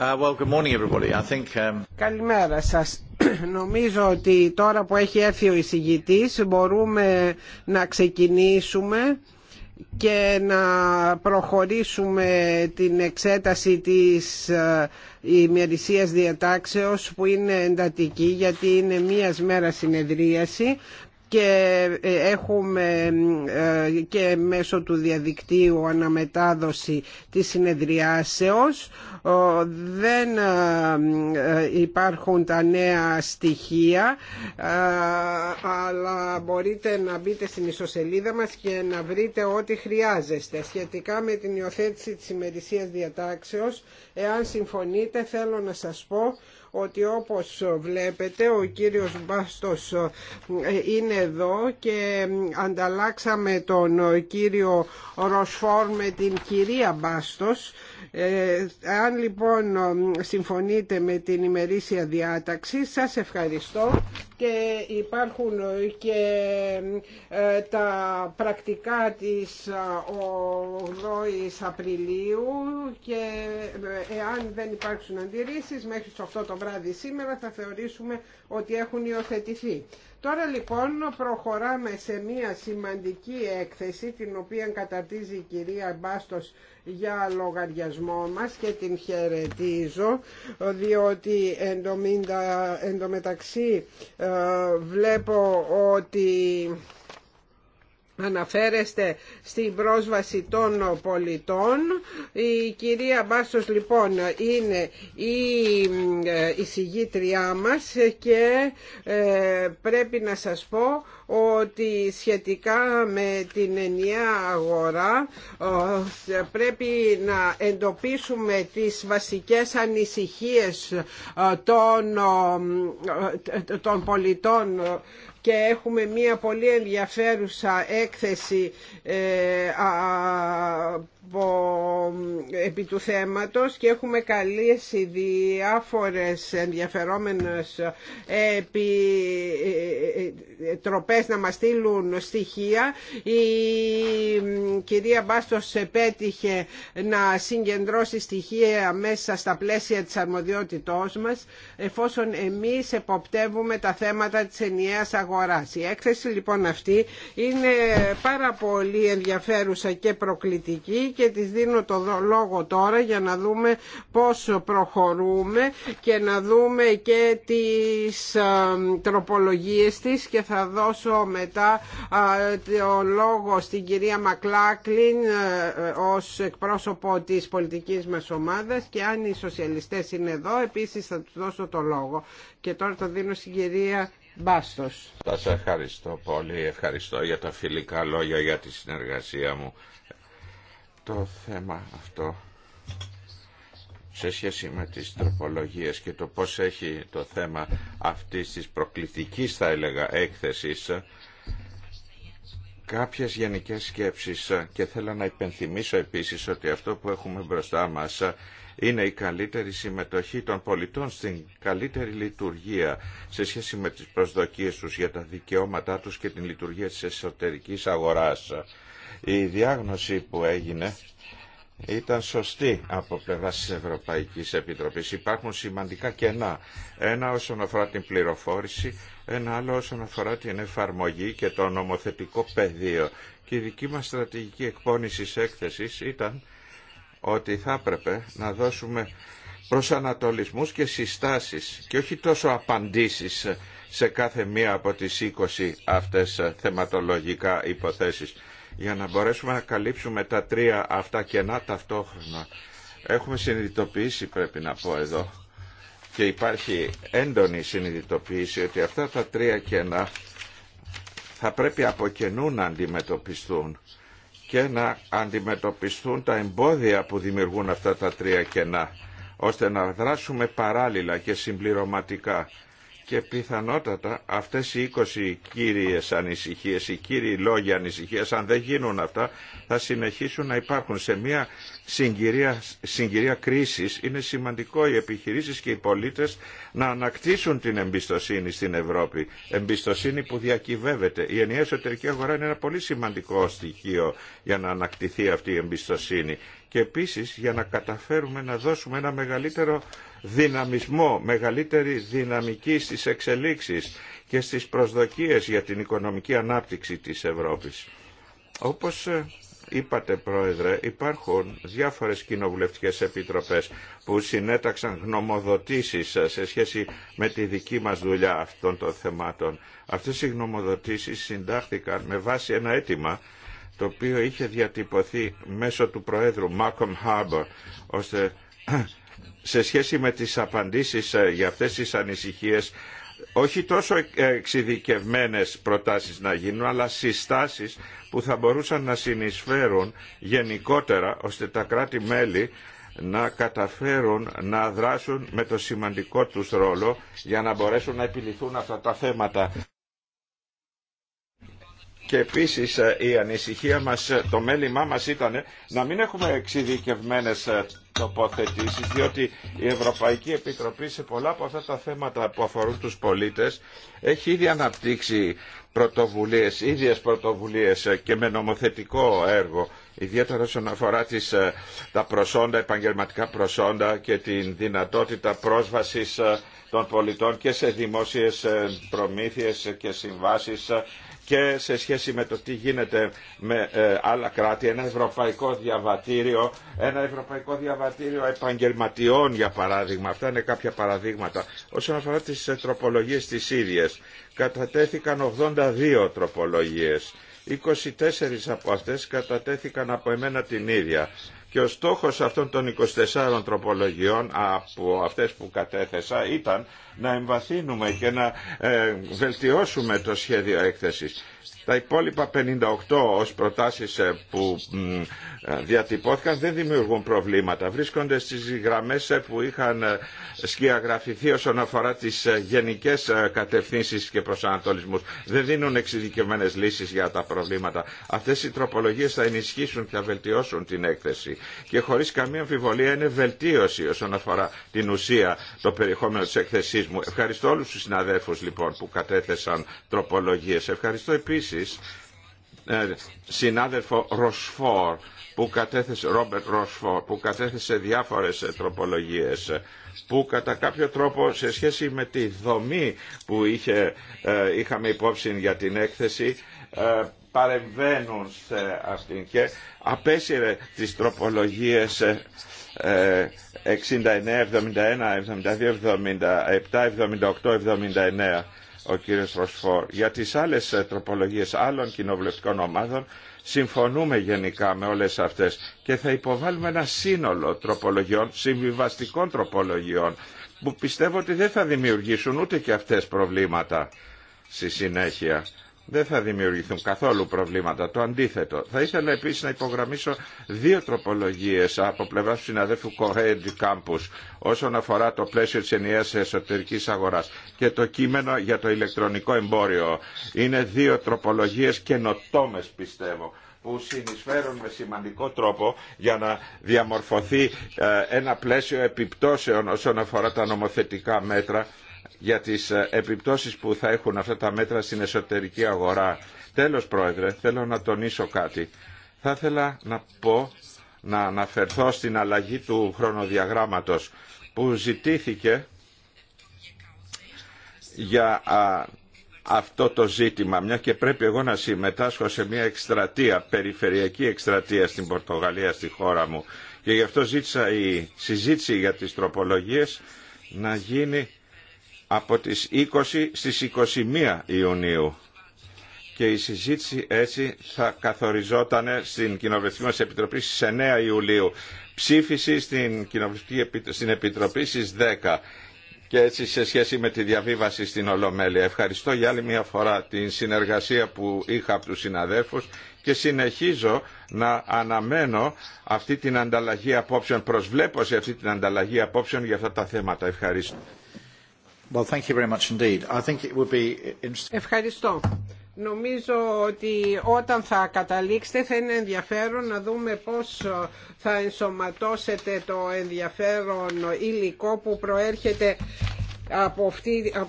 Uh, um, Καλημέρα σας. Νομίζω ότι τώρα που έχει έρθει ο εισηγητής μπορούμε να ξεκινήσουμε και να προχωρήσουμε την εξέταση της ε, ημερησίας διατάξεως που είναι εντατική γιατί είναι μίας μέρα συνεδρίαση και ε, έχουμε ε, και μέσω του διαδικτύου αναμετάδοση της συνεδριάσεως δεν ε, υπάρχουν τα νέα στοιχεία αλλά μπορείτε να μπείτε στην ιστοσελίδα μας και να βρείτε ό,τι χρειάζεστε σχετικά με την υιοθέτηση της ημερησίας διατάξεως εάν συμφωνείτε θέλω να σας πω ότι όπως βλέπετε ο κύριος Μπάστος ε, είναι εδώ και ανταλλάξαμε τον κύριο Ροσφόρ με την κυρία Μπάστος ε, αν λοιπόν συμφωνείτε με την ημερήσια διάταξη σας ευχαριστώ και υπάρχουν ε, και ε, τα πρακτικά της 8ης Απριλίου και εάν δεν υπάρξουν αντιρρήσεις μέχρι το 8 το βράδυ σήμερα θα θεωρήσουμε ότι έχουν υιοθετηθεί. Τώρα λοιπόν προχωράμε σε μια σημαντική έκθεση την οποία καταρτίζει η κυρία Μπάστος για λογαριασμό μας και την χαιρετίζω διότι εντωμεταξύ ε, βλέπω ότι Αναφέρεστε στην πρόσβαση των πολιτών. Η κυρία Μπάστος λοιπόν είναι η εισηγήτριά μας και ε, πρέπει να σας πω ότι σχετικά με την ενιαία αγορά ε, πρέπει να εντοπίσουμε τις βασικές ανησυχίες ε, των πολιτών και έχουμε μία πολύ ενδιαφέρουσα έκθεση ε, από, επί του θέματος και έχουμε καλέσει διάφορες ενδιαφερόμενες ε, επί, ε, τροπές να μας στείλουν στοιχεία. Η κυρία Μπάστος επέτυχε να συγκεντρώσει στοιχεία μέσα στα πλαίσια της αρμοδιότητός μας εφόσον εμείς εποπτεύουμε τα θέματα της ενιαίας η έκθεση λοιπόν αυτή είναι πάρα πολύ ενδιαφέρουσα και προκλητική και της δίνω το λόγο τώρα για να δούμε πώς προχωρούμε και να δούμε και τις τροπολογίες της και θα δώσω μετά το λόγο στην κυρία Μακλάκλιν ε, ε, ως εκπρόσωπο της πολιτικής μας ομάδας και αν οι σοσιαλιστές είναι εδώ επίσης θα του δώσω το λόγο. Και τώρα το δίνω στην κυρία Μπάστος. Σας ευχαριστώ πολύ. Ευχαριστώ για τα φιλικά λόγια, για τη συνεργασία μου. Το θέμα αυτό σε σχέση με τις τροπολογίες και το πώς έχει το θέμα αυτή της προκλητικής θα έλεγα έκθεσης κάποιες γενικές σκέψεις και θέλω να υπενθυμίσω επίσης ότι αυτό που έχουμε μπροστά μας είναι η καλύτερη συμμετοχή των πολιτών στην καλύτερη λειτουργία σε σχέση με τις προσδοκίες τους για τα δικαιώματά τους και την λειτουργία της εσωτερικής αγοράς. Η διάγνωση που έγινε ήταν σωστή από πλευρά τη Ευρωπαϊκής Επιτροπής. Υπάρχουν σημαντικά κενά. Ένα όσον αφορά την πληροφόρηση, ένα άλλο όσον αφορά την εφαρμογή και το νομοθετικό πεδίο. Και η δική μα στρατηγική εκπόνησης έκθεση ήταν ότι θα έπρεπε να δώσουμε προσανατολισμούς και συστάσεις και όχι τόσο απαντήσεις σε κάθε μία από τις 20 αυτές θεματολογικά υποθέσεις για να μπορέσουμε να καλύψουμε τα τρία αυτά κενά ταυτόχρονα. Έχουμε συνειδητοποιήσει πρέπει να πω εδώ και υπάρχει έντονη συνειδητοποίηση ότι αυτά τα τρία κενά θα πρέπει από καινού να αντιμετωπιστούν και να αντιμετωπιστούν τα εμπόδια που δημιουργούν αυτά τα τρία κενά, ώστε να δράσουμε παράλληλα και συμπληρωματικά και πιθανότατα αυτές οι 20 κύριες ανησυχίες, οι κύριοι λόγοι ανησυχίες, αν δεν γίνουν αυτά, θα συνεχίσουν να υπάρχουν. Σε μια συγκυρία, συγκυρία κρίσης είναι σημαντικό οι επιχειρήσεις και οι πολίτες να ανακτήσουν την εμπιστοσύνη στην Ευρώπη. Εμπιστοσύνη που διακυβεύεται. Η ενιαία εσωτερική αγορά είναι ένα πολύ σημαντικό στοιχείο για να ανακτηθεί αυτή η εμπιστοσύνη και επίσης για να καταφέρουμε να δώσουμε ένα μεγαλύτερο δυναμισμό, μεγαλύτερη δυναμική στις εξελίξεις και στις προσδοκίες για την οικονομική ανάπτυξη της Ευρώπης. Όπως ε, είπατε Πρόεδρε, υπάρχουν διάφορες κοινοβουλευτικές επιτροπές που συνέταξαν γνωμοδοτήσεις ε, σε σχέση με τη δική μας δουλειά αυτών των θεμάτων. Αυτές οι γνωμοδοτήσεις συντάχθηκαν με βάση ένα αίτημα το οποίο είχε διατυπωθεί μέσω του Προέδρου Μάκομ Χάμπορ, ώστε σε σχέση με τις απαντήσεις ε, για αυτές τις ανησυχίες όχι τόσο ε, εξειδικευμένες προτάσεις να γίνουν, αλλά συστάσεις που θα μπορούσαν να συνεισφέρουν γενικότερα, ώστε τα κράτη-μέλη να καταφέρουν να δράσουν με το σημαντικό τους ρόλο για να μπορέσουν να επιληθούν αυτά τα θέματα. Και επίσης ε, η ανησυχία μας, ε, το μέλημά μας ήταν ε, να μην έχουμε εξειδικευμένε τοποθετήσεις, διότι η Ευρωπαϊκή Επιτροπή σε πολλά από αυτά τα θέματα που αφορούν τους πολίτες έχει ήδη αναπτύξει πρωτοβουλίες, ίδιες πρωτοβουλίες και με νομοθετικό έργο ιδιαίτερα όσον αφορά τις, ε, τα προσόντα, επαγγελματικά προσόντα και την δυνατότητα πρόσβασης ε, των πολιτών και σε δημόσιες ε, προμήθειες και συμβάσεις και σε σχέση με το τι γίνεται με άλλα κράτη, ένα ευρωπαϊκό διαβατήριο, ένα ευρωπαϊκό διαβατήριο επαγγελματιών για παράδειγμα. Αυτά είναι κάποια παραδείγματα. Όσον αφορά τις τροπολογίες τις ίδιες, κατατέθηκαν 82 τροπολογίες 24 από αυτές κατατέθηκαν από εμένα την ίδια. Και ο στόχος αυτών των 24 τροπολογιών από αυτές που κατέθεσα ήταν να εμβαθύνουμε και να ε, βελτιώσουμε το σχέδιο έκθεσης τα υπόλοιπα 58 ως προτάσεις ε, που ε, διατυπώθηκαν δεν δημιουργούν προβλήματα. Βρίσκονται στις γραμμές ε, που είχαν σκιαγραφηθεί όσον αφορά τις γενικές κατευθύνσεις και προσανατολισμούς. Δεν δίνουν εξειδικευμένες λύσεις για τα προβλήματα. Αυτές οι τροπολογίες θα ενισχύσουν και θα βελτιώσουν την έκθεση. Και χωρίς καμία αμφιβολία είναι βελτίωση όσον αφορά την ουσία, το περιεχόμενο της έκθεσής μου. Ευχαριστώ όλους τους συναδέλφους λοιπόν που κατέθεσαν τροπολογίες. Ευχαριστώ επίσης ε, συνάδελφο Ροσφόρ που κατέθεσε, Ρόμπερτ Ροσφόρ, που κατέθεσε διάφορες ε, τροπολογίες ε, που κατά κάποιο τρόπο σε σχέση με τη δομή που είχε, είχαμε υπόψη για την έκθεση παρεμβαίνουν σε αυτήν και απέσυρε τις τροπολογίες 69, 71, 72, 77, 78, 79 ο κύριος Ροσφόρ. Για τις άλλες ε, τροπολογίες άλλων κοινοβουλευτικών ομάδων συμφωνούμε γενικά με όλες αυτές και θα υποβάλουμε ένα σύνολο τροπολογιών, συμβιβαστικών τροπολογιών που πιστεύω ότι δεν θα δημιουργήσουν ούτε και αυτές προβλήματα στη συνέχεια δεν θα δημιουργηθούν καθόλου προβλήματα. Το αντίθετο. Θα ήθελα επίσης να υπογραμμίσω δύο τροπολογίες από πλευρά του συναδέλφου Κοχέντι Κάμπου όσον αφορά το πλαίσιο τη ενιαία εσωτερική αγοράς και το κείμενο για το ηλεκτρονικό εμπόριο. Είναι δύο τροπολογίες καινοτόμε πιστεύω που συνεισφέρουν με σημαντικό τρόπο για να διαμορφωθεί ε, ένα πλαίσιο επιπτώσεων όσον αφορά τα νομοθετικά μέτρα για τις ε, επιπτώσεις που θα έχουν αυτά τα μέτρα στην εσωτερική αγορά. Τέλος, Πρόεδρε, θέλω να τονίσω κάτι. Θα ήθελα να πω, να αναφερθώ στην αλλαγή του χρονοδιαγράμματος που ζητήθηκε για αυτό το ζήτημα, μια και πρέπει εγώ να συμμετάσχω σε μια εκστρατεία, περιφερειακή εκστρατεία στην Πορτογαλία, στη χώρα μου. Και γι' αυτό ζήτησα η συζήτηση για τις τροπολογίες να γίνει από τις 20 στις 21 Ιουνίου και η συζήτηση έτσι θα καθοριζόταν στην Κοινοβουλευτική μας Επιτροπή στις 9 Ιουλίου. Ψήφιση στην, Κοινοβουλευτική στην Επιτροπή στις 10 και έτσι σε σχέση με τη διαβίβαση στην Ολομέλεια. Ευχαριστώ για άλλη μια φορά την συνεργασία που είχα από τους συναδέλφους και συνεχίζω να αναμένω αυτή την ανταλλαγή απόψεων, προσβλέπω σε αυτή την ανταλλαγή απόψεων για αυτά τα θέματα. Ευχαριστώ. Ευχαριστώ. Νομίζω ότι όταν θα καταλήξετε θα είναι ενδιαφέρον να δούμε πώς θα ενσωματώσετε το ενδιαφέρον υλικό που προέρχεται από,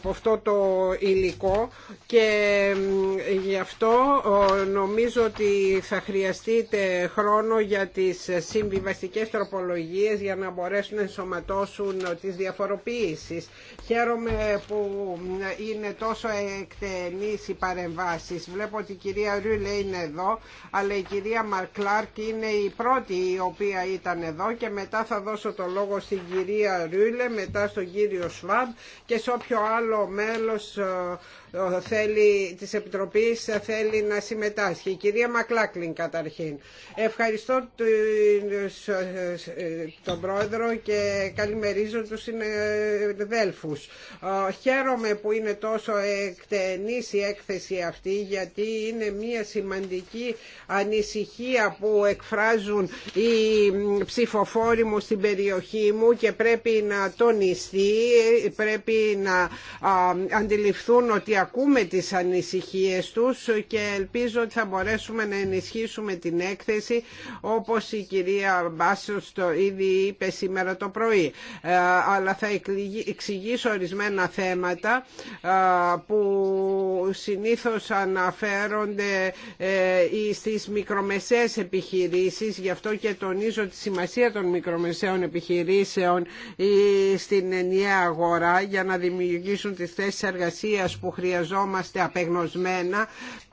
αυτό το υλικό και γι' αυτό νομίζω ότι θα χρειαστείτε χρόνο για τις συμβιβαστικές τροπολογίες για να μπορέσουν να ενσωματώσουν τις διαφοροποιήσεις. Χαίρομαι που είναι τόσο εκτενείς οι παρεμβάσεις. Βλέπω ότι η κυρία Ρούλε είναι εδώ, αλλά η κυρία Μαρκλάρκ είναι η πρώτη η οποία ήταν εδώ και μετά θα δώσω το λόγο στην κυρία Ρούλε, μετά στον κύριο Σβάμπ και σε όποιο άλλο μέλος ε, θέλει, της Επιτροπής θέλει να συμμετάσχει. Η κυρία Μακλάκλιν καταρχήν. Ευχαριστώ τον Πρόεδρο και καλημερίζω τους δέλφους. Χαίρομαι που είναι τόσο εκτενής η έκθεση αυτή γιατί είναι μια σημαντική ανησυχία που εκφράζουν οι ψηφοφόροι μου στην περιοχή μου και πρέπει να τονιστεί, πρέπει να αντιληφθούν ότι ακούμε τις ανησυχίες τους και ελπίζω ότι θα μπορέσουμε να ενισχύσουμε την έκθεση όπως η κυρία Μπάσος το ήδη είπε σήμερα το πρωί. Ε, αλλά θα εξηγήσω ορισμένα θέματα ε, που συνήθως αναφέρονται στις ε, μικρομεσαίες επιχειρήσεις γι' αυτό και τονίζω τη σημασία των μικρομεσαίων επιχειρήσεων στην ενιαία αγορά για να δημιουργήσουν τις θέσεις εργασίας που χρειάζονται χρειαζόμαστε απεγνωσμένα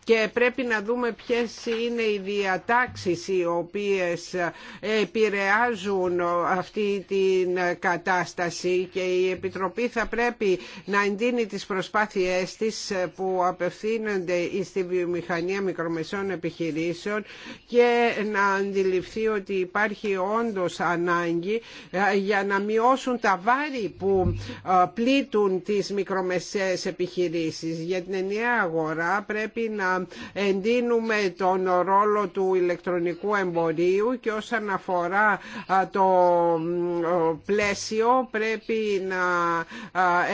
και πρέπει να δούμε ποιες είναι οι διατάξεις οι οποίες επηρεάζουν αυτή την κατάσταση και η Επιτροπή θα πρέπει να εντείνει τις προσπάθειές της που απευθύνονται στη βιομηχανία μικρομεσών επιχειρήσεων και να αντιληφθεί ότι υπάρχει όντως ανάγκη ε, για να μειώσουν τα βάρη που ε, πλήττουν τις μικρομεσαίες επιχειρήσεις. Για την ενιαία αγορά πρέπει να εντείνουμε τον ρόλο του ηλεκτρονικού εμπορίου και όσον αφορά το πλαίσιο πρέπει να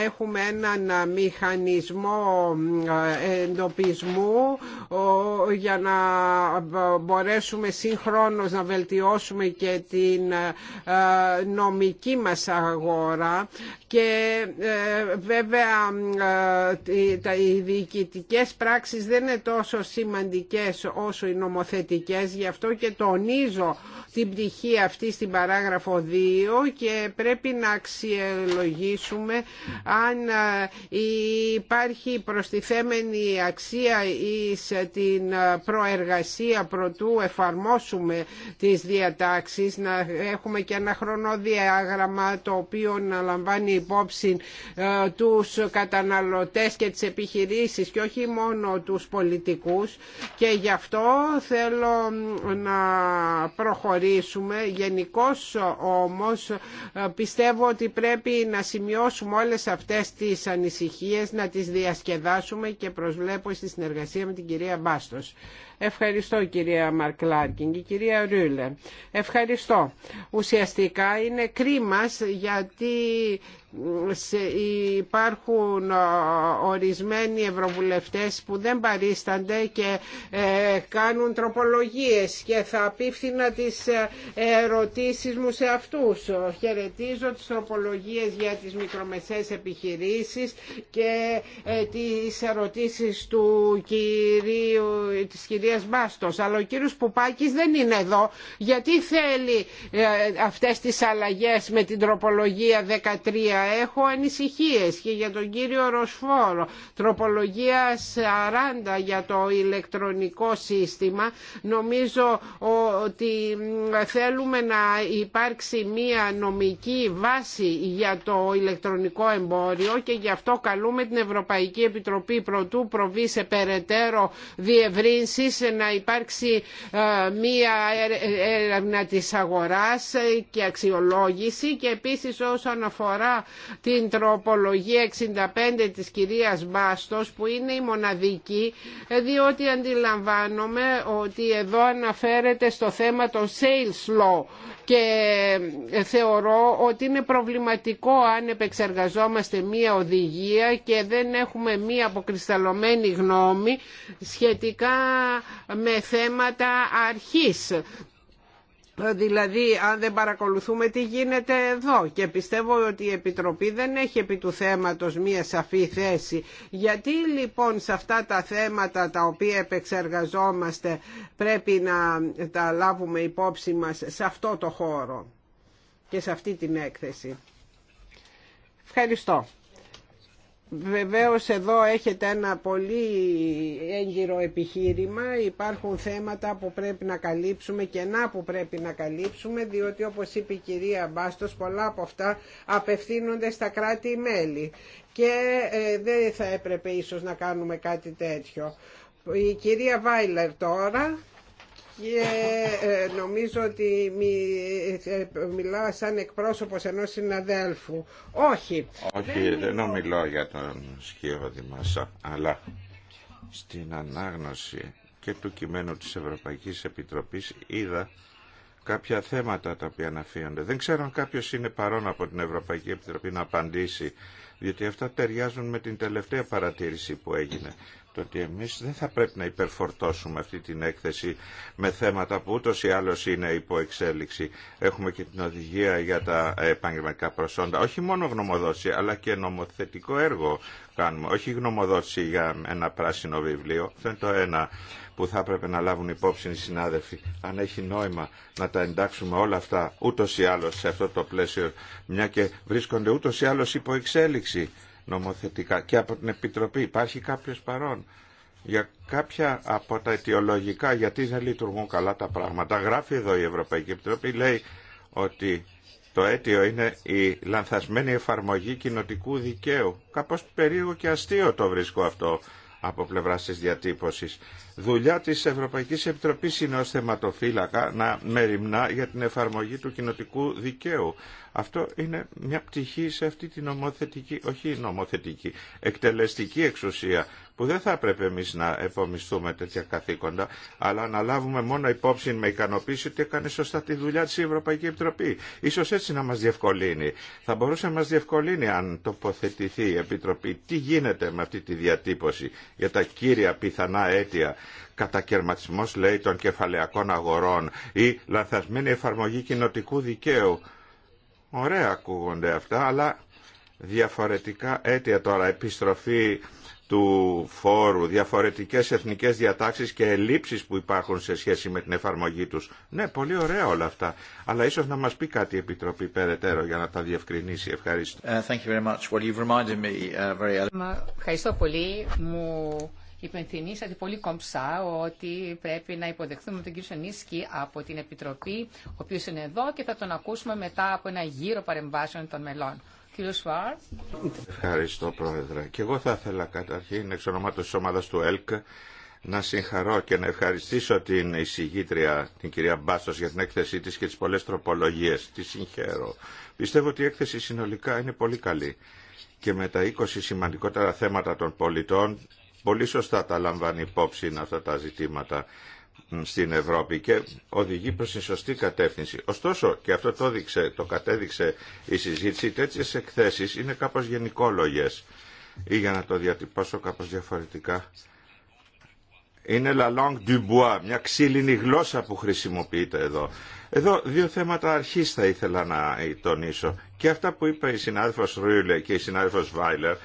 έχουμε έναν μηχανισμό εντοπισμού για να μπορέσουμε συγχρόνως να βελτιώσουμε και την νομική μας αγορά και ε, βέβαια οι διοικητικές πράξεις δεν είναι τόσο σημαντικές όσο οι νομοθετικές, γι' αυτό και τονίζω την πτυχή αυτή στην παράγραφο 2 και πρέπει να αξιολογήσουμε αν ε, υπάρχει προστιθέμενη αξία σε την ε, προεργασία προτού εφαρμόσουμε τις διατάξεις, να έχουμε και ένα χρονοδιάγραμμα το οποίο να λαμβάνει υπόψη ε, τους καταναλωτές και τις επιχειρήσεις και όχι μόνο τους πολιτικούς και γι' αυτό θέλω να προχωρήσουμε. Γενικώ όμως ε, πιστεύω ότι πρέπει να σημειώσουμε όλες αυτές τις ανησυχίες, να τις διασκεδάσουμε και προσβλέπω στη συνεργασία με την κυρία Μπάστος. Ευχαριστώ κυρία Μαρκλάρκινγκ και κυρία Ρούλε. Ευχαριστώ. Ουσιαστικά είναι κρίμα γιατί υπάρχουν ορισμένοι ευρωβουλευτές που δεν παρίστανται και ε, κάνουν τροπολογίες και θα απίφθηνα τις ε, ερωτήσεις μου σε αυτούς. Χαιρετίζω τις τροπολογίες για τις μικρομεσαίες επιχειρήσεις και ε, τις ερωτήσεις του κυρίου, της κυρίας Μπάστος. Αλλά ο κύριος Πουπάκης δεν είναι εδώ. Γιατί θέλει αυτές τις αλλαγές με την τροπολογία 13 έχω ανησυχίες και για τον κύριο Ροσφόρο. Τροπολογία 40 για το ηλεκτρονικό σύστημα. Νομίζω ότι θέλουμε να υπάρξει μία νομική βάση για το ηλεκτρονικό εμπόριο και γι' αυτό καλούμε την Ευρωπαϊκή Επιτροπή Πρωτού προβεί σε περαιτέρω διευρύνσεις να υπάρξει ε, μία έρευνα της αγοράς και αξιολόγηση και επίσης όσον αφορά την τροπολογία 65 της κυρίας Μπάστος που είναι η μοναδική ε, διότι αντιλαμβάνομαι ότι εδώ αναφέρεται στο θέμα των sales law και ε, θεωρώ ότι είναι προβληματικό αν επεξεργαζόμαστε μία οδηγία και δεν έχουμε μία αποκρισταλωμένη γνώμη σχετικά με θέματα αρχής Δηλαδή αν δεν παρακολουθούμε τι γίνεται εδώ και πιστεύω ότι η Επιτροπή δεν έχει επί του θέματος μία σαφή θέση. Γιατί λοιπόν σε αυτά τα θέματα τα οποία επεξεργαζόμαστε πρέπει να τα λάβουμε υπόψη μας σε αυτό το χώρο και σε αυτή την έκθεση. Ευχαριστώ. Βεβαίως εδώ έχετε ένα πολύ έγκυρο επιχείρημα, υπάρχουν θέματα που πρέπει να καλύψουμε και να που πρέπει να καλύψουμε, διότι όπως είπε η κυρία Μπάστος, πολλά από αυτά απευθύνονται στα κράτη-μέλη και ε, δεν θα έπρεπε ίσως να κάνουμε κάτι τέτοιο. Η κυρία Βάιλερ τώρα και ε, νομίζω ότι μι, ε, μιλάω σαν εκπρόσωπος ενός συναδέλφου. Όχι. Όχι, δεν, δεν για τον σκιώδη Μάσα, αλλά στην ανάγνωση και του κειμένου της Ευρωπαϊκής Επιτροπής είδα κάποια θέματα τα οποία αναφύονται. Δεν ξέρω αν κάποιος είναι παρόν από την Ευρωπαϊκή Επιτροπή να απαντήσει διότι αυτά ταιριάζουν με την τελευταία παρατήρηση που έγινε το ότι εμείς δεν θα πρέπει να υπερφορτώσουμε αυτή την έκθεση με θέματα που ούτως ή άλλως είναι υπό εξέλιξη. Έχουμε και την οδηγία για τα επαγγελματικά προσόντα. Όχι μόνο γνωμοδότηση, αλλά και νομοθετικό έργο κάνουμε. Όχι γνωμοδότηση για ένα πράσινο βιβλίο. Αυτό είναι το ένα που θα έπρεπε να λάβουν υπόψη οι συνάδελφοι. Αν έχει νόημα να τα εντάξουμε όλα αυτά ούτω ή άλλω σε αυτό το πλαίσιο, μια και βρίσκονται ούτως ή άλλως υπό εξέλιξη νομοθετικά και από την Επιτροπή. Υπάρχει κάποιος παρόν για κάποια από τα αιτιολογικά γιατί δεν λειτουργούν καλά τα πράγματα. Γράφει εδώ η Ευρωπαϊκή Επιτροπή, λέει ότι το αίτιο είναι η λανθασμένη εφαρμογή κοινοτικού δικαίου. Κάπως περίεργο και απο την επιτροπη υπαρχει κάποιο παρον για καποια απο τα αιτιολογικα γιατι δεν λειτουργουν καλα τα πραγματα γραφει εδω η ευρωπαικη επιτροπη λεει οτι το βρίσκω αυτό από πλευρά της διατύπωση. Δουλειά τη Ευρωπαϊκή Επιτροπής είναι ω θεματοφύλακα να μεριμνά για την εφαρμογή του κοινοτικού δικαίου. Αυτό είναι μια πτυχή σε αυτή τη νομοθετική, όχι νομοθετική, εκτελεστική εξουσία που δεν θα έπρεπε εμεί να επομισθούμε τέτοια καθήκοντα, αλλά να λάβουμε μόνο υπόψη με ικανοποίηση ότι έκανε σωστά τη δουλειά τη η Ευρωπαϊκή Επιτροπή. Ίσως έτσι να μα διευκολύνει. Θα μπορούσε να μα διευκολύνει αν τοποθετηθεί η Επιτροπή. Τι γίνεται με αυτή τη διατύπωση για τα κύρια πιθανά αίτια κατακαιρματισμό λέει των κεφαλαιακών αγορών ή λανθασμένη εφαρμογή κοινοτικού δικαίου. Ωραία ακούγονται αυτά, αλλά διαφορετικά αίτια τώρα, επιστροφή του φόρου, διαφορετικές εθνικές διατάξεις και ελλείψεις που υπάρχουν σε σχέση με την εφαρμογή τους. Ναι, πολύ ωραία όλα αυτά. Αλλά ίσως να μας πει κάτι η Επιτροπή περαιτέρω για να τα διευκρινίσει. Ευχαριστώ. Ευχαριστώ πολύ. Μου υπενθυμίσατε πολύ κομψά ότι πρέπει να υποδεχθούμε τον κύριο Σονίσκι από την Επιτροπή, ο οποίο είναι εδώ και θα τον ακούσουμε μετά από ένα γύρο παρεμβάσεων των μελών. Κύριο Σουάρ. Ευχαριστώ, Πρόεδρε. Και εγώ θα ήθελα καταρχήν εξ ονομάτων τη ομάδα του ΕΛΚ να συγχαρώ και να ευχαριστήσω την εισηγήτρια, την κυρία Μπάστος, για την έκθεσή της και τις πολλές τροπολογίες. Τη συγχαίρω. Πιστεύω ότι η έκθεση συνολικά είναι πολύ καλή και με τα 20 σημαντικότερα θέματα των πολιτών πολύ σωστά τα λαμβάνει υπόψη αυτά τα ζητήματα στην Ευρώπη και οδηγεί προς την σωστή κατεύθυνση. Ωστόσο, και αυτό το, το κατέδειξε η συζήτηση, τέτοιες εκθέσεις είναι κάπως γενικόλογες ή για να το διατυπώσω κάπως διαφορετικά. Είναι la langue du bois, μια ξύλινη γλώσσα που χρησιμοποιείται εδώ. Εδώ δύο θέματα αρχής θα ήθελα να τονίσω. Και αυτά που είπε η συνάδελφος Ρούιλε και η συνάδελφος Βάιλερ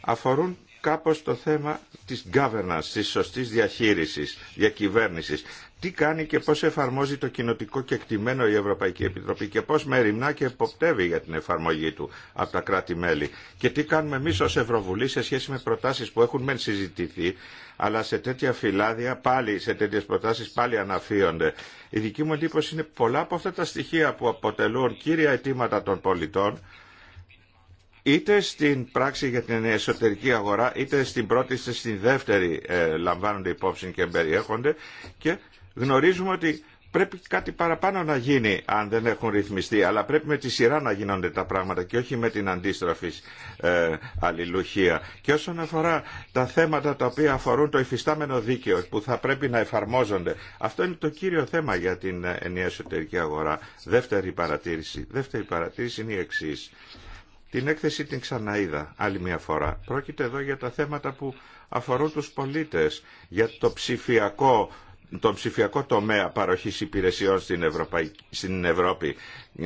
αφορούν κάπως το θέμα της governance, της σωστής διαχείρισης, διακυβέρνησης. Τι κάνει και πώς εφαρμόζει το κοινοτικό κεκτημένο η Ευρωπαϊκή Επιτροπή και πώς μεριμνά και εποπτεύει για την εφαρμογή του από τα κράτη-μέλη. Και τι κάνουμε εμείς ως Ευρωβουλή σε σχέση με προτάσεις που έχουν μεν συζητηθεί, αλλά σε τέτοια φυλάδια πάλι, σε τέτοιες προτάσεις πάλι αναφύονται. Η δική μου εντύπωση είναι πολλά από αυτά τα στοιχεία που αποτελούν κύρια αιτήματα των πολιτών είτε στην πράξη για την εσωτερική αγορά, είτε στην πρώτη, είτε στην δεύτερη ε, λαμβάνονται υπόψη και περιέχονται και γνωρίζουμε ότι πρέπει κάτι παραπάνω να γίνει αν δεν έχουν ρυθμιστεί, αλλά πρέπει με τη σειρά να γίνονται τα πράγματα και όχι με την αντίστροφη ε, αλληλουχία. Και όσον αφορά τα θέματα τα οποία αφορούν το υφιστάμενο δίκαιο που θα πρέπει να εφαρμόζονται, αυτό είναι το κύριο θέμα για την ενιαία εσωτερική αγορά. Δεύτερη παρατήρηση. Δεύτερη παρατήρηση είναι η εξή. Την έκθεση την ξαναείδα άλλη μια φορά. Πρόκειται εδώ για τα θέματα που αφορούν τους πολίτες, για το ψηφιακό το ψηφιακό τομέα παροχής υπηρεσιών στην, στην Ευρώπη,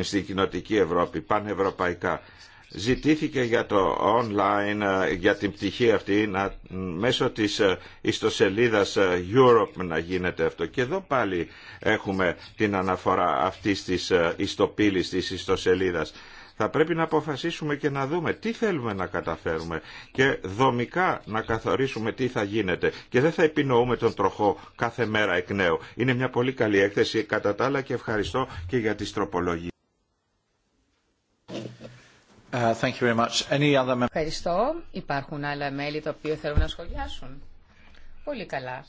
στην κοινοτική Ευρώπη, πανευρωπαϊκά. Ζητήθηκε για το online, για την πτυχή αυτή, να, μέσω της ε, ιστοσελίδας ε, Europe να γίνεται αυτό. Και εδώ πάλι έχουμε την αναφορά αυτής της ε, ιστοπύλης της ιστοσελίδας θα πρέπει να αποφασίσουμε και να δούμε τι θέλουμε να καταφέρουμε και δομικά να καθορίσουμε τι θα γίνεται και δεν θα επινοούμε τον τροχό κάθε μέρα εκ νέου. Είναι μια πολύ καλή έκθεση κατά τα άλλα και ευχαριστώ και για τις τροπολογίες. Ε, thank you very much. Any other... Ευχαριστώ. Υπάρχουν άλλα μέλη τα οποία θέλουν να σχολιάσουν. Πολύ καλά.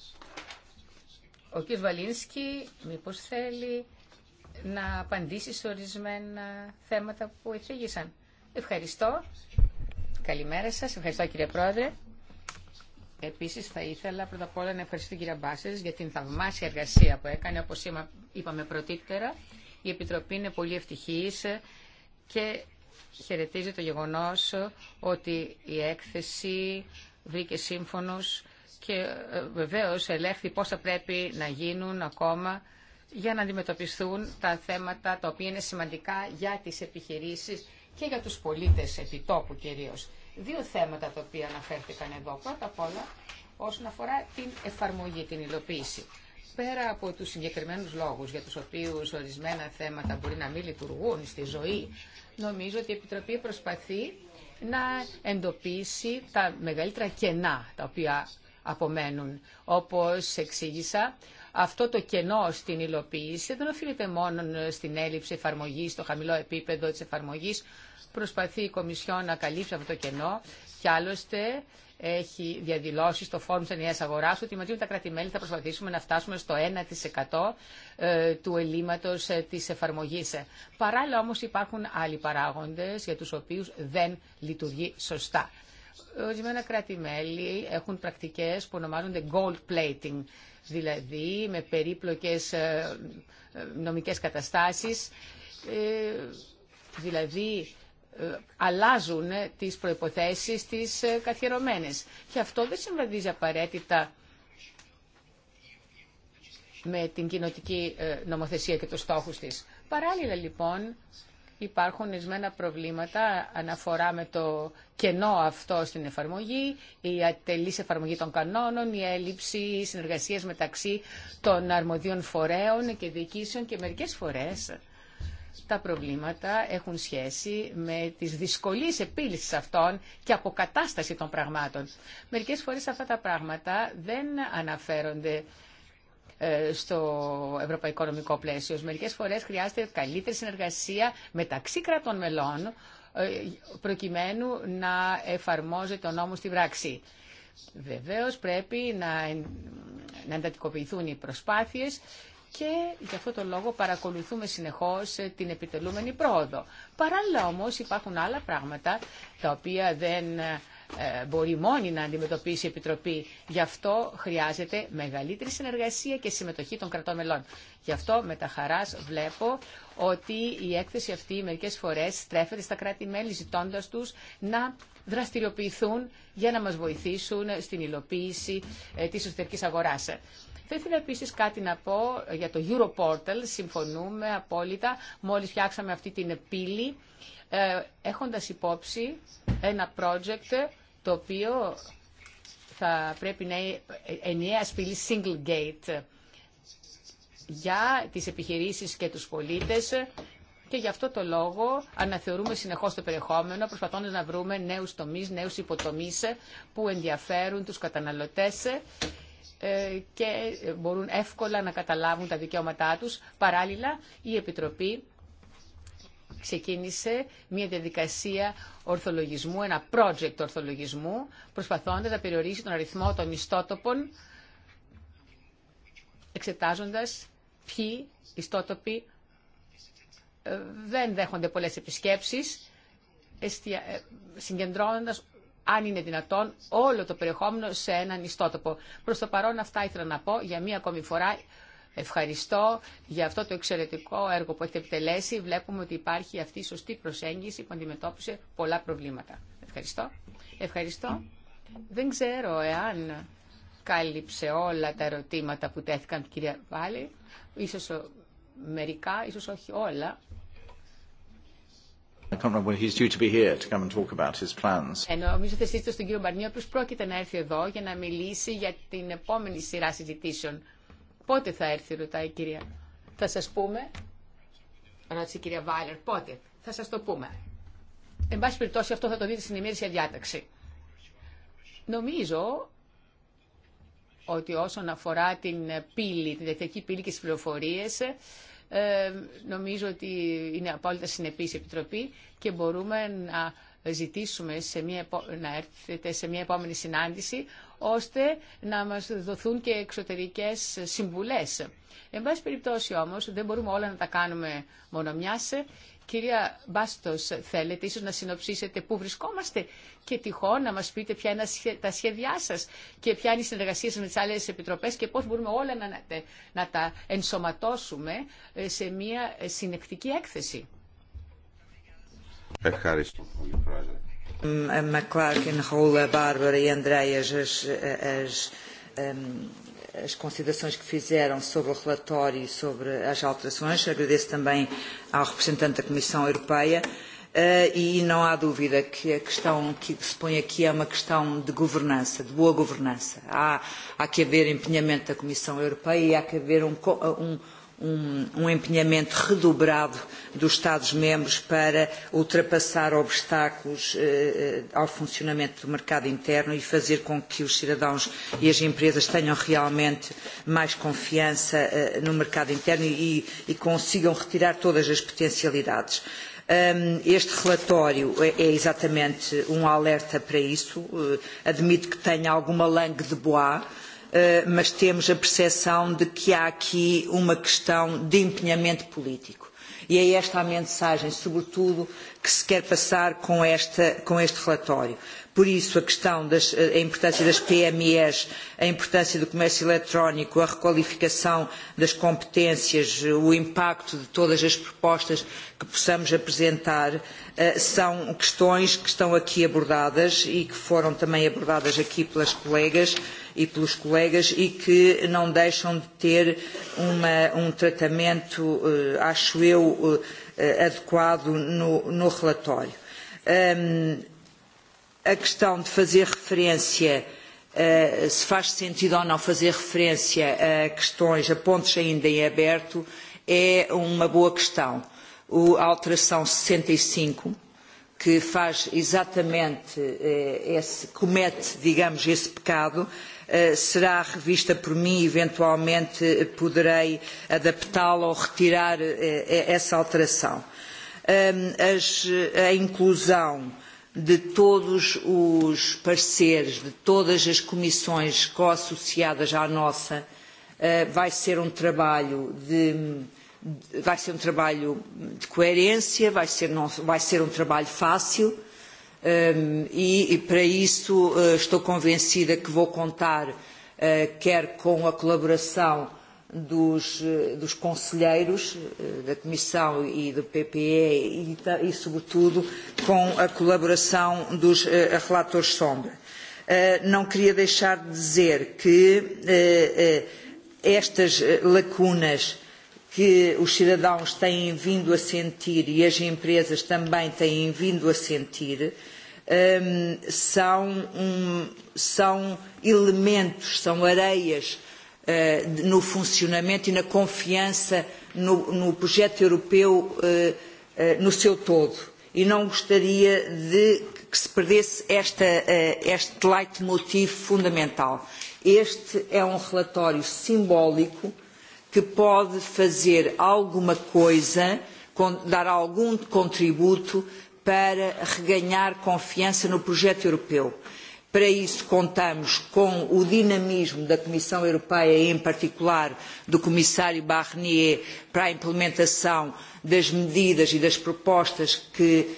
Ο κ. Βαλίνσκι μήπως θέλει να απαντήσει σε ορισμένα θέματα που εξήγησαν. Ευχαριστώ. Καλημέρα σας. Ευχαριστώ κύριε Πρόεδρε. Επίσης θα ήθελα πρώτα απ' όλα να ευχαριστήσω την κυρία Μπάσες για την θαυμάσια εργασία που έκανε. Όπως είπαμε πρωτήτερα, η Επιτροπή είναι πολύ ευτυχής και χαιρετίζει το γεγονός ότι η έκθεση βρήκε σύμφωνος και ε, βεβαίως ελέγχθη πώς θα πρέπει να γίνουν ακόμα για να αντιμετωπιστούν τα θέματα τα οποία είναι σημαντικά για τις επιχειρήσεις και για τους πολίτες επιτόπου κυρίως. Δύο θέματα τα οποία αναφέρθηκαν εδώ. Πρώτα απ' όλα όσον αφορά την εφαρμογή, την υλοποίηση. Πέρα από τους συγκεκριμένους λόγους για τους οποίους ορισμένα θέματα μπορεί να μην λειτουργούν στη ζωή, νομίζω ότι η Επιτροπή προσπαθεί να εντοπίσει τα μεγαλύτερα κενά τα οποία απομένουν. Όπως εξήγησα, αυτό το κενό στην υλοποίηση δεν οφείλεται μόνο στην έλλειψη εφαρμογή, στο χαμηλό επίπεδο τη εφαρμογή. Προσπαθεί η Κομισιόν να καλύψει αυτό το κενό και άλλωστε έχει διαδηλώσει στο Φόρουμ τη Ενιαία Αγορά ότι μαζί με τα κράτη-μέλη θα προσπαθήσουμε να φτάσουμε στο 1% ε, του ελλείμματο ε, τη εφαρμογή. Παράλληλα όμω υπάρχουν άλλοι παράγοντε για του οποίου δεν λειτουργεί σωστά. Ορισμένα κράτη-μέλη έχουν πρακτικές που ονομάζονται gold plating δηλαδή με περίπλοκες ε, ε, νομικές καταστάσεις, ε, δηλαδή αλλάζουν τις προϋποθέσεις τις καθιερωμένες. Και αυτό δεν συμβαδίζει απαραίτητα με την κοινοτική νομοθεσία και τους στόχους της. Παράλληλα λοιπόν υπάρχουν ορισμένα προβλήματα αναφορά με το κενό αυτό στην εφαρμογή, η ατελής εφαρμογή των κανόνων, η έλλειψη συνεργασίας μεταξύ των αρμοδίων φορέων και διοικήσεων και μερικές φορές τα προβλήματα έχουν σχέση με τις δυσκολίες επίλυσης αυτών και αποκατάσταση των πραγμάτων. Μερικές φορές αυτά τα πράγματα δεν αναφέρονται ε, στο ευρωπαϊκό νομικό πλαίσιο. Μερικές φορές χρειάζεται καλύτερη συνεργασία μεταξύ κρατών μελών ε, προκειμένου να εφαρμόζεται ο νόμος στη πράξη. Βεβαίως πρέπει να, να εντατικοποιηθούν οι προσπάθειες και για αυτό το λόγο παρακολουθούμε συνεχώς ε, την επιτελούμενη πρόοδο. Παράλληλα όμως υπάρχουν άλλα πράγματα τα οποία δεν ε, μπορεί μόνη να αντιμετωπίσει η Επιτροπή. Γι' αυτό χρειάζεται μεγαλύτερη συνεργασία και συμμετοχή των κρατών μελών. Γι' αυτό με τα χαράς βλέπω ότι η έκθεση αυτή μερικές φορές στρέφεται στα κράτη-μέλη ζητώντας τους να δραστηριοποιηθούν για να μας βοηθήσουν στην υλοποίηση ε, της εσωτερική αγοράς. Θα ήθελα επίση κάτι να πω για το Europortal. Συμφωνούμε απόλυτα. Μόλι φτιάξαμε αυτή την πύλη ε, έχοντας υπόψη ένα project το οποίο θα πρέπει να είναι ενιαία σπηλή single gate για τις επιχειρήσεις και τους πολίτες και γι' αυτό το λόγο αναθεωρούμε συνεχώς το περιεχόμενο, προσπαθώντας να βρούμε νέους τομείς, νέους υποτομείς που ενδιαφέρουν τους καταναλωτές ε, και μπορούν εύκολα να καταλάβουν τα δικαιώματά τους. Παράλληλα, η Επιτροπή ξεκίνησε μια διαδικασία ορθολογισμού, ένα project ορθολογισμού, προσπαθώντας να περιορίσει τον αριθμό των ιστότοπων, εξετάζοντας ποιοι ιστότοποι ε, δεν δέχονται πολλές επισκέψεις, ε, συγκεντρώνοντας αν είναι δυνατόν, όλο το περιεχόμενο σε έναν ιστότοπο. Προς το παρόν αυτά ήθελα να πω για μία ακόμη φορά ευχαριστώ για αυτό το εξαιρετικό έργο που έχετε επιτελέσει. Βλέπουμε ότι υπάρχει αυτή η σωστή προσέγγιση που αντιμετώπισε πολλά προβλήματα. Ευχαριστώ. Ευχαριστώ. Δεν ξέρω εάν κάλυψε όλα τα ερωτήματα που τέθηκαν την κυρία Βάλη. Ίσως μερικά, ίσως όχι όλα. Ενώ νομίζω θα στον κύριο Μπαρνίου, ο πρόκειται να έρθει εδώ για να μιλήσει για την επόμενη σειρά συζητήσεων. Πότε θα έρθει, ρωτάει η κυρία. Θα σας πούμε. Ρώτησε η κυρία Βάιλερ. Πότε. Θα σας το πούμε. Εν πάση περιπτώσει αυτό θα το δείτε στην ημέρησια διάταξη. Νομίζω ότι όσον αφορά την πύλη, την διεκτική πύλη και τι πληροφορίε, ε, νομίζω ότι είναι απόλυτα συνεπής η Επιτροπή και μπορούμε να ζητήσουμε σε μια, να έρθετε σε μια επόμενη συνάντηση, ώστε να μας δοθούν και εξωτερικές συμβουλές. Εν πάση περιπτώσει όμως, δεν μπορούμε όλα να τα κάνουμε μόνο μιας. Κυρία Μπάστος, θέλετε ίσως να συνοψίσετε πού βρισκόμαστε και τυχόν να μας πείτε ποια είναι τα σχέδιά σας και ποια είναι η συνεργασία σας με τις άλλες επιτροπές και πώς μπορούμε όλα να, να τα ενσωματώσουμε ε, σε μια συνεκτική έκθεση. Ευχαριστώ πολύ, Πρόεδρε. McClarkin, Bárbara e Andreas, as, as considerações que fizeram sobre o relatório e sobre as alterações. Agradeço também ao representante da Comissão Europeia. E não há dúvida que a questão que se põe aqui é uma questão de governança, de boa governança. Há que haver empenhamento da Comissão Europeia e há que haver um um empenhamento redobrado dos Estados membros para ultrapassar obstáculos ao funcionamento do mercado interno e fazer com que os cidadãos e as empresas tenham realmente mais confiança no mercado interno e consigam retirar todas as potencialidades. Este relatório é exatamente um alerta para isso. Admito que tenha alguma langue de bois mas temos a percepção de que há aqui uma questão de empenhamento político. E é esta a mensagem, sobretudo, que se quer passar com este relatório Por isso, a questão da importância das PMEs, a importância do comércio eletrónico, a requalificação das competências, o impacto de todas as propostas que possamos apresentar, são questões que estão aqui abordadas e que foram também abordadas aqui pelas colegas e pelos colegas e que não deixam de ter um tratamento, acho eu, adequado no relatório a questão de fazer referência se faz sentido ou não fazer referência a questões a pontos ainda em aberto é uma boa questão. a alteração 65, que faz exatamente esse comete digamos esse pecado será revista por mim e eventualmente poderei adaptá la ou retirar essa alteração. a inclusão de todos os parceiros, de todas as comissões co-associadas à nossa, vai ser um trabalho de vai ser um trabalho de coerência, vai ser, não, vai ser um trabalho fácil e, e para isso estou convencida que vou contar quer com a colaboração dos, dos conselheiros da Comissão e do PPE e, sobretudo, com a colaboração dos relatores sombra. Não queria deixar de dizer que estas lacunas que os cidadãos têm vindo a sentir e as empresas também têm vindo a sentir são elementos, são areias no funcionamento e na confiança no projeto europeu no seu todo. E não gostaria de que se perdesse este leitmotiv fundamental. Este é um relatório simbólico que pode fazer alguma coisa, dar algum contributo para reganhar confiança no projeto europeu. Para isso, contamos com o dinamismo da Comissão Europeia e, em particular, do Comissário Barnier para a implementação das medidas e das propostas que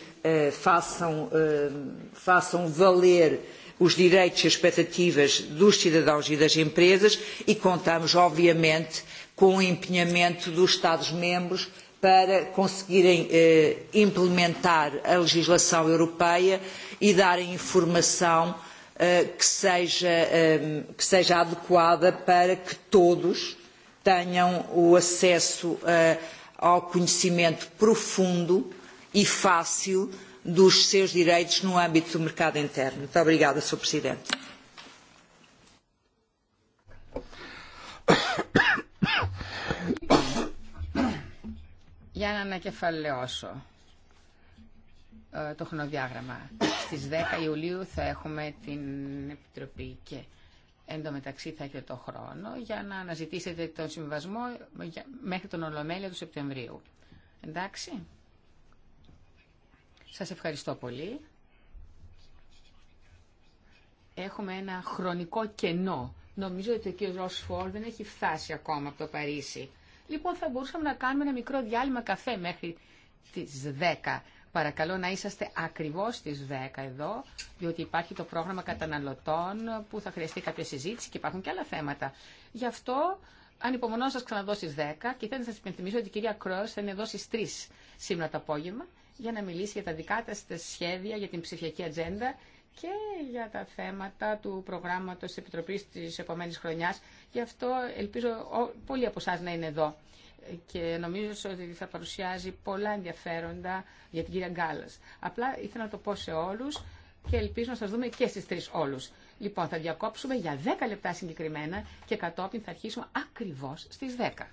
façam valer os direitos e expectativas dos cidadãos e das empresas e contamos, obviamente, com o empenhamento dos Estados-membros para conseguirem implementar a legislação europeia e darem informação que seja adequada para que todos tenham o acesso ao conhecimento profundo e fácil dos seus direitos no âmbito do mercado interno. Muito obrigada, Sr. Presidente. Ε, το χρονοδιάγραμμα. Στις 10 Ιουλίου θα έχουμε την Επιτροπή και εν θα έχετε το χρόνο για να αναζητήσετε τον συμβασμό μέχρι τον Ολομέλεια του Σεπτεμβρίου. Εντάξει. Σας ευχαριστώ πολύ. Έχουμε ένα χρονικό κενό. Νομίζω ότι ο κ. Ροσφόρ δεν έχει φτάσει ακόμα από το Παρίσι. Λοιπόν, θα μπορούσαμε να κάνουμε ένα μικρό διάλειμμα καφέ μέχρι τις 10 Παρακαλώ να είσαστε ακριβώς στις 10 εδώ, διότι υπάρχει το πρόγραμμα καταναλωτών που θα χρειαστεί κάποια συζήτηση και υπάρχουν και άλλα θέματα. Γι' αυτό ανυπομονώ να σας ξαναδώ στις 10 και θέλω να σας υπενθυμίσω ότι η κυρία Κρός θα είναι εδώ στις 3 σήμερα το απόγευμα για να μιλήσει για τα δικά της σχέδια για την ψηφιακή ατζέντα και για τα θέματα του προγράμματος της Επιτροπής της επόμενης χρονιάς. Γι' αυτό ελπίζω πολλοί από εσά να είναι εδώ και νομίζω ότι θα παρουσιάζει πολλά ενδιαφέροντα για την κυρία Γκάλλας. Απλά ήθελα να το πω σε όλους και ελπίζω να σας δούμε και στις τρεις όλους. Λοιπόν, θα διακόψουμε για 10 λεπτά συγκεκριμένα και κατόπιν θα αρχίσουμε ακριβώς στις 10.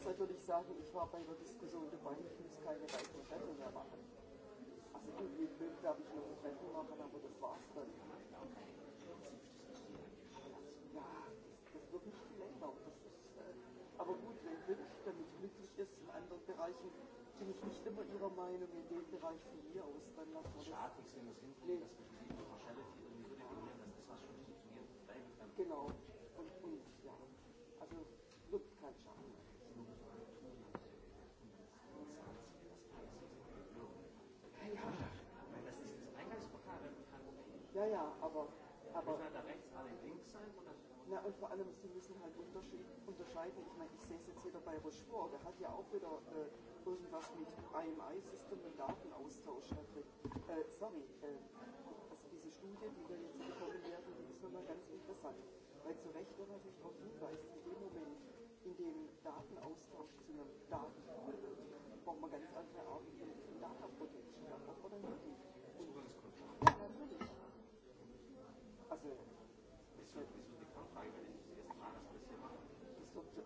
deshalb würde ich sagen, ich war bei der Diskussion dabei, ich muss keine weiteren Rettung mehr machen. Also gut, wie Bild darf ich noch eine Rettung machen, aber das war's dann. Ja, das, wird nicht viel ändern. Das ist, aber gut, wenn Bild damit glücklich ist in anderen Bereichen, bin ich nicht immer ihrer Meinung in dem Bereich von mir aus, dann lassen wir das. Genau. und vor allem, Sie müssen halt unterscheiden. Ich meine, ich sehe es jetzt wieder bei Rochefort. Der hat ja auch wieder irgendwas mit IMI-System und Datenaustausch. Äh, sorry, also diese Studie, die wir jetzt bekommen werden, die ist nochmal ganz interessant. Weil zu Recht, wenn man sich darauf hinweist, in dem Moment, in dem Datenaustausch zu einem Daten braucht man ganz andere Arten von Data Protection. Da braucht Ja, natürlich. Also, Das und das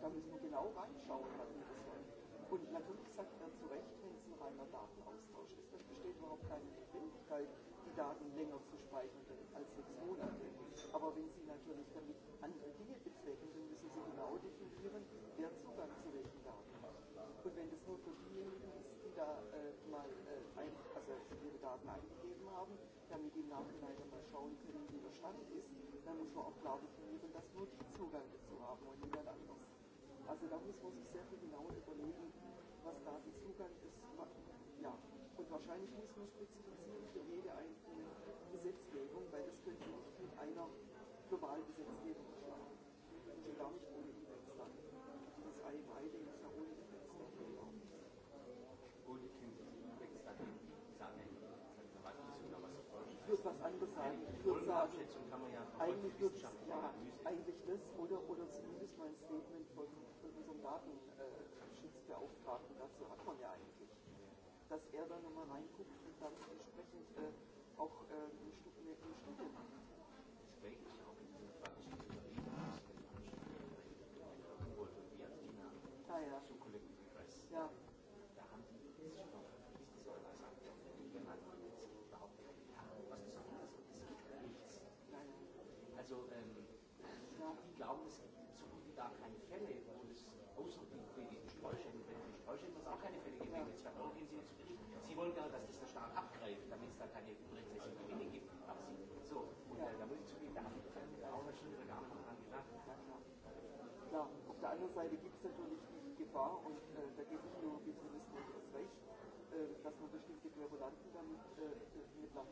da müssen wir genau reinschauen, was wir das wollen. Und natürlich sagt er zu Recht, wenn es ein reiner Datenaustausch ist, dann besteht überhaupt keine Notwendigkeit, die Daten länger zu speichern als sechs Monate. Aber wenn Sie natürlich damit andere Dinge bezwecken, dann müssen Sie genau definieren, wer Zugang zu welchen Daten hat. Und wenn das nur für diejenigen ist, die da mal ihre Daten eingegeben haben, damit die im Nachhinein mal schauen können, wie der Stand ist, Da muss man auch Glauben vermitteln, dass nur die Zugang dazu haben und niemand anders. Also da muss man sich sehr viel genau überlegen, was da der Zugang ist. Ja. Und wahrscheinlich muss man spezifizieren für jede einzelne Gesetzgebung, weil das könnte nicht mit einer globalen Gesetzgebung erschlagen. Und schon gar nicht ohne Index dann. Dieses Beide ding ist ja ohne Index Ich würde was anderes sagen. Ich würde sagen, eigentlich wird ja, eigentlich das oder, oder zumindest mein Statement von, unserem Datenschutzbeauftragten, dazu hat man ja eigentlich, dass er da nochmal reinguckt und dann entsprechend auch ein Stück mehr Studien macht. Seite gibt es natürlich die Gefahr, und da gebe ich nur das Recht, dass man bestimmte Querulanten damit mit Land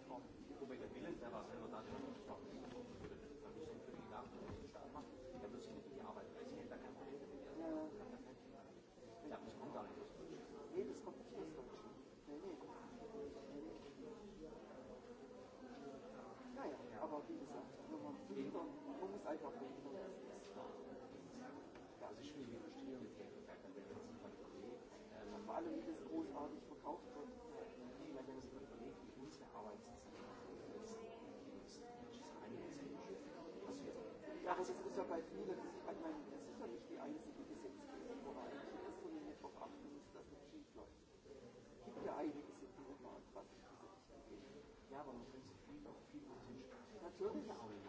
natürlich auch nicht.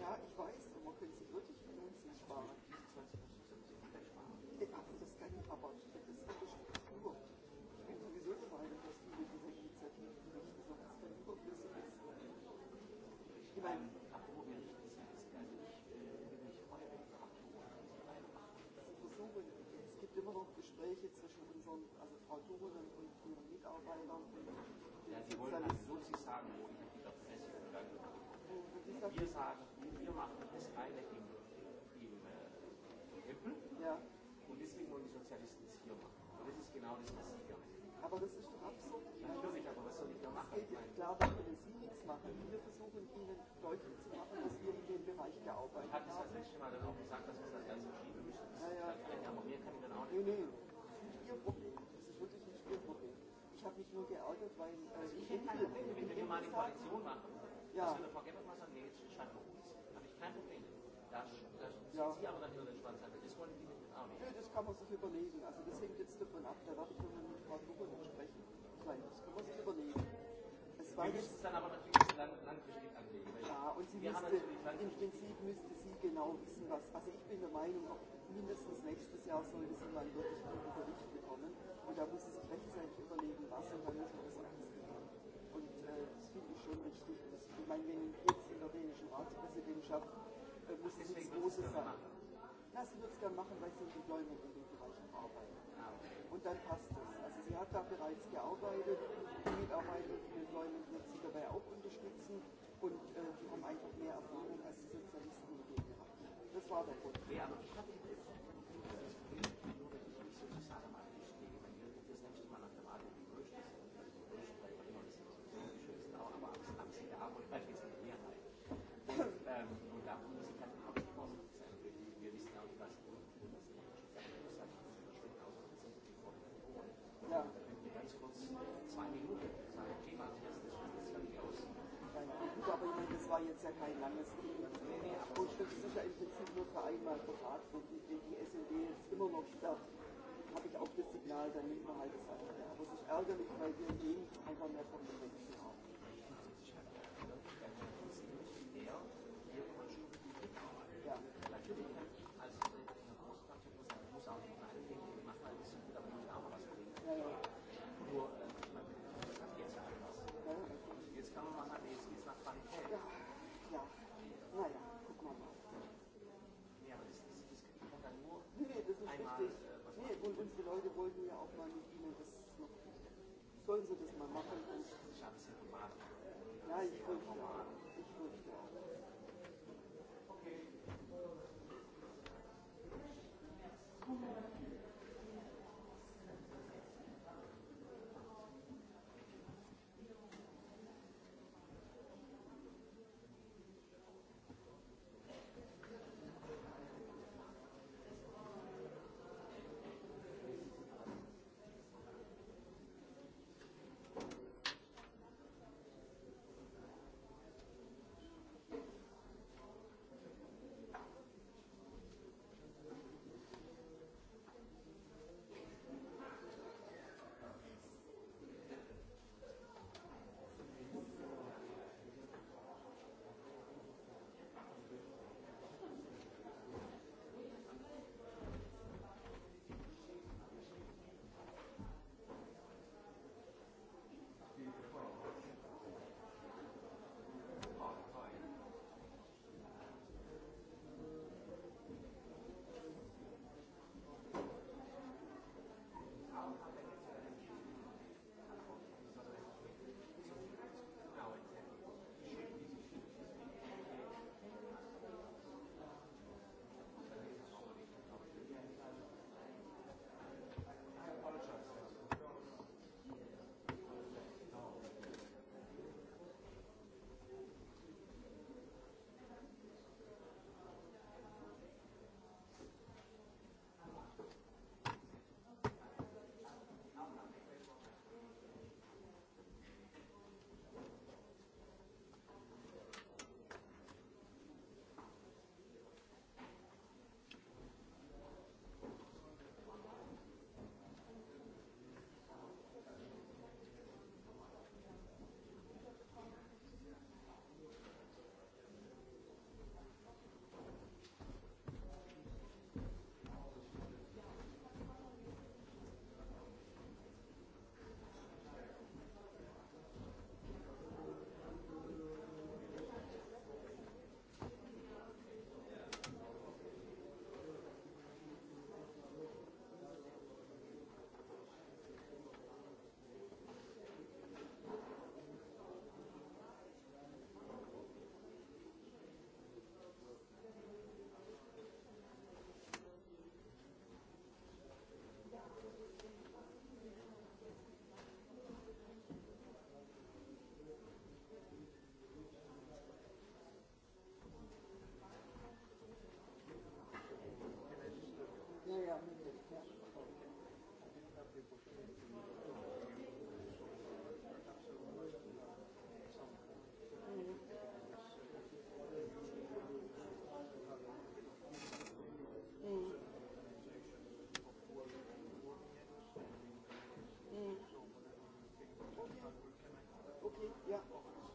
Ja, ich weiß, aber man könnte sich wirklich Finanzen sparen. Also das kann ich das ist wirklich nur. Ich bin sowieso der Meinung, dass die mit dieser Initiative nicht besonders kein überflüssig ist. Ich meine, es gibt immer noch Gespräche zwischen unseren, also Frau Turunen und ihren Mitarbeitern und den Sozialisten. wir sagen, wir machen das eine im, im äh, ja. und deswegen wollen die Sozialisten es hier machen. Und das ist genau das, was sie hier machen. Aber das ist doch absurd. Natürlich, aber was soll ich da machen? Es geht klar, da können Sie nichts machen. Wir versuchen Ihnen deutlich zu machen, dass wir in dem Bereich gearbeitet haben. Ich habe das das letzte Mal dann auch gesagt, dass wir das ganz verschieden müssen. Ja, ja. Aber wir kann ich dann auch nicht. Nee, nee. Das ist wirklich nicht Ihr Problem. Ich habe mich nur geärgert, weil... Äh, also ich hätte keine wenn wir mal eine Koalition machen. Ja. Dass wir eine Das, ist ja. Sie aber nachher entspannt sein. Das wollen die mit auch nicht. das kann man sich überlegen. Also das hängt jetzt davon ab, da werde ich nochmal mit Frau Buchholz sprechen. Ich das kann man sich überlegen. Es war es dann aber natürlich lang, langfristig anlegen. Ja, und sie müsste, im Prinzip müsste sie genau wissen, was. Also ich bin der Meinung, auch mindestens nächstes Jahr sollte sie mal wirklich einen Bericht bekommen. Und da muss sie sich rechtzeitig überlegen, was und dann muss man das alles Und äh, das finde ich schon richtig. Ich meine, wenn jetzt in der dänischen Ratspräsidentschaft muss nichts eine große Sache. Na, sie wird es dann machen, weil sie mit Deployment in dem Bereich arbeiten. Und dann passt es. Also sie hat da bereits gearbeitet, die Mitarbeiter von wird sie dabei auch unterstützen und die haben einfach mehr Erfahrung als die Sozialisten in dem Das war der Grund. das ist ja im Prinzip nur für einmal pro Tag und die, die SED jetzt immer noch statt, habe ich auch das Signal, dann nimmt man halt das an. Aber es ist ärgerlich, weil wir dem einfach mehr Kompetenzen haben. wollen Sie das mal machen ich Sie Ja, ich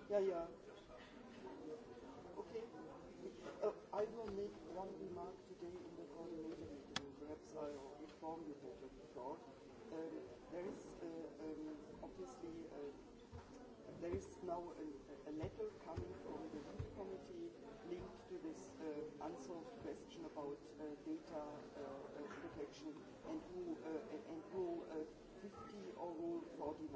Yeah, yeah. Okay. I will make one remark today in the coordinator meeting. Perhaps I will inform you better before. Um, there is obviously there is now a, letter coming from the committee linked to this uh unsolved question about data protection and rule, and rule 50 or rule 49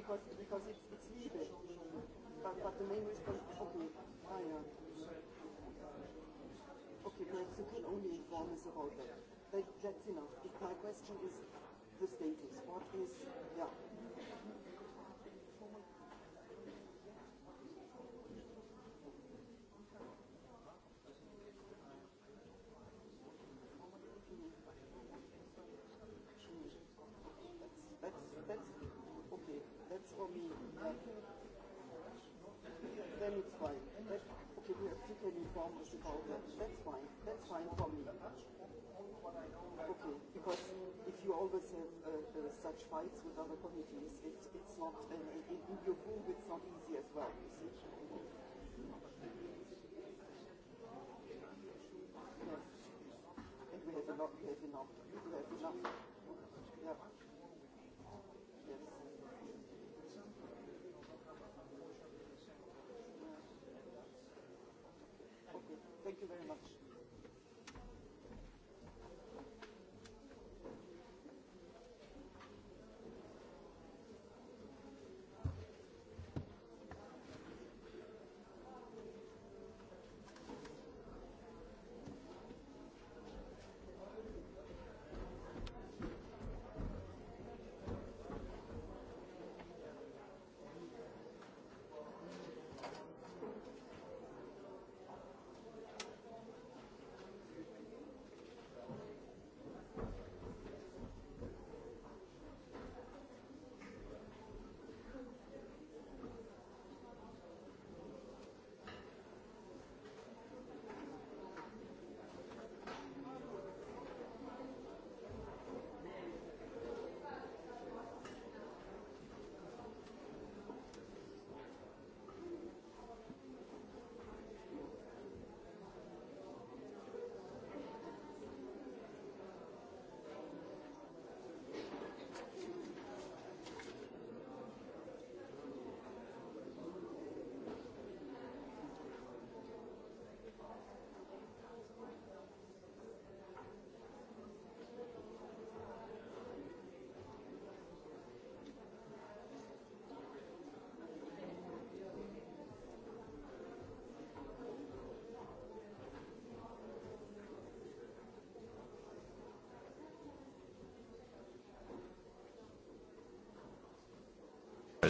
because because it's it's legal. But but the main responsibility okay, ah, yeah. Okay, perhaps you can only inform us about that. that. That's enough. My question is the status. What is yeah. That's fine. That's fine for me. Okay, because if you always have such fights with other committees, it's it's not in your move it's not easy as well. You see. And we have enough. We enough. We have enough.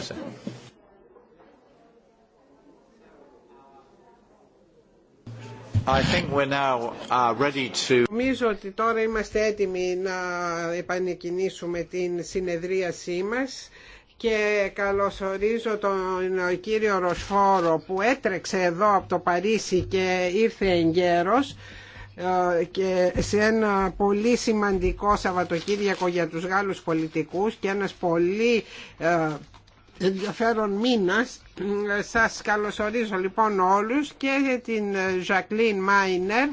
Uh, Νομίζω ότι τώρα είμαστε έτοιμοι να επανεκκινήσουμε την συνεδρίασή μας και καλωσορίζω τον κύριο Ροσφόρο που έτρεξε εδώ από το Παρίσι και ήρθε εγκαίρος ε, και σε ένα πολύ σημαντικό Σαββατοκύριακο για τους Γάλλους πολιτικούς και ένας πολύ ε, ενδιαφέρον μήνα, σα καλωσορίζω λοιπόν όλους και την Ζακλίν Μάινερ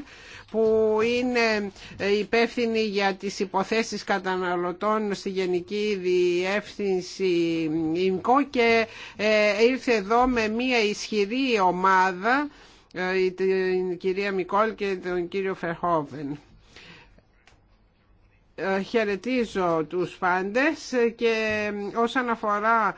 που είναι υπεύθυνη για τις υποθέσεις καταναλωτών στη Γενική Διεύθυνση ΙΜΚΟ και ε, ήρθε εδώ με μια ισχυρή ομάδα ε, την κυρία Μικόλ και τον κύριο Φερχόβεν χαιρετίζω τους πάντες και όσον αφορά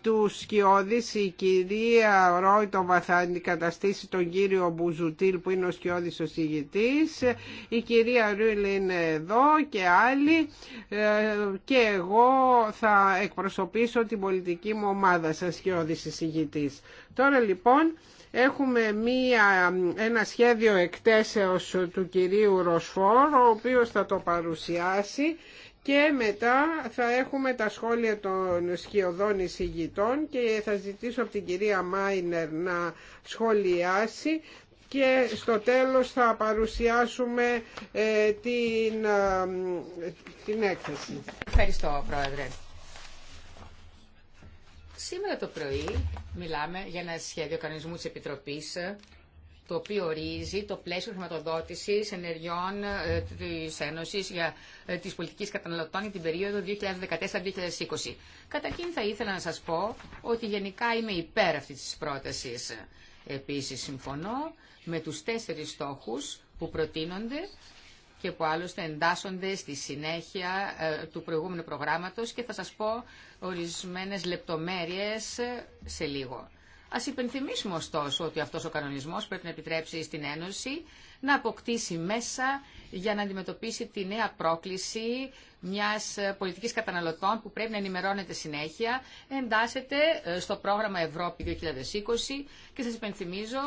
του σκιώδης η κυρία Ρόιτοβα θα αντικαταστήσει τον κύριο Μπουζουτήλ που είναι ο σκιώδης ο συγητής η κυρία Ρούιλε είναι εδώ και άλλοι ε, και εγώ θα εκπροσωπήσω την πολιτική μου ομάδα σαν σκιώδης συγητής τώρα λοιπόν Έχουμε μία, ένα σχέδιο εκτέσεως του κυρίου Ροσφόρ, ο οποίος θα το παρουσιάσει και μετά θα έχουμε τα σχόλια των σκιωδών εισηγητών και θα ζητήσω από την κυρία Μάινερ να σχολιάσει και στο τέλος θα παρουσιάσουμε ε, την, ε, την έκθεση. Ευχαριστώ, Πρόεδρε. Σήμερα το πρωί μιλάμε για ένα σχέδιο κανονισμού της Επιτροπής το οποίο ορίζει το πλαίσιο χρηματοδότησης ενεργειών ε, της Ένωσης για ε, τις πολιτικές καταναλωτών για την περίοδο 2014-2020. Καταρχήν θα ήθελα να σας πω ότι γενικά είμαι υπέρ αυτής της πρότασης. Επίσης συμφωνώ με τους τέσσερις στόχους που προτείνονται και που άλλωστε εντάσσονται στη συνέχεια ε, του προηγούμενου προγράμματος και θα σας πω ορισμένες λεπτομέρειες σε λίγο. Ας υπενθυμίσουμε ωστόσο ότι αυτός ο κανονισμός πρέπει να επιτρέψει στην Ένωση να αποκτήσει μέσα για να αντιμετωπίσει τη νέα πρόκληση μιας ε, πολιτικής καταναλωτών που πρέπει να ενημερώνεται συνέχεια εντάσσεται ε, στο πρόγραμμα Ευρώπη 2020 και σας υπενθυμίζω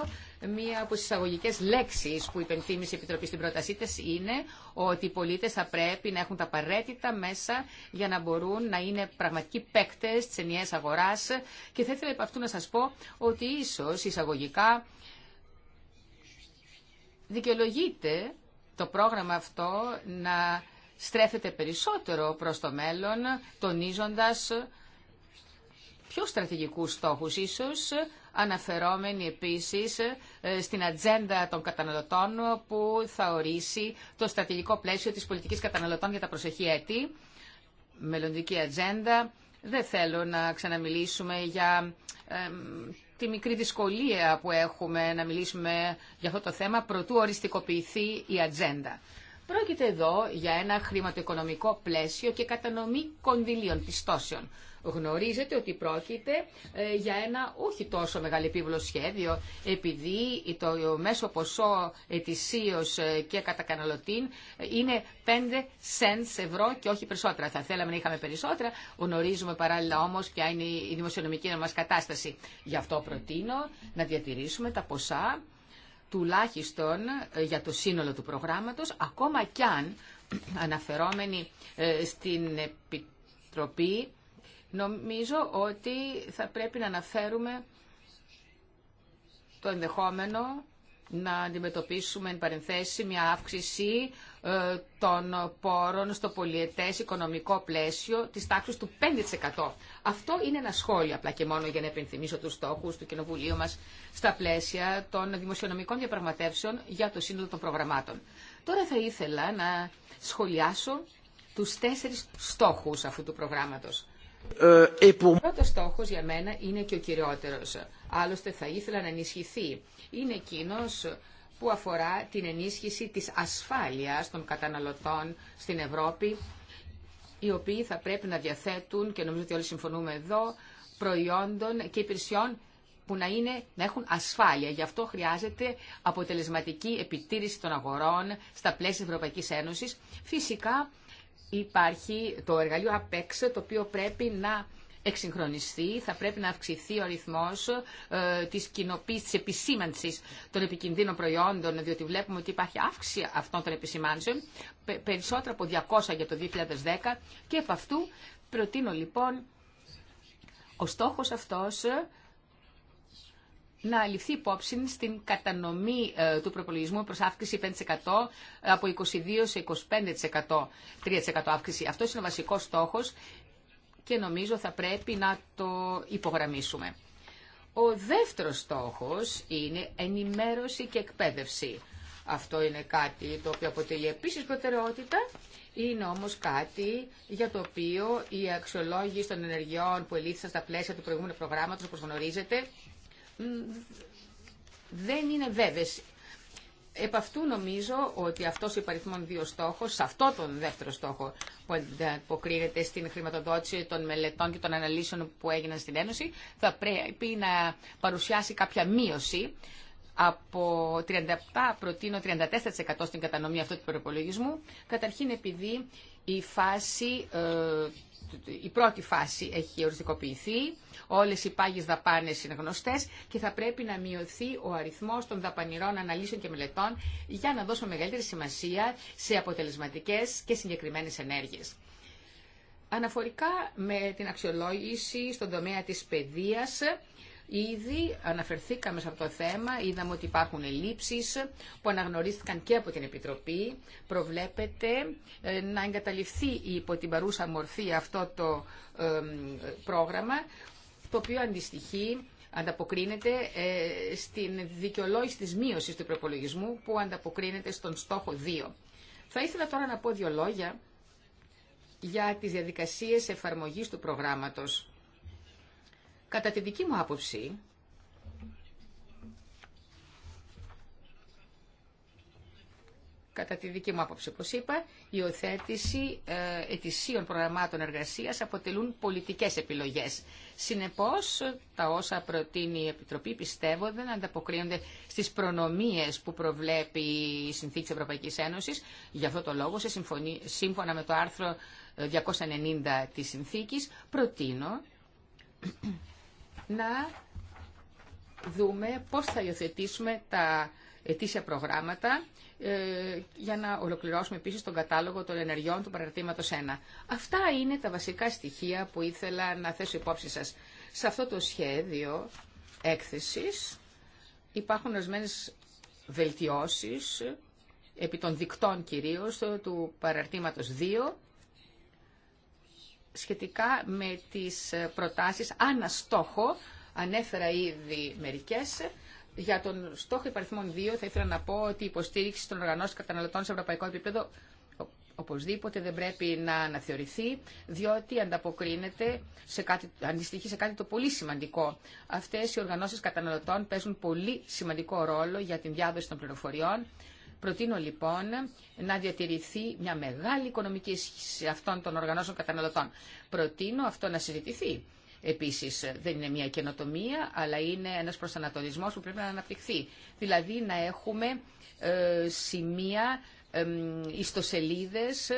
μία από τι εισαγωγικέ λέξεις που υπενθύμησε η Επιτροπή στην πρότασή τη είναι ότι οι πολίτες θα πρέπει να έχουν τα απαραίτητα μέσα για να μπορούν να είναι πραγματικοί παίκτε τη ενιαία αγορά. και θα ήθελα επ' αυτού να σα πω ότι ίσω εισαγωγικά δικαιολογείται το πρόγραμμα αυτό να στρέφεται περισσότερο προς το μέλλον, τονίζοντας πιο στρατηγικούς στόχους ίσως, αναφερόμενοι επίσης ε, στην ατζέντα των καταναλωτών που θα ορίσει το στρατηγικό πλαίσιο της πολιτικής καταναλωτών για τα προσεχή έτη, μελλοντική ατζέντα. Δεν θέλω να ξαναμιλήσουμε για τη μικρή δυσκολία που έχουμε να μιλήσουμε για αυτό το θέμα προτού οριστικοποιηθεί η ατζέντα. Πρόκειται εδώ για ένα χρηματοοικονομικό πλαίσιο και κατανομή κονδυλίων πιστώσεων. Γνωρίζετε ότι πρόκειται ε, για ένα όχι τόσο επίβολο σχέδιο, επειδή το μέσο ποσό ετησίως ε, και κατά καναλωτήν ε, είναι 5 cents ευρώ και όχι περισσότερα. Θα θέλαμε να είχαμε περισσότερα, γνωρίζουμε παράλληλα όμως ποια είναι η δημοσιονομική μας κατάσταση. Γι' αυτό προτείνω να διατηρήσουμε τα ποσά τουλάχιστον ε, για το σύνολο του προγράμματος, ακόμα κι αν αναφερόμενοι ε, στην Επιτροπή, νομίζω ότι θα πρέπει να αναφέρουμε το ενδεχόμενο να αντιμετωπίσουμε εν παρενθέσει μια αύξηση ε, των πόρων στο πολιετές οικονομικό πλαίσιο της τάξης του 5%. Αυτό είναι ένα σχόλιο απλά και μόνο για να επενθυμίσω τους στόχους του Κοινοβουλίου μας στα πλαίσια των δημοσιονομικών διαπραγματεύσεων για το σύνολο των προγραμμάτων. Τώρα θα ήθελα να σχολιάσω τους τέσσερις στόχους αυτού του προγράμματος. Ε, ε, ο πρώτο στόχο για μένα είναι και ο κυριότερος. Άλλωστε θα ήθελα να ενισχυθεί. Είναι εκείνο που αφορά την ενίσχυση της ασφάλειας των καταναλωτών στην Ευρώπη, οι οποίοι θα πρέπει να διαθέτουν, και νομίζω ότι όλοι συμφωνούμε εδώ, προϊόντων και υπηρεσιών που να, είναι, έχουν ασφάλεια. Γι' αυτό χρειάζεται αποτελεσματική επιτήρηση των αγορών στα πλαίσια Ευρωπαϊκής Ένωσης, φυσικά υπάρχει το εργαλείο APEX το οποίο πρέπει να εξυγχρονιστεί, θα πρέπει να αυξηθεί ο ρυθμός ε, της κοινοποίησης, της επισήμανσης των επικινδύνων προϊόντων, διότι βλέπουμε ότι υπάρχει αύξηση αυτών των επισημάνσεων, πε, περισσότερα από 200 για το 2010 και από αυτού προτείνω λοιπόν ο στόχος αυτός να ληφθεί υπόψη στην κατανομή ε, του προπολογισμού προς αύξηση 5% ε, από 22% σε 25%, 3% αύξηση. Αυτό είναι ο βασικός στόχος και νομίζω θα πρέπει να το υπογραμμίσουμε. Ο δεύτερος στόχος είναι ενημέρωση και εκπαίδευση. Αυτό είναι κάτι το οποίο αποτελεί επίσης προτεραιότητα. Είναι όμως κάτι για το οποίο η αξιολόγηση των ενεργειών που ελήφθησαν στα πλαίσια του προηγούμενου προγράμματος, όπως γνωρίζετε, δεν είναι βέβαιες. Επ' αυτού νομίζω ότι αυτός υπαριθμόν δύο στόχος, σε αυτό τον δεύτερο στόχο που αποκρίνεται στην χρηματοδότηση των μελετών και των αναλύσεων που έγιναν στην Ένωση, θα πρέπει να παρουσιάσει κάποια μείωση από 37 προτείνω 34% στην κατανομή αυτού του προπολογισμού, καταρχήν επειδή η φάση ε, η πρώτη φάση έχει οριστικοποιηθεί, όλες οι πάγιες δαπάνες είναι γνωστές και θα πρέπει να μειωθεί ο αριθμός των δαπανηρών αναλύσεων και μελετών για να δώσουμε μεγαλύτερη σημασία σε αποτελεσματικές και συγκεκριμένες ενέργειες. Αναφορικά με την αξιολόγηση στον τομέα της παιδείας, Ήδη αναφερθήκαμε σε αυτό το θέμα, είδαμε ότι υπάρχουν ελλείψεις που αναγνωρίστηκαν και από την Επιτροπή. Προβλέπεται ε, να εγκαταλειφθεί υπό την παρούσα μορφή αυτό το ε, πρόγραμμα, το οποίο αντιστοιχεί ανταποκρίνεται ε, στην δικαιολόγηση της μείωσης του προπολογισμού που ανταποκρίνεται στον στόχο 2. Θα ήθελα τώρα να πω δύο λόγια για τις διαδικασίες εφαρμογής του προγράμματος Κατά τη δική μου άποψη, κατά τη δική μου άποψη, όπως είπα, η οθέτηση ε, ετησίων προγραμμάτων εργασίας αποτελούν πολιτικές επιλογές. Συνεπώς, τα όσα προτείνει η Επιτροπή, πιστεύω, δεν ανταποκρίνονται στις προνομίες που προβλέπει η Συνθήκη της Ευρωπαϊκής Ένωσης. Γι' αυτό το λόγο, σε σύμφωνα με το άρθρο 290 ε, της Συνθήκης, προτείνω να δούμε πώς θα υιοθετήσουμε τα ετήσια προγράμματα ε, για να ολοκληρώσουμε επίσης τον κατάλογο των ενεργειών του παραρτήματος 1. Αυτά είναι τα βασικά στοιχεία που ήθελα να θέσω υπόψη σας. Σε αυτό το σχέδιο έκθεσης υπάρχουν ορισμένε βελτιώσεις επί των δικτών κυρίως του παραρτήματος 2 σχετικά με τις προτάσεις ανά ανέφερα ήδη μερικές. Για τον στόχο υπαριθμών 2 θα ήθελα να πω ότι η υποστήριξη των οργανώσεων καταναλωτών σε ευρωπαϊκό επίπεδο οπωσδήποτε δεν πρέπει να αναθεωρηθεί, διότι ανταποκρίνεται σε κάτι, αντιστοιχεί σε κάτι το πολύ σημαντικό. Αυτές οι οργανώσεις καταναλωτών παίζουν πολύ σημαντικό ρόλο για την διάδοση των πληροφοριών, Προτείνω λοιπόν να διατηρηθεί μια μεγάλη οικονομική ισχύση αυτών των οργανώσεων καταναλωτών. Προτείνω αυτό να συζητηθεί. Επίση, δεν είναι μια καινοτομία, αλλά είναι ένα προσανατολισμό που πρέπει να αναπτυχθεί. Δηλαδή, να έχουμε ε, σημεία ιστοσελίδες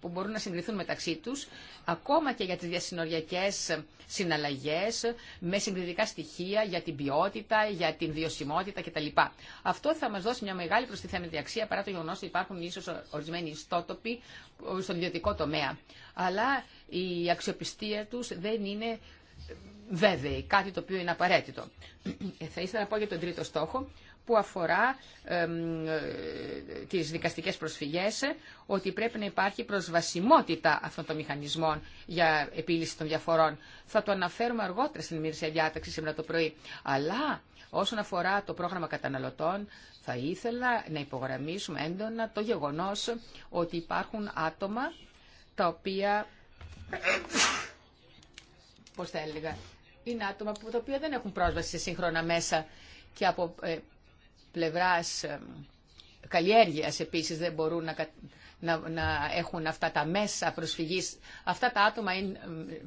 που μπορούν να συγκριθούν μεταξύ τους, ακόμα και για τις διασυνοριακές συναλλαγές, με συγκριτικά στοιχεία για την ποιότητα, για την βιωσιμότητα κτλ. Αυτό θα μας δώσει μια μεγάλη προστιθέμενη αξία, παρά το γεγονός ότι υπάρχουν ίσως ορισμένοι ιστότοποι στον ιδιωτικό τομέα. Αλλά η αξιοπιστία τους δεν είναι βέβαιη, κάτι το οποίο είναι απαραίτητο. Ε, θα ήθελα να πω για τον τρίτο στόχο, που αφορά ε, τις δικαστικές προσφυγές, ότι πρέπει να υπάρχει προσβασιμότητα αυτών των μηχανισμών για επίλυση των διαφορών. Θα το αναφέρουμε αργότερα στην ημερήσια διάταξη σήμερα το πρωί. Αλλά όσον αφορά το πρόγραμμα καταναλωτών, θα ήθελα να υπογραμμίσουμε έντονα το γεγονός ότι υπάρχουν άτομα τα οποία... Πώς θα έλεγα... Είναι άτομα που, τα οποία δεν έχουν πρόσβαση σε σύγχρονα μέσα και από ε, πλευράς καλλιέργειας επίσης δεν μπορούν να, έχουν αυτά τα μέσα προσφυγής. Αυτά τα άτομα είναι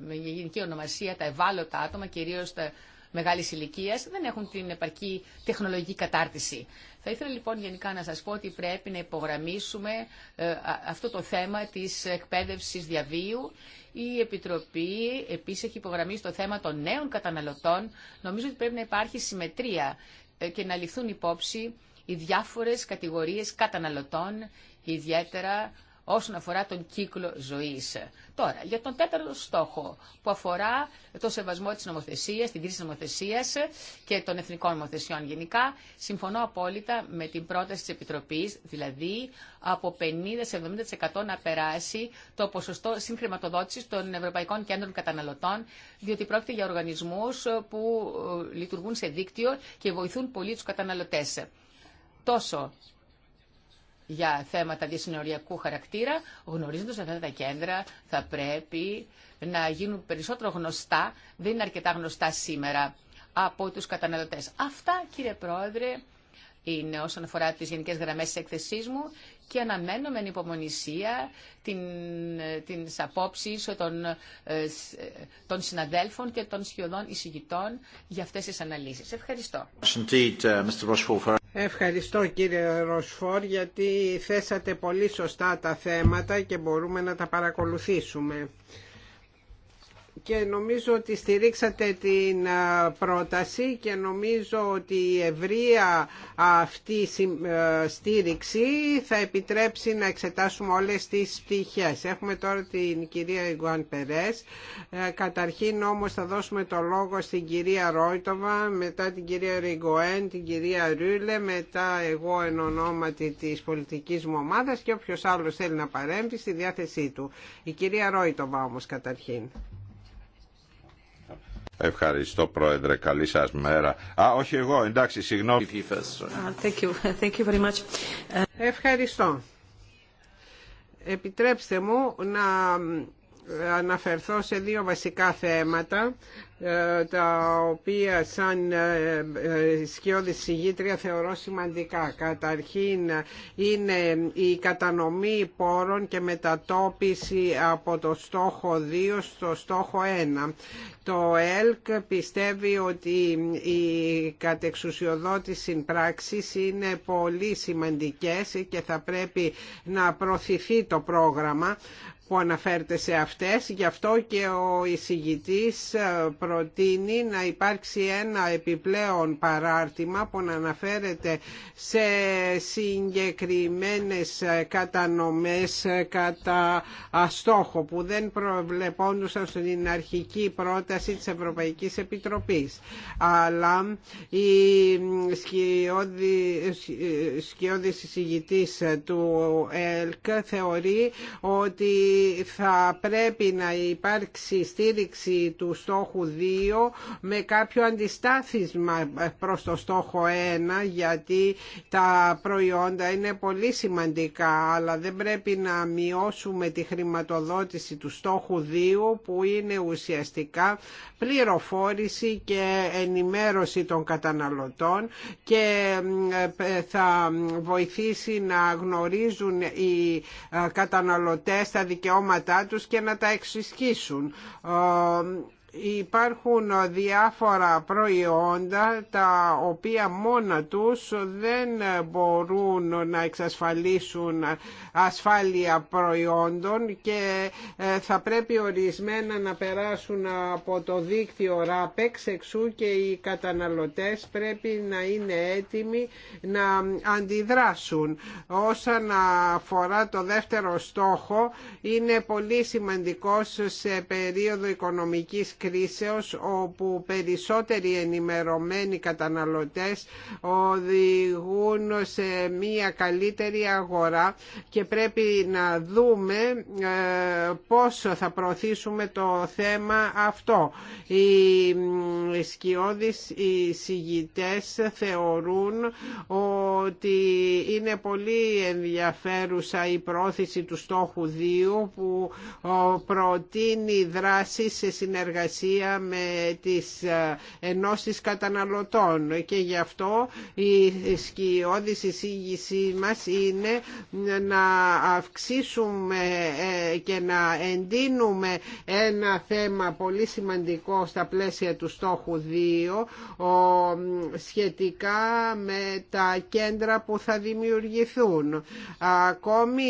με γενική ονομασία τα ευάλωτα άτομα, κυρίως τα μεγάλη ηλικία, δεν έχουν την επαρκή τεχνολογική κατάρτιση. Θα ήθελα λοιπόν γενικά να σας πω ότι πρέπει να υπογραμμίσουμε ε, αυτό το θέμα της εκπαίδευσης διαβίου. Η Επιτροπή επίσης έχει υπογραμμίσει το θέμα των νέων καταναλωτών. Νομίζω ότι πρέπει να υπάρχει συμμετρία και να ληφθούν υπόψη οι διάφορες κατηγορίες καταναλωτών, ιδιαίτερα όσον αφορά τον κύκλο ζωής. Τώρα, για τον τέταρτο στόχο που αφορά το σεβασμό της νομοθεσίας, την κρίση της νομοθεσίας και των εθνικών νομοθεσιών γενικά, συμφωνώ απόλυτα με την πρόταση της Επιτροπής, δηλαδή από 50-70% να περάσει το ποσοστό συγχρηματοδότησης των Ευρωπαϊκών Κέντρων Καταναλωτών, διότι πρόκειται για οργανισμούς που ε, λειτουργούν σε δίκτυο και βοηθούν πολύ τους καταναλωτές. Τόσο για θέματα διασυνοριακού χαρακτήρα, γνωρίζοντα ότι αυτά τα κέντρα θα πρέπει να γίνουν περισσότερο γνωστά, δεν είναι αρκετά γνωστά σήμερα από τους καταναλωτές. Αυτά κύριε Πρόεδρε είναι όσον αφορά τι γενικέ γραμμέ τη έκθεση μου και αναμένω με ανυπομονησία την, την των, ε, ε, των συναδέλφων και των σχεδόν εισηγητών για αυτές τις αναλύσεις. Ευχαριστώ. Uh, Ευχαριστώ κύριε Ροσφόρ γιατί θέσατε πολύ σωστά τα θέματα και μπορούμε να τα παρακολουθήσουμε και νομίζω ότι στηρίξατε την πρόταση και νομίζω ότι η ευρεία αυτή στήριξη θα επιτρέψει να εξετάσουμε όλες τις πτυχές. Έχουμε τώρα την κυρία Ιγκουάν Περές. Ε, καταρχήν όμως θα δώσουμε το λόγο στην κυρία Ρόιτοβα, μετά την κυρία Ριγκοέν, την κυρία Ρούλε, μετά εγώ εν ονόματι της πολιτικής μου ομάδας και όποιο άλλος θέλει να παρέμβει στη διάθεσή του. Η κυρία Ρόιτοβα όμως καταρχήν. Ευχαριστώ Πρόεδρε, καλή σας μέρα. Α, όχι εγώ, εντάξει, συγγνώμη. Ah, thank you. Thank you very much. Ευχαριστώ. Επιτρέψτε μου να ε, αναφερθώ σε δύο βασικά θέματα ε, τα οποία σαν ε, ε, σκιώδη συγγήτρια θεωρώ σημαντικά. Καταρχήν είναι η κατανομή πόρων και μετατόπιση από το στόχο 2 στο στόχο 1. Το ΕΛΚ πιστεύει ότι η κατεξουσιοδότηση πράξης είναι πολύ σημαντικές και θα πρέπει να προωθηθεί το πρόγραμμα που αναφέρεται σε αυτές. Γι' αυτό και ο εισηγητής ε, προτείνει να υπάρξει ένα επιπλέον παράρτημα που να αναφέρεται σε συγκεκριμένες ε, κατανομές ε, κατά στόχο που δεν προβλεπόντουσαν στην αρχική πρόταση της Ευρωπαϊκής Επιτροπής. Αλλά η σκιώδη εισηγητής του ΕΛΚ θεωρεί ότι θα πρέπει να υπάρξει στήριξη του στόχου 2 με κάποιο αντιστάθισμα προς το στόχο 1 γιατί τα προϊόντα είναι πολύ σημαντικά αλλά δεν πρέπει να μειώσουμε τη χρηματοδότηση του στόχου 2 που είναι ουσιαστικά πληροφόρηση και ενημέρωση των καταναλωτών και ε, θα βοηθήσει να γνωρίζουν οι ε, καταναλωτές τα δικαιώματα δικαιώματά τους και να τα εξισκίσουν ε, υπάρχουν διάφορα προϊόντα τα οποία μόνα τους δεν μπορούν να εξασφαλίσουν ασφάλεια προϊόντων και ε, θα πρέπει ορισμένα να περάσουν από το δίκτυο RAPEX εξού και οι καταναλωτές πρέπει να είναι έτοιμοι να αντιδράσουν. Όσον αφορά το δεύτερο στόχο είναι πολύ σημαντικό σε περίοδο οικονομικής κρίσεως όπου περισσότεροι ενημερωμένοι καταναλωτές οδηγούν σε μια καλύτερη αγορά και πρέπει να δούμε ε, πόσο θα προωθήσουμε το θέμα αυτό. Οι σκιώδεις οι συγητές θεωρούν ότι είναι πολύ ενδιαφέρουσα η πρόθεση του στόχου 2 που ε, προτείνει δράση σε συνεργασία συνεργασία με τις ε, ενώσεις καταναλωτών και γι' αυτό η σκιώδη εισήγησή μας είναι να αυξήσουμε ε, και να εντείνουμε ένα θέμα πολύ σημαντικό στα πλαίσια του στόχου 2 σχετικά με τα κέντρα που θα δημιουργηθούν. Ακόμη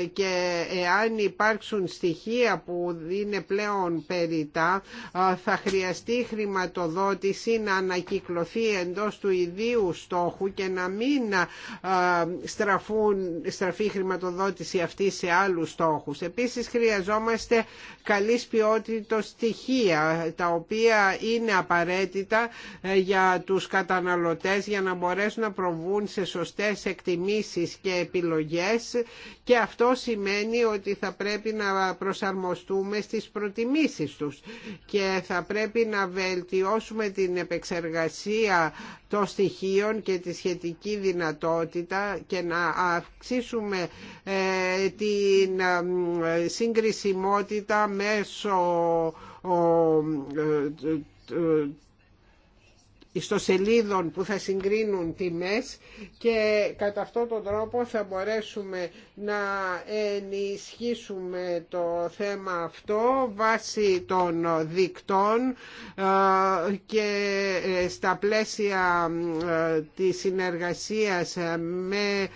ε, και εάν υπάρξουν στοιχεία που είναι πλέον περίτα θα χρειαστεί χρηματοδότηση να ανακυκλωθεί εντός του ιδίου στόχου και να μην στραφούν, στραφεί η χρηματοδότηση αυτή σε άλλους στόχους. Επίσης χρειαζόμαστε καλής ποιότητα στοιχεία τα οποία είναι απαραίτητα ε, για τους καταναλωτές για να μπορέσουν να προβούν σε σωστές εκτιμήσεις και επιλογές και αυτό σημαίνει ότι θα πρέπει να προσαρμοστούμε στις προτιμήσεις και θα πρέπει να βελτιώσουμε την επεξεργασία των στοιχείων και τη σχετική δυνατότητα και να αυξήσουμε ε, την ε, συγκρισιμότητα μέσω ε, ιστοσελίδων που θα συγκρίνουν τιμές και κατά αυτόν τον τρόπο θα μπορέσουμε να ενισχύσουμε το θέμα αυτό βάσει των δικτών ε, και ε, στα πλαίσια ε, της συνεργασίας με,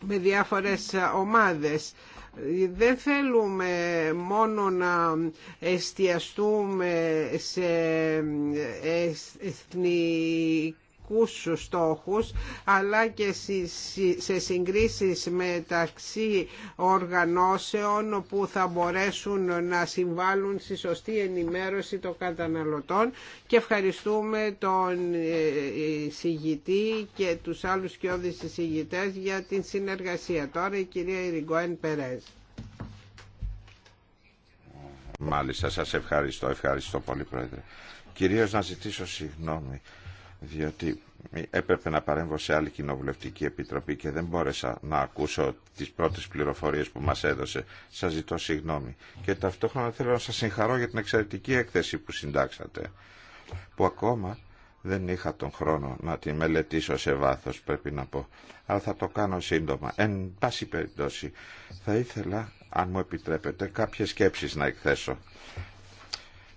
με διάφορες ομάδες. Δεν θέλουμε μόνο να εστιαστούμε σε εθνική στόχους αλλά και σε συγκρίσεις μεταξύ οργανώσεων που θα μπορέσουν να συμβάλλουν στη σωστή ενημέρωση των καταναλωτών και ευχαριστούμε τον ε, ε, συγητή και τους άλλους κοιόδης συγητές για την συνεργασία. Τώρα η κυρία Ιριγκόεν Περέζ. Μάλιστα, σας ευχαριστώ. Ευχαριστώ πολύ, Πρόεδρε. Κυρίως να ζητήσω συγγνώμη διότι έπρεπε να παρέμβω σε άλλη κοινοβουλευτική επιτροπή και δεν μπόρεσα να ακούσω τις πρώτες πληροφορίες που μας έδωσε. Σας ζητώ συγγνώμη. Και ταυτόχρονα θέλω να σας συγχαρώ για την εξαιρετική έκθεση που συντάξατε, που ακόμα δεν είχα τον χρόνο να τη μελετήσω σε βάθος, πρέπει να πω. Αλλά θα το κάνω σύντομα. Εν πάση περιπτώσει, θα ήθελα, αν μου επιτρέπετε, κάποιες σκέψεις να εκθέσω.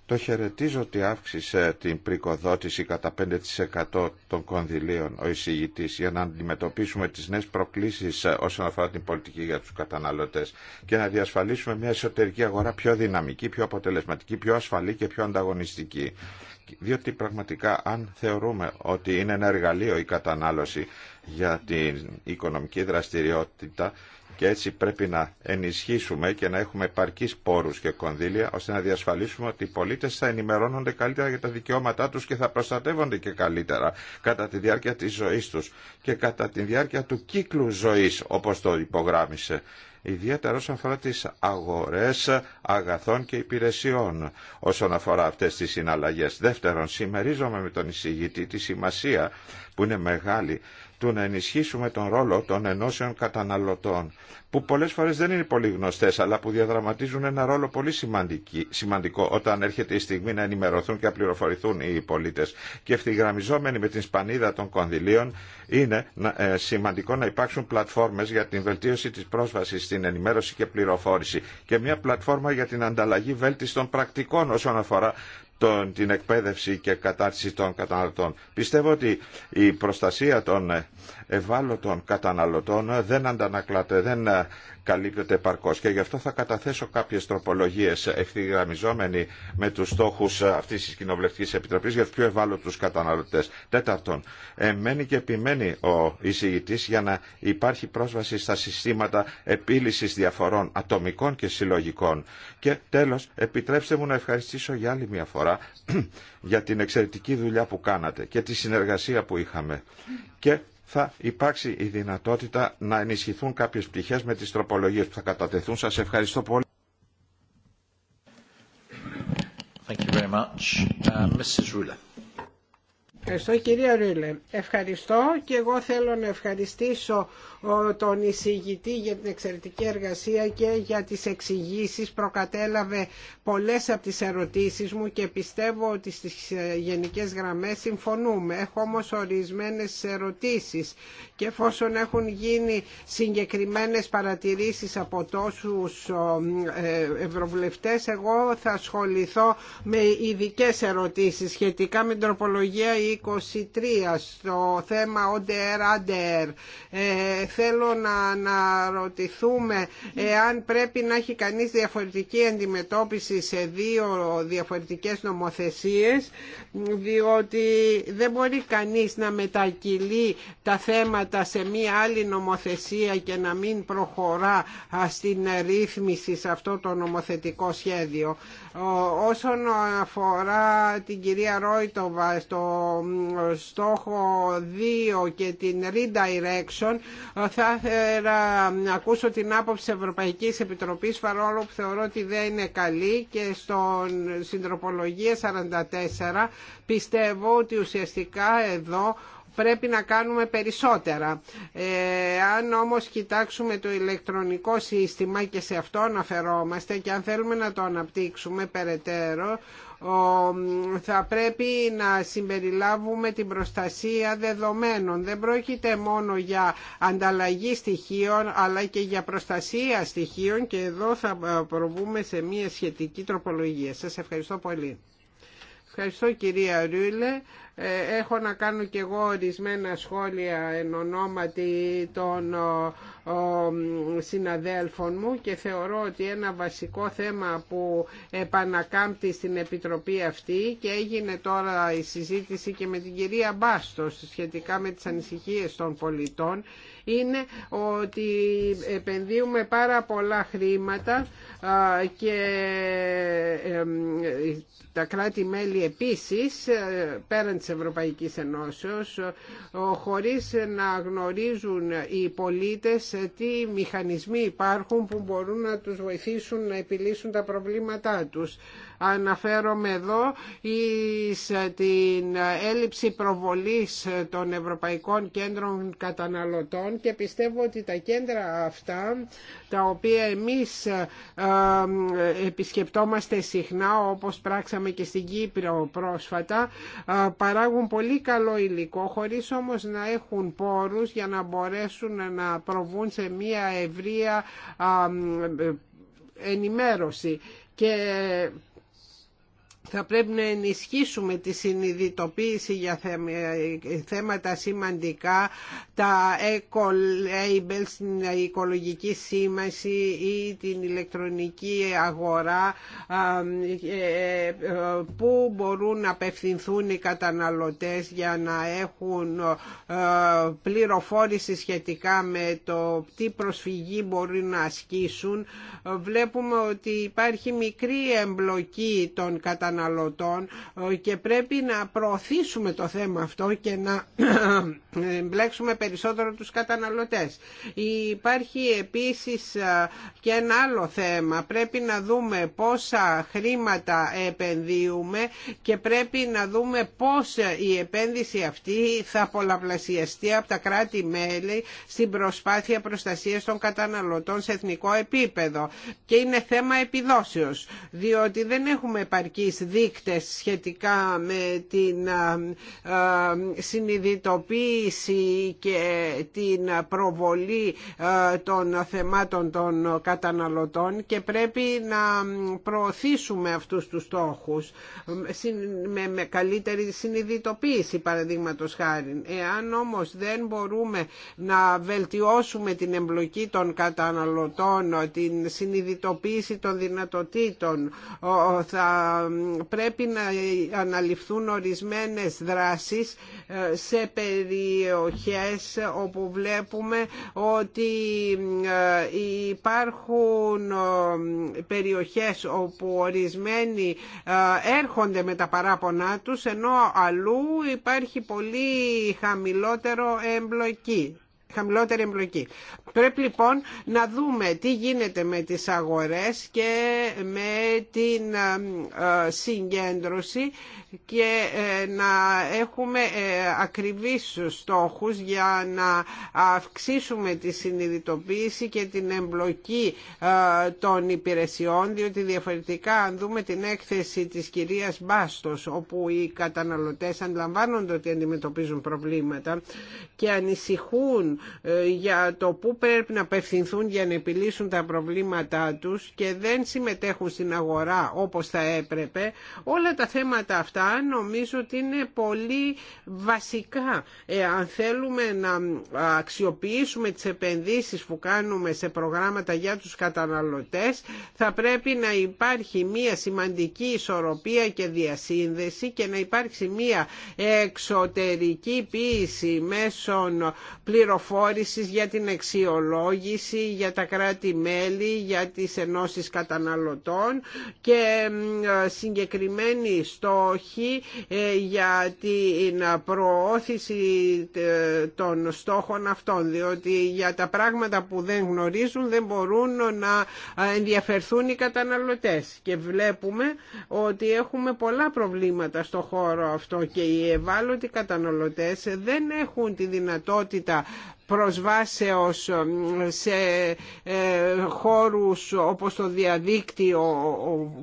Το χαιρετίζω ότι αύξησε την πρικοδότηση κατά 5% των κονδυλίων ο εισηγητής για να αντιμετωπίσουμε τις νέες προκλήσεις ε, όσον αφορά την πολιτική για τους καταναλωτές και να διασφαλίσουμε μια εσωτερική αγορά πιο δυναμική, πιο αποτελεσματική, πιο ασφαλή και πιο ανταγωνιστική. Διότι πραγματικά αν θεωρούμε ότι είναι ένα εργαλείο η κατανάλωση για την οικονομική δραστηριότητα, και έτσι πρέπει να ενισχύσουμε και να έχουμε επαρκείς πόρους και κονδύλια ώστε να διασφαλίσουμε ότι οι πολίτες θα ενημερώνονται καλύτερα για τα δικαιώματά τους και θα προστατεύονται και καλύτερα κατά τη διάρκεια της ζωής τους και κατά τη διάρκεια του κύκλου ζωής όπως το υπογράμμισε ιδιαίτερα όσον αφορά τις αγορές αγαθών και υπηρεσιών όσον αφορά αυτές τις συναλλαγές. Δεύτερον, συμμερίζομαι με τον εισηγητή τη σημασία που είναι μεγάλη του να ενισχύσουμε τον ρόλο των ενώσεων καταναλωτών, που πολλές φορές δεν είναι πολύ γνωστές, αλλά που διαδραματίζουν ένα ρόλο πολύ σημαντικό όταν έρχεται η στιγμή να ενημερωθούν και να πληροφορηθούν οι πολίτες. Και ευθυγραμμιζόμενοι με την σπανίδα των κονδυλίων είναι ε, σημαντικό να υπάρξουν πλατφόρμες για την βελτίωση της πρόσβασης στην ενημέρωση και πληροφόρηση και μια πλατφόρμα για την ανταλλαγή βέλτιστων πρακτικών όσον αφορά τον, την εκπαίδευση και κατάρτιση των καταναλωτών. Πιστεύω ότι η προστασία των ε, ευάλωτων καταναλωτών δεν αντανακλάται, δεν ε, καλύπτεται παρκώς. Και γι' αυτό θα καταθέσω κάποιε τροπολογίε ευθυγραμμιζόμενοι με του στόχου ε, αυτή τη Κοινοβουλευτική Επιτροπή για του πιο ευάλωτου καταναλωτέ. Τέταρτον, ε, μένει και επιμένει ο εισηγητή για να υπάρχει πρόσβαση στα συστήματα επίλυση διαφορών ατομικών και συλλογικών. Και τέλο, επιτρέψτε μου να ευχαριστήσω για άλλη μια φορά για την εξαιρετική δουλειά που κάνατε και τη συνεργασία που είχαμε. Και θα υπάρξει η δυνατότητα να ενισχυθούν κάποιες πτυχές με τις τροπολογίες που θα κατατεθούν. Σας ευχαριστώ πολύ. Thank you very much. Uh, Mrs. Ευχαριστώ κυρία Ρίλε. Ευχαριστώ και εγώ θέλω να ευχαριστήσω τον εισηγητή για την εξαιρετική εργασία και για τις εξηγήσει. Προκατέλαβε πολλές από τις ερωτήσεις μου και πιστεύω ότι στις ε, γενικές γραμμές συμφωνούμε. Έχω όμως ορισμένες ερωτήσεις και εφόσον έχουν γίνει συγκεκριμένες παρατηρήσεις από τόσους ε, ευρωβουλευτές εγώ θα ασχοληθώ με ειδικέ ερωτήσεις σχετικά με την τροπολογία 23 στο θέμα ΟΝΤΕΡ ε, θέλω να αναρωτηθούμε εάν πρέπει να έχει κανείς διαφορετική αντιμετώπιση σε δύο διαφορετικές νομοθεσίες διότι δεν μπορεί κανείς να μετακυλεί τα θέματα σε μία άλλη νομοθεσία και να μην προχωρά στην ρύθμιση σε αυτό το νομοθετικό σχέδιο. Όσον αφορά την κυρία Ρόιτοβα στο στόχο 2 και την redirection ε, θα ήθελα να ακούσω την άποψη Ευρωπαϊκής Επιτροπής παρόλο που θεωρώ ότι δεν είναι καλή και στον συντροπολογία 44 πιστεύω ότι ουσιαστικά εδώ πρέπει να κάνουμε περισσότερα. Ε, αν όμως κοιτάξουμε το ηλεκτρονικό σύστημα και σε αυτό αναφερόμαστε και αν θέλουμε να το αναπτύξουμε περαιτέρω, θα πρέπει να συμπεριλάβουμε την προστασία δεδομένων. Δεν πρόκειται μόνο για ανταλλαγή στοιχείων αλλά και για προστασία στοιχείων και εδώ θα προβούμε σε μια σχετική τροπολογία. Σας ευχαριστώ πολύ. Ευχαριστώ κυρία Ρούλε. Ε, έχω να κάνω και εγώ ορισμένα σχόλια εν ονόματι των συναδέλφων μου και θεωρώ ότι ένα βασικό θέμα που επανακάμπτει στην Επιτροπή αυτή και έγινε τώρα η συζήτηση και με την κυρία Μπάστος σχετικά με τις ανησυχίες των πολιτών είναι ότι επενδύουμε πάρα πολλά χρήματα και τα κράτη-μέλη επίσης ε, πέραν της Ευρωπαϊκής Ενώσεως χωρίς να γνωρίζουν οι πολίτες τι μηχανισμοί υπάρχουν που μπορούν να τους βοηθήσουν να επιλύσουν τα προβλήματά τους. Αναφέρομαι εδώ εις ε, την έλλειψη προβολής ε, των Ευρωπαϊκών Κέντρων Καταναλωτών και πιστεύω ότι τα κέντρα αυτά τα οποία εμείς ε, επισκεπτόμαστε συχνά όπως πράξαμε και στην Κύπρο πρόσφατα παράγουν πολύ καλό υλικό χωρίς όμως να έχουν πόρους για να μπορέσουν να προβούν σε μια ευρεία ενημέρωση και θα πρέπει να ενισχύσουμε τη συνειδητοποίηση για θέματα σημαντικά, τα eco-labels, την οικολογική σήμαση ή την ηλεκτρονική αγορά ε, που μπορούν να απευθυνθούν οι καταναλωτές για να έχουν ε, πληροφόρηση σχετικά με το τι προσφυγή μπορεί να ασκήσουν. Βλέπουμε ότι υπάρχει μικρή εμπλοκή των καταναλωτών καταναλωτών ε, και πρέπει να προωθήσουμε το θέμα αυτό και να μπλέξουμε περισσότερο τους καταναλωτές. Υπάρχει επίσης ε, και ένα άλλο θέμα. Πρέπει να δούμε πόσα χρήματα επενδύουμε και πρέπει να δούμε πώς η επένδυση αυτή θα πολλαπλασιαστεί από τα κράτη-μέλη στην προσπάθεια προστασίας των καταναλωτών σε εθνικό επίπεδο. Και είναι θέμα επιδόσεως, διότι δεν έχουμε επαρκείς δείκτες σχετικά με την συνειδητοποίηση και την προβολή των θεμάτων των καταναλωτών και πρέπει να προωθήσουμε αυτούς τους στόχους με καλύτερη συνειδητοποίηση παραδείγματος χάρη. Εάν όμως δεν μπορούμε να βελτιώσουμε την εμπλοκή των καταναλωτών, την συνειδητοποίηση των δυνατοτήτων, θα πρέπει να αναλυφθούν ορισμένες δράσεις ε, σε περιοχές όπου βλέπουμε ότι ε, υπάρχουν ε, περιοχές όπου ορισμένοι έρχονται με τα παράπονά τους ενώ αλλού υπάρχει πολύ χαμηλότερο εμπλοκή χαμηλότερη εμπλοκή. Πρέπει λοιπόν να δούμε τι γίνεται με τις αγορές και με την ε, ε, συγκέντρωση και ε, να έχουμε ακριβείς στόχους για να αυξήσουμε τη συνειδητοποίηση και την εμπλοκή των υπηρεσιών διότι διαφορετικά αν δούμε την έκθεση της κυρίας Μπάστος όπου οι καταναλωτές αντιλαμβάνονται ότι αντιμετωπίζουν προβλήματα και ανησυχούν ε, για το πού πρέπει να απευθυνθούν για να επιλύσουν τα προβλήματά τους και δεν συμμετέχουν στην αγορά όπως θα έπρεπε, όλα τα θέματα αυτά νομίζω ότι είναι πολύ βασικά. Ε, αν θέλουμε να αξιοποιήσουμε τις επενδύσεις που κάνουμε σε προγράμματα για τους καταναλωτές, θα πρέπει να υπάρχει μία σημαντική ισορροπία και διασύνδεση και να υπάρξει μία εξωτερική ποιήση μέσω πληροφοριών πληροφόρησης για την αξιολόγηση, για τα κράτη-μέλη, για τις ενώσεις καταναλωτών και συγκεκριμένοι στόχοι ε, για την προώθηση ε, των στόχων αυτών, διότι για τα πράγματα που δεν γνωρίζουν δεν μπορούν να ε, ενδιαφερθούν οι καταναλωτές. Και βλέπουμε ότι έχουμε πολλά προβλήματα στο χώρο αυτό και οι ευάλωτοι καταναλωτές δεν έχουν τη δυνατότητα προσβάσεως ε, σε ε, χώρους όπως το διαδίκτυο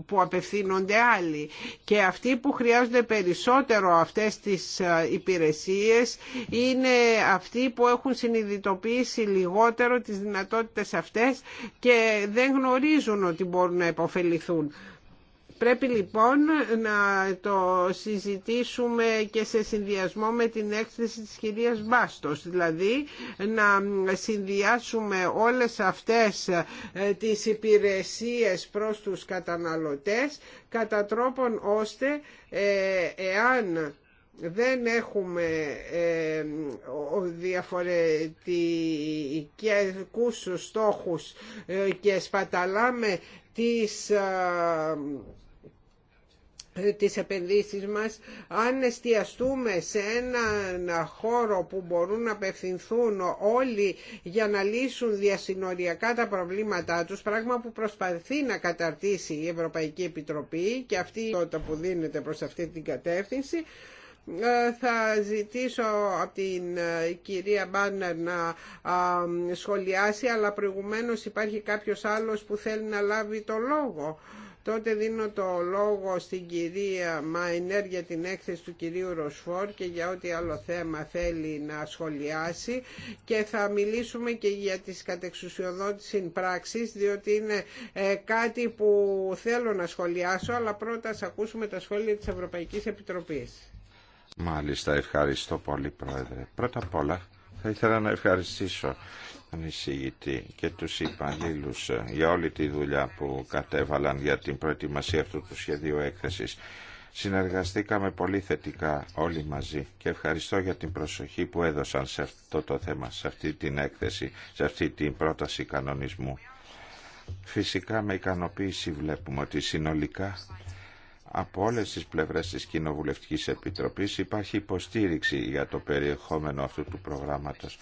που απευθύνονται άλλοι και αυτοί που χρειάζονται περισσότερο αυτές τις ε, υπηρεσίες είναι αυτοί που έχουν συνειδητοποιήσει λιγότερο τις δυνατότητες αυτές και δεν γνωρίζουν ότι μπορούν να υποφεληθούν. Πρέπει λοιπόν να το συζητήσουμε και σε συνδυασμό με την έκθεση της κυρίας Μπάστος, δηλαδή να συνδυάσουμε όλες αυτές ε, τις υπηρεσίες προς τους καταναλωτές κατά τρόπον ώστε ε, εάν δεν έχουμε ε, διαφορετικούς στόχους ε, και σπαταλάμε τις τις επενδύσεις μας αν εστιαστούμε σε έναν χώρο που μπορούν να απευθυνθούν όλοι για να λύσουν διασυνοριακά τα προβλήματά τους πράγμα που προσπαθεί να καταρτήσει η Ευρωπαϊκή Επιτροπή και αυτή η που δίνεται προς αυτή την κατεύθυνση ε, θα ζητήσω από την ε, κυρία Μπάνερ να σχολιάσει αλλά προηγουμένως υπάρχει κάποιος άλλος που θέλει να λάβει το λόγο τότε δίνω το λόγο στην κυρία Μάινερ για την έκθεση του κυρίου Ροσφόρ και για ό,τι άλλο θέμα θέλει να σχολιάσει και θα μιλήσουμε και για τις κατεξουσιοδότηση πράξεις διότι είναι ε, κάτι που θέλω να σχολιάσω αλλά πρώτα ας ακούσουμε τα σχόλια της Ευρωπαϊκής Επιτροπής. Μάλιστα, ευχαριστώ πολύ Πρόεδρε. Πρώτα απ' όλα θα ήθελα να ευχαριστήσω τον εισηγητή και τους υπαλλήλου ε, για όλη τη δουλειά που κατέβαλαν για την προετοιμασία αυτού του σχεδίου έκθεσης. Συνεργαστήκαμε πολύ θετικά όλοι μαζί και ευχαριστώ για την προσοχή που έδωσαν σε αυτό το θέμα, σε αυτή την έκθεση, σε αυτή την πρόταση κανονισμού. Φυσικά με ικανοποίηση βλέπουμε ότι συνολικά από όλες τις πλευρές της Κοινοβουλευτικής Επιτροπής υπάρχει υποστήριξη για το περιεχόμενο αυτού του προγράμματος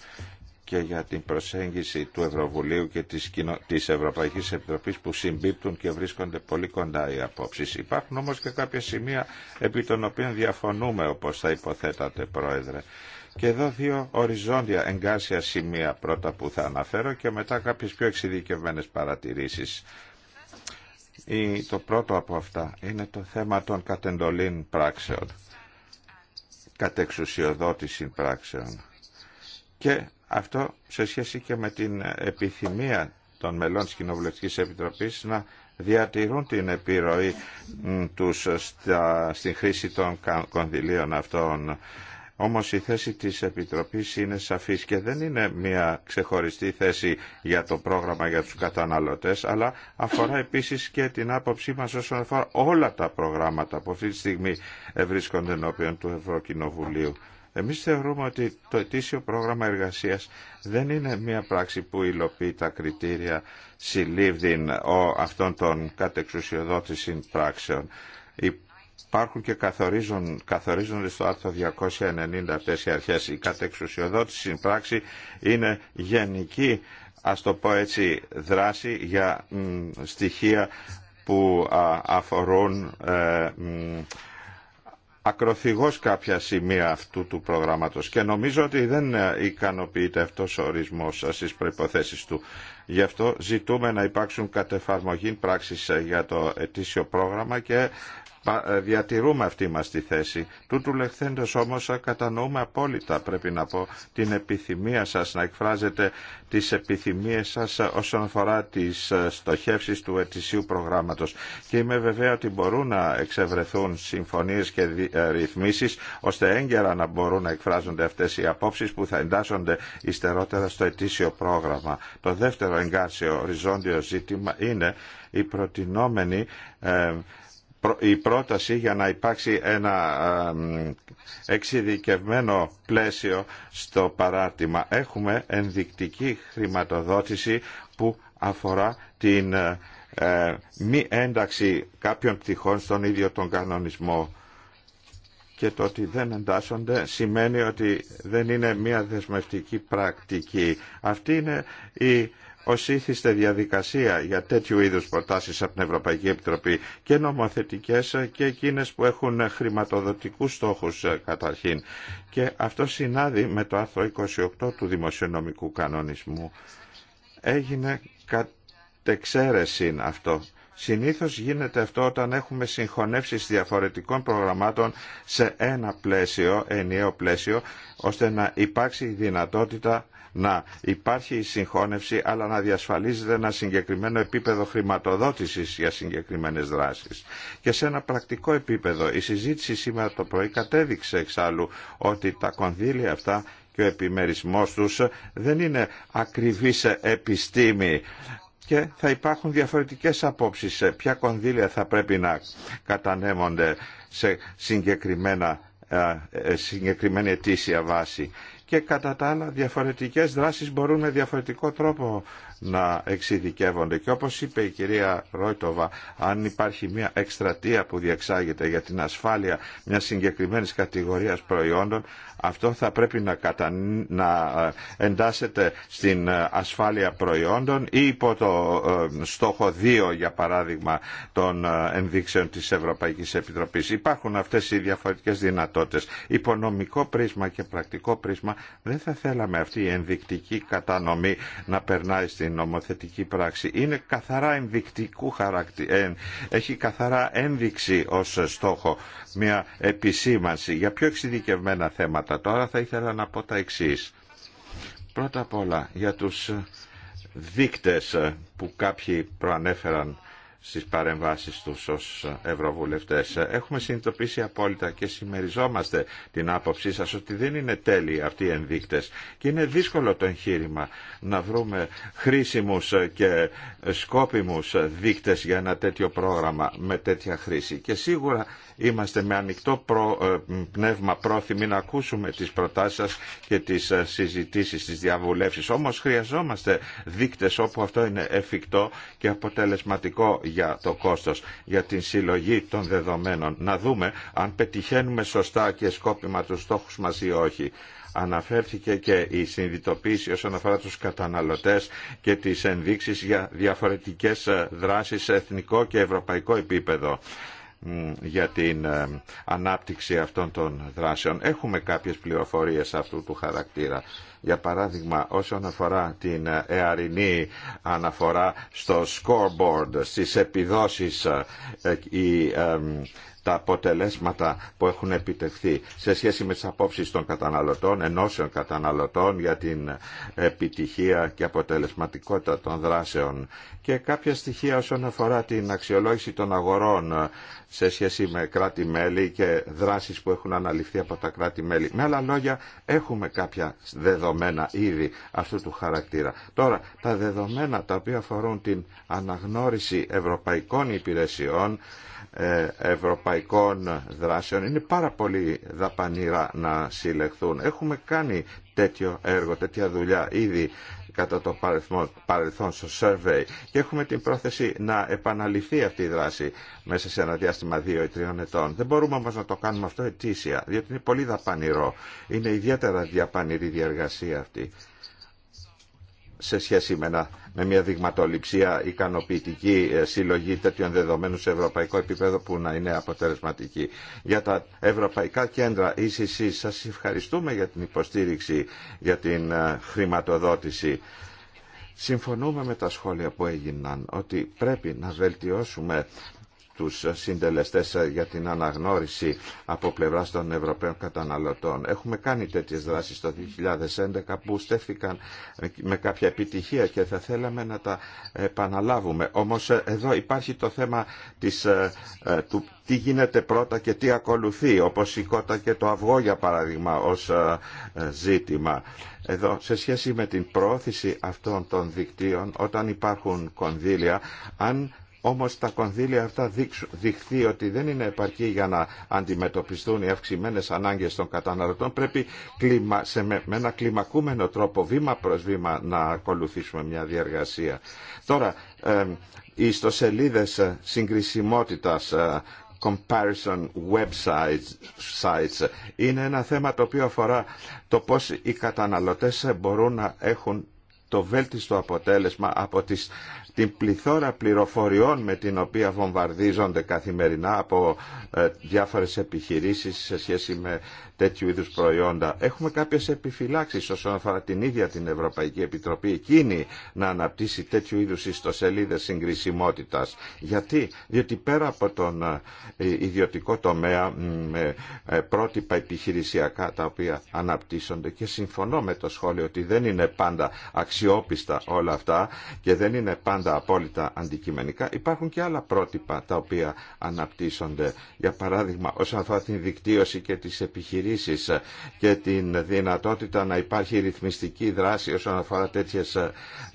και για την προσέγγιση του Ευρωβουλίου και της, Κοινο... της Ευρωπαϊκής Επιτροπής που συμπίπτουν και βρίσκονται πολύ κοντά οι απόψεις. Υπάρχουν όμως και κάποια σημεία επί των οποίων διαφωνούμε όπως θα υποθέτατε Πρόεδρε. Και εδώ δύο οριζόντια εγκάσια σημεία πρώτα που θα αναφέρω και μετά κάποιες πιο εξειδικευμένες παρατηρήσεις. Το πρώτο από αυτά είναι το θέμα των κατεντολήν πράξεων κατεξουσιοδότηση πράξεων και αυτό σε σχέση και με την επιθυμία των μελών της Κοινοβουλευτικής Επιτροπής να διατηρούν την επιρροή τους στην χρήση των κονδυλίων αυτών. Όμως η θέση της Επιτροπής είναι σαφής και δεν είναι μια ξεχωριστή θέση για το πρόγραμμα για τους καταναλωτές, αλλά αφορά επίσης και την άποψή μας όσον αφορά όλα τα προγράμματα που αυτή τη στιγμή βρίσκονται ενώπιον του Ευρωκοινοβουλίου. Εμείς θεωρούμε ότι το ετήσιο πρόγραμμα εργασίας δεν είναι μια πράξη που υλοποιεί τα κριτήρια συλλήβδην αυτών των κατεξουσιοδότησης πράξεων υπάρχουν και καθορίζον, καθορίζονται στο άρθρο 294 αρχές. Η κατεξουσιοδότηση πράξη είναι γενική, ας το πω έτσι, δράση για στοιχεία που αφορούν ε, ακροθυγός κάποια σημεία αυτού του προγράμματος και νομίζω ότι δεν ε, ικανοποιείται αυτός ο ορισμός ε, στις προϋποθέσεις του. Γι' αυτό ζητούμε να υπάρξουν κατεφαρμογή πράξεις ε, για το ετήσιο πρόγραμμα και ε, διατηρούμε αυτή μας τη θέση. Τούτου λεχθέντος όμως ε, κατανοούμε απόλυτα πρέπει να πω την επιθυμία σας να εκφράζετε τις επιθυμίες σας ε, όσον αφορά τις στοχεύσεις του ετησίου προγράμματος. Και είμαι βεβαία ότι μπορούν να εξευρεθούν συμφωνίες και ρυθμίσεις ώστε έγκαιρα να μπορούν να εκφράζονται αυτές οι απόψεις που θα εντάσσονται υστερότερα στο ετήσιο πρόγραμμα. Το δεύτερο εγκάρσιο οριζόντιο ζήτημα είναι η προτινόμενη η πρόταση για να υπάρξει ένα εξειδικευμένο πλαίσιο στο παράρτημα. Έχουμε ενδεικτική χρηματοδότηση που αφορά την ε, ε, μη ένταξη κάποιων πτυχών στον ίδιο τον κανονισμό και το ότι δεν εντάσσονται σημαίνει ότι δεν είναι μια δεσμευτική πρακτική. Αυτή είναι η ως ήθιστε διαδικασία για τέτοιου είδους προτάσεις από την Ευρωπαϊκή Επιτροπή και νομοθετικές και εκείνες που έχουν χρηματοδοτικούς στόχους ε, καταρχήν. Και αυτό συνάδει με το άρθρο 28 του Δημοσιονομικού Κανονισμού. Έγινε κατεξαίρεση αυτό. Συνήθως γίνεται αυτό όταν έχουμε συγχωνεύσεις διαφορετικών προγραμμάτων σε ένα πλαίσιο, ενιαίο πλαίσιο, ώστε να υπάρξει δυνατότητα να υπάρχει η συγχώνευση αλλά να διασφαλίζεται ένα συγκεκριμένο επίπεδο χρηματοδότησης για συγκεκριμένες δράσεις. Και σε ένα πρακτικό επίπεδο η συζήτηση σήμερα το πρωί κατέδειξε εξάλλου ότι τα κονδύλια αυτά και ο επιμερισμός τους δεν είναι ακριβής επιστήμη και θα υπάρχουν διαφορετικές απόψεις σε ποια κονδύλια θα πρέπει να κατανέμονται σε συγκεκριμένα ε, ε, συγκεκριμένη αιτήσια βάση και κατά τα άλλα διαφορετικές δράσεις μπορούν με διαφορετικό τρόπο να εξειδικεύονται. Και όπως είπε η κυρία Ρόιτοβα, αν υπάρχει μια εκστρατεία που διεξάγεται για την ασφάλεια μια συγκεκριμένη κατηγορίας προϊόντων, αυτό θα πρέπει να, κατα... να ε, εντάσσεται στην ε, ασφάλεια προϊόντων ή υπό το ε, στόχο 2, για παράδειγμα, των ενδείξεων της Ευρωπαϊκής Επιτροπής. Υπάρχουν αυτές οι διαφορετικές δυνατότητες. Υπονομικό πρίσμα και πρακτικό πρίσμα δεν θα θέλαμε αυτή η ενδεικτική κατανομή να περνάει στην νομοθετική πράξη. Είναι καθαρά ενδεικτικού χαρακτήρα, έχει καθαρά ένδειξη ως στόχο μια επισήμανση. Για πιο εξειδικευμένα θέματα τώρα θα ήθελα να πω τα εξής. Πρώτα απ' όλα για τους δείκτες που κάποιοι προανέφεραν στις παρεμβάσεις του ως ευρωβουλευτές. Έχουμε συνειδητοποιήσει απόλυτα και συμμεριζόμαστε την άποψή σας ότι δεν είναι τέλειοι αυτοί οι ενδείκτες και είναι δύσκολο το εγχείρημα να βρούμε χρήσιμους και σκόπιμους δείκτες για ένα τέτοιο πρόγραμμα με τέτοια χρήση. Και σίγουρα Είμαστε με ανοιχτό ε, πνεύμα πρόθυμοι να ακούσουμε τις προτάσεις σας και τις ε, συζητήσεις, τις διαβουλεύσεις. Όμως χρειαζόμαστε δείκτες όπου αυτό είναι εφικτό και αποτελεσματικό για το κόστος, για την συλλογή των δεδομένων. Να δούμε αν πετυχαίνουμε σωστά και σκόπιμα τους στόχους μας ή όχι αναφέρθηκε και η συνειδητοποίηση όσον αφορά τους καταναλωτές και τις ενδείξεις για διαφορετικές ε, δράσεις σε εθνικό και ευρωπαϊκό επίπεδο για την ε, ανάπτυξη αυτών των δράσεων. Έχουμε κάποιες πληροφορίες αυτού του χαρακτήρα. Για παράδειγμα, όσον αφορά την ε, εαρινή αναφορά στο scoreboard, στις επιδόσεις, ε, η τα αποτελέσματα που έχουν επιτευχθεί σε σχέση με τις απόψεις των καταναλωτών, ενώσεων καταναλωτών για την επιτυχία και αποτελεσματικότητα των δράσεων και κάποια στοιχεία όσον αφορά την αξιολόγηση των αγορών ε, σε σχέση με κράτη-μέλη και δράσεις που έχουν αναλυφθεί από τα κράτη-μέλη. Με άλλα λόγια, έχουμε κάποια δεδομένα ήδη αυτού του χαρακτήρα. Τώρα, τα δεδομένα τα οποία αφορούν την αναγνώριση ευρωπαϊκών υπηρεσιών ε, ευρωπαϊκών δράσεων είναι πάρα πολύ δαπανηρά να συλλεχθούν. Έχουμε κάνει τέτοιο έργο, τέτοια δουλειά ήδη κατά το παρελθόν στο survey και έχουμε την πρόθεση να επαναληφθεί αυτή η δράση μέσα σε ένα διάστημα δύο ή τριών ετών. Δεν μπορούμε όμως να το κάνουμε αυτό ετήσια, διότι είναι πολύ δαπανηρό. Είναι ιδιαίτερα διαπανηρή διαργασία αυτή σε σχέση με, με μια δειγματοληψία ικανοποιητική ε, συλλογή τέτοιων δεδομένων σε ευρωπαϊκό επίπεδο που να είναι αποτελεσματική. Για τα ευρωπαϊκά κέντρα ECC σας ευχαριστούμε για την υποστήριξη, για την ε, χρηματοδότηση. Συμφωνούμε με τα σχόλια που έγιναν ότι πρέπει να βελτιώσουμε τους συντελεστές για την αναγνώριση από πλευράς των Ευρωπαίων καταναλωτών. Έχουμε κάνει τέτοιες δράσεις το 2011 που στέφθηκαν με κάποια επιτυχία και θα θέλαμε να τα επαναλάβουμε. Όμως ε, εδώ υπάρχει το θέμα της, ε, ε, του τι γίνεται πρώτα και τι ακολουθεί, όπως η κότα και το αυγό για παράδειγμα ως ζήτημα. Εδώ, σε σχέση με την προώθηση αυτών των δικτύων, όταν υπάρχουν κονδύλια, αν όμως τα κονδύλια αυτά δειχθεί ότι δεν είναι επαρκή για να αντιμετωπιστούν οι αυξημένες ανάγκες των καταναλωτών. Πρέπει σε με, ένα κλιμακούμενο τρόπο, βήμα προς βήμα, να ακολουθήσουμε μια διαργασία. Τώρα, οι ιστοσελίδες ε, συγκρισιμότητας ε, comparison websites sites. είναι ένα θέμα το οποίο αφορά το πώς οι καταναλωτές μπορούν να έχουν το βέλτιστο αποτέλεσμα από τις, την πληθώρα πληροφοριών με την οποία βομβαρδίζονται καθημερινά από ε, διάφορες επιχειρήσεις σε σχέση με τέτοιου είδους προϊόντα. Έχουμε κάποιες επιφυλάξεις όσον αφορά την ίδια την Ευρωπαϊκή Επιτροπή εκείνη να αναπτύσσει τέτοιου είδους ιστοσελίδες συγκρισιμότητας. Γιατί, διότι πέρα από τον ε, ιδιωτικό τομέα με ε, πρότυπα επιχειρησιακά τα οποία αναπτύσσονται και συμφωνώ με το σχόλιο ότι δεν είναι πάντα αξιόπιστα όλα αυτά και δεν είναι πάντα απόλυτα αντικειμενικά. Υπάρχουν και άλλα πρότυπα τα οποία αναπτύσσονται. Για παράδειγμα, όσον αφορά την δικτύωση και τι επιχειρήσεις και την δυνατότητα να υπάρχει ρυθμιστική δράση όσον αφορά τέτοιες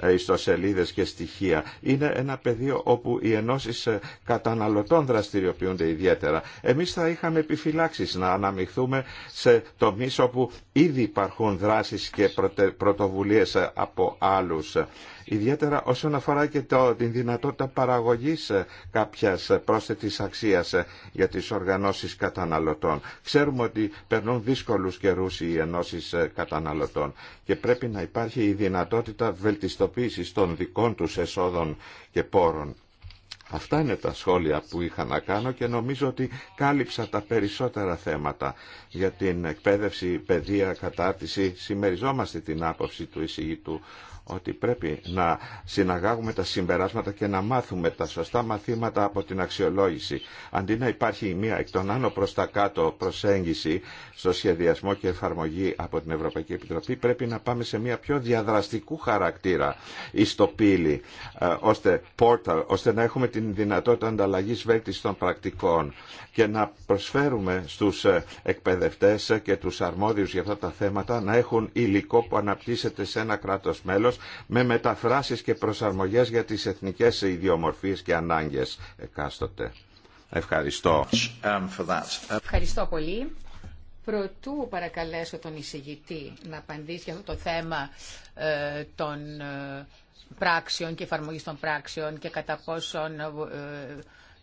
ε, ιστοσελίδες και στοιχεία. Είναι ένα πεδίο όπου οι ενώσεις ε, καταναλωτών δραστηριοποιούνται ιδιαίτερα. Εμείς θα είχαμε επιφυλάξεις να αναμειχθούμε σε τομείς όπου ήδη υπάρχουν δράσεις και πρωτοβουλίες ε, από άλλους ιδιαίτερα όσον αφορά και το, την δυνατότητα παραγωγής ε, κάποιας πρόσθετης αξίας ε, για τις οργανώσεις καταναλωτών. Ξέρουμε ότι περνούν δύσκολους καιρούς οι ενώσεις ε, καταναλωτών και πρέπει να υπάρχει η δυνατότητα βελτιστοποίησης των δικών τους εσόδων και πόρων. Αυτά είναι τα σχόλια που είχα να κάνω και νομίζω ότι κάλυψα τα περισσότερα θέματα για την εκπαίδευση, παιδεία, κατάρτιση. Συμμεριζόμαστε την άποψη του εισηγήτου ότι πρέπει να συναγάγουμε τα συμπεράσματα και να μάθουμε τα σωστά μαθήματα από την αξιολόγηση. Αντί να υπάρχει μία εκ των άνω προς τα κάτω προσέγγιση στο σχεδιασμό και εφαρμογή από την Ευρωπαϊκή Επιτροπή, πρέπει να πάμε σε μία πιο διαδραστικού χαρακτήρα εις το ε, ώστε, portal, ώστε να έχουμε την δυνατότητα ανταλλαγής των πρακτικών και να προσφέρουμε στους ε, εκπαιδευτές και τους αρμόδιους για αυτά τα θέματα να έχουν υλικό που αναπτύσσεται σε ένα κράτος μέλος με μεταφράσεις και προσαρμογές για τις εθνικές ιδιομορφίες και ανάγκες εκάστοτε. Ευχαριστώ. Ευχαριστώ πολύ. Προτού παρακαλέσω τον εισηγητή να απαντήσει για αυτό το θέμα ε, των ε, πράξεων και εφαρμογής των πράξεων και κατά πόσον ε,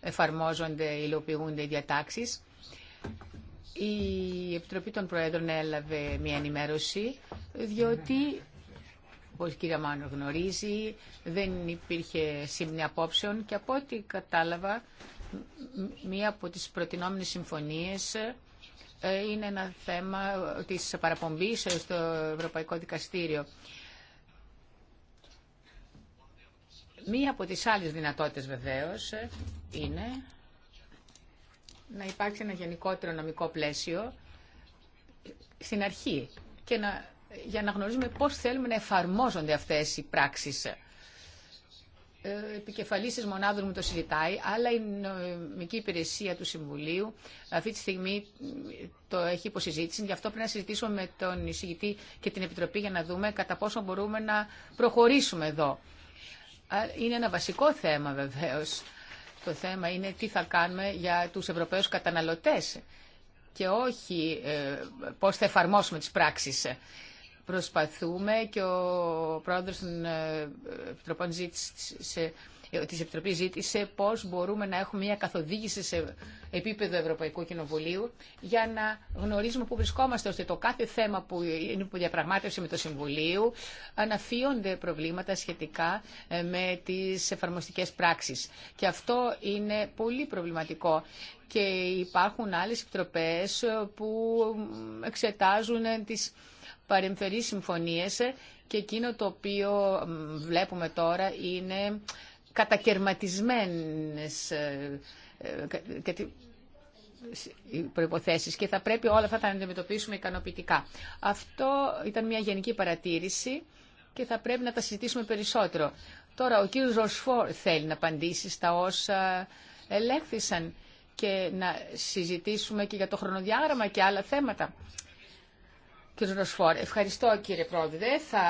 εφαρμόζονται, υλοποιούνται οι διατάξεις. Η Επιτροπή των Προέδρων έλαβε μια ενημέρωση, διότι, όπως η κυρία Μάνο γνωρίζει, δεν υπήρχε σύμνη απόψεων και από ό,τι κατάλαβα, μία από τις προτινόμενες συμφωνίες ε, είναι ένα θέμα της παραπομπής στο Ευρωπαϊκό Δικαστήριο. Μία από τις άλλες δυνατότητες βεβαίως ε, είναι να υπάρξει ένα γενικότερο νομικό πλαίσιο στην αρχή και να, για να γνωρίζουμε πώς θέλουμε να εφαρμόζονται αυτές οι πράξεις. Ε, επικεφαλής της μονάδων μου το συζητάει, αλλά η νομική υπηρεσία του Συμβουλίου αυτή τη στιγμή το έχει υποσυζήτηση. Γι' αυτό πρέπει να συζητήσουμε με τον εισηγητή και την Επιτροπή για να δούμε κατά πόσο μπορούμε να προχωρήσουμε εδώ. Είναι ένα βασικό θέμα βεβαίως. Το θέμα είναι τι θα κάνουμε για τους Ευρωπαίους καταναλωτές και όχι ε, πώς θα εφαρμόσουμε τις πράξεις. Προσπαθούμε και ο πρόεδρος των ε, Επιτροπών ζήτησε της Επιτροπής ζήτησε πώς μπορούμε να έχουμε μια καθοδήγηση σε επίπεδο Ευρωπαϊκού Κοινοβουλίου για να γνωρίζουμε πού βρισκόμαστε, ώστε το κάθε θέμα που είναι που διαπραγμάτευσε με το Συμβουλίο αναφύονται προβλήματα σχετικά ε, με τις εφαρμοστικές πράξεις. Και αυτό είναι πολύ προβληματικό και υπάρχουν άλλες επιτροπές ε, που εξετάζουν ε, τις παρεμφερείς συμφωνίες και εκείνο το οποίο βλέπουμε τώρα είναι κατακαιρματισμένες ε, ε, προϋποθέσεις και θα πρέπει όλα αυτά να αντιμετωπίσουμε ικανοποιητικά. Αυτό ήταν μια γενική παρατήρηση και θα πρέπει να τα συζητήσουμε περισσότερο. Τώρα ο κύριος Ροσφόρ θέλει να απαντήσει στα όσα ελέγχθησαν και να συζητήσουμε και για το χρονοδιάγραμμα και άλλα θέματα. Κύριε Ροσφόρ, ευχαριστώ κύριε Πρόεδρε. Θα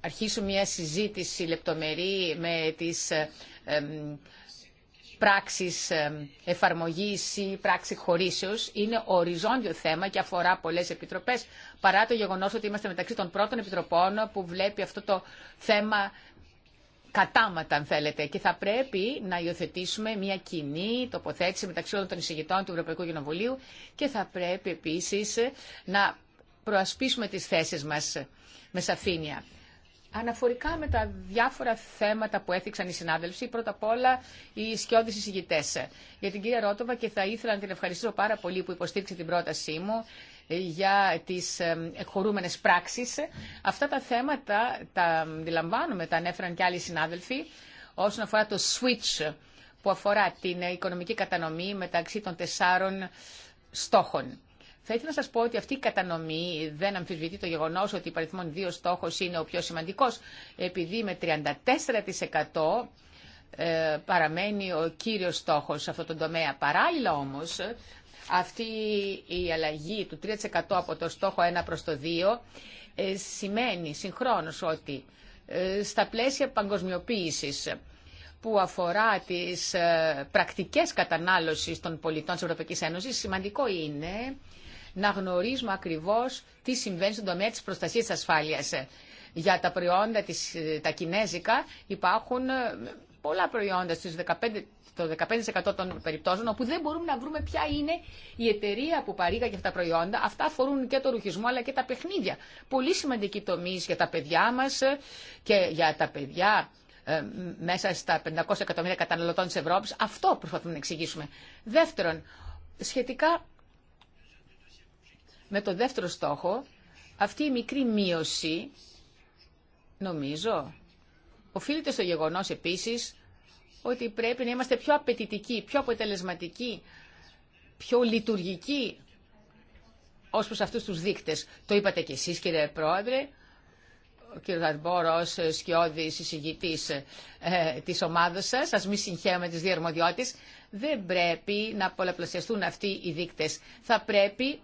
αρχίσουν μια συζήτηση λεπτομερή με τις ε, πράξεις εφαρμογής ή πράξη χωρίσεως είναι οριζόντιο θέμα και αφορά πολλές επιτροπές παρά το γεγονός ότι είμαστε μεταξύ των πρώτων επιτροπών που βλέπει αυτό το θέμα κατάματα αν θέλετε και θα πρέπει να υιοθετήσουμε μια κοινή τοποθέτηση μεταξύ όλων των εισηγητών του Ευρωπαϊκού Κοινοβουλίου και θα πρέπει επίσης να προασπίσουμε τις θέσεις μας με σαφήνεια. Αναφορικά με τα διάφορα θέματα που έθιξαν οι συνάδελφοι, πρώτα απ' όλα οι σκιώδει εισηγητέ. Για την κυρία Ρότοβα και θα ήθελα να την ευχαριστήσω πάρα πολύ που υποστήριξε την πρότασή μου ε, για τις ε, εκχωρούμενες πράξεις. Αυτά τα θέματα τα αντιλαμβάνουμε, τα ανέφεραν και άλλοι συνάδελφοι, όσον αφορά το switch που αφορά την οικονομική κατανομή μεταξύ των τεσσάρων στόχων. Θα ήθελα να σα πω ότι αυτή η κατανομή δεν αμφισβητεί το γεγονό ότι η παριθμόν 2 στόχο είναι ο πιο σημαντικό, επειδή με 34% ε, παραμένει ο κύριος στόχος σε αυτό τον τομέα. Παράλληλα όμως, αυτή η αλλαγή του 3% από το στόχο 1 προς το 2 ε, σημαίνει συγχρόνως ότι ε, στα πλαίσια παγκοσμιοποίησης που αφορά τις πρακτικές κατανάλωσης των πολιτών της Ευρωπαϊκής Ένωσης, σημαντικό είναι να γνωρίζουμε ακριβώς τι συμβαίνει στον τομέα της προστασίας της ασφάλειας. Για τα προϊόντα της, τα κινέζικα υπάρχουν ε, πολλά προϊόντα στις 15, το 15% των περιπτώσεων όπου δεν μπορούμε να βρούμε ποια είναι η εταιρεία που παρήγαγε αυτά τα προϊόντα. Αυτά αφορούν και το ρουχισμό αλλά και τα παιχνίδια. Πολύ σημαντική τομή για τα παιδιά μας και για τα παιδιά ε, μέσα στα 500 εκατομμύρια καταναλωτών της Ευρώπης. Αυτό προσπαθούμε να εξηγήσουμε. Δεύτερον, σχετικά με το δεύτερο στόχο, αυτή η μικρή μείωση, νομίζω, οφείλεται στο γεγονός επίσης ότι πρέπει να είμαστε πιο απαιτητικοί, πιο αποτελεσματικοί, πιο λειτουργικοί ως προς αυτούς τους δείκτες. Το είπατε και εσείς κύριε Πρόεδρε, ο κύριος Αρμπόρος, σκιώδης εισηγητής ε, της ομάδας σας, ας μη συγχαίουμε τις αρμοδιότητες, δεν πρέπει να πολλαπλασιαστούν αυτοί οι δείκτες. Θα πρέπει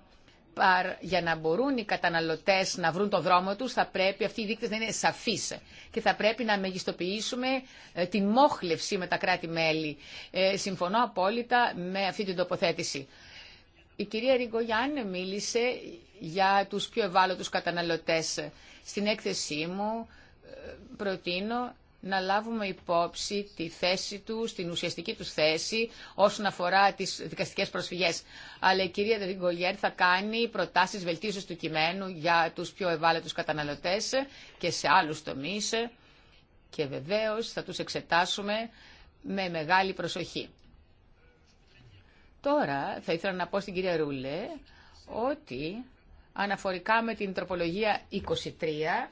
για να μπορούν οι καταναλωτές να βρουν το δρόμο τους, θα πρέπει αυτή η δίκτης να είναι σαφής και θα πρέπει να μεγιστοποιήσουμε ε, τη μόχλευση με τα κράτη-μέλη. Ε, συμφωνώ απόλυτα με αυτή την τοποθέτηση. Η κυρία Ριγκογιάν μίλησε για τους πιο ευάλωτους καταναλωτές. Στην έκθεσή μου ε, προτείνω να λάβουμε υπόψη τη θέση του, την ουσιαστική του θέση όσον αφορά τι δικαστικέ προσφυγές. Αλλά η κυρία θα κάνει προτάσεις βελτίωσης του κειμένου για τους πιο ευάλωτους καταναλωτές και σε άλλους τομείς και βεβαίω θα τους εξετάσουμε με μεγάλη προσοχή. Τώρα θα ήθελα να πω στην κυρία Ρούλε ότι αναφορικά με την τροπολογία 23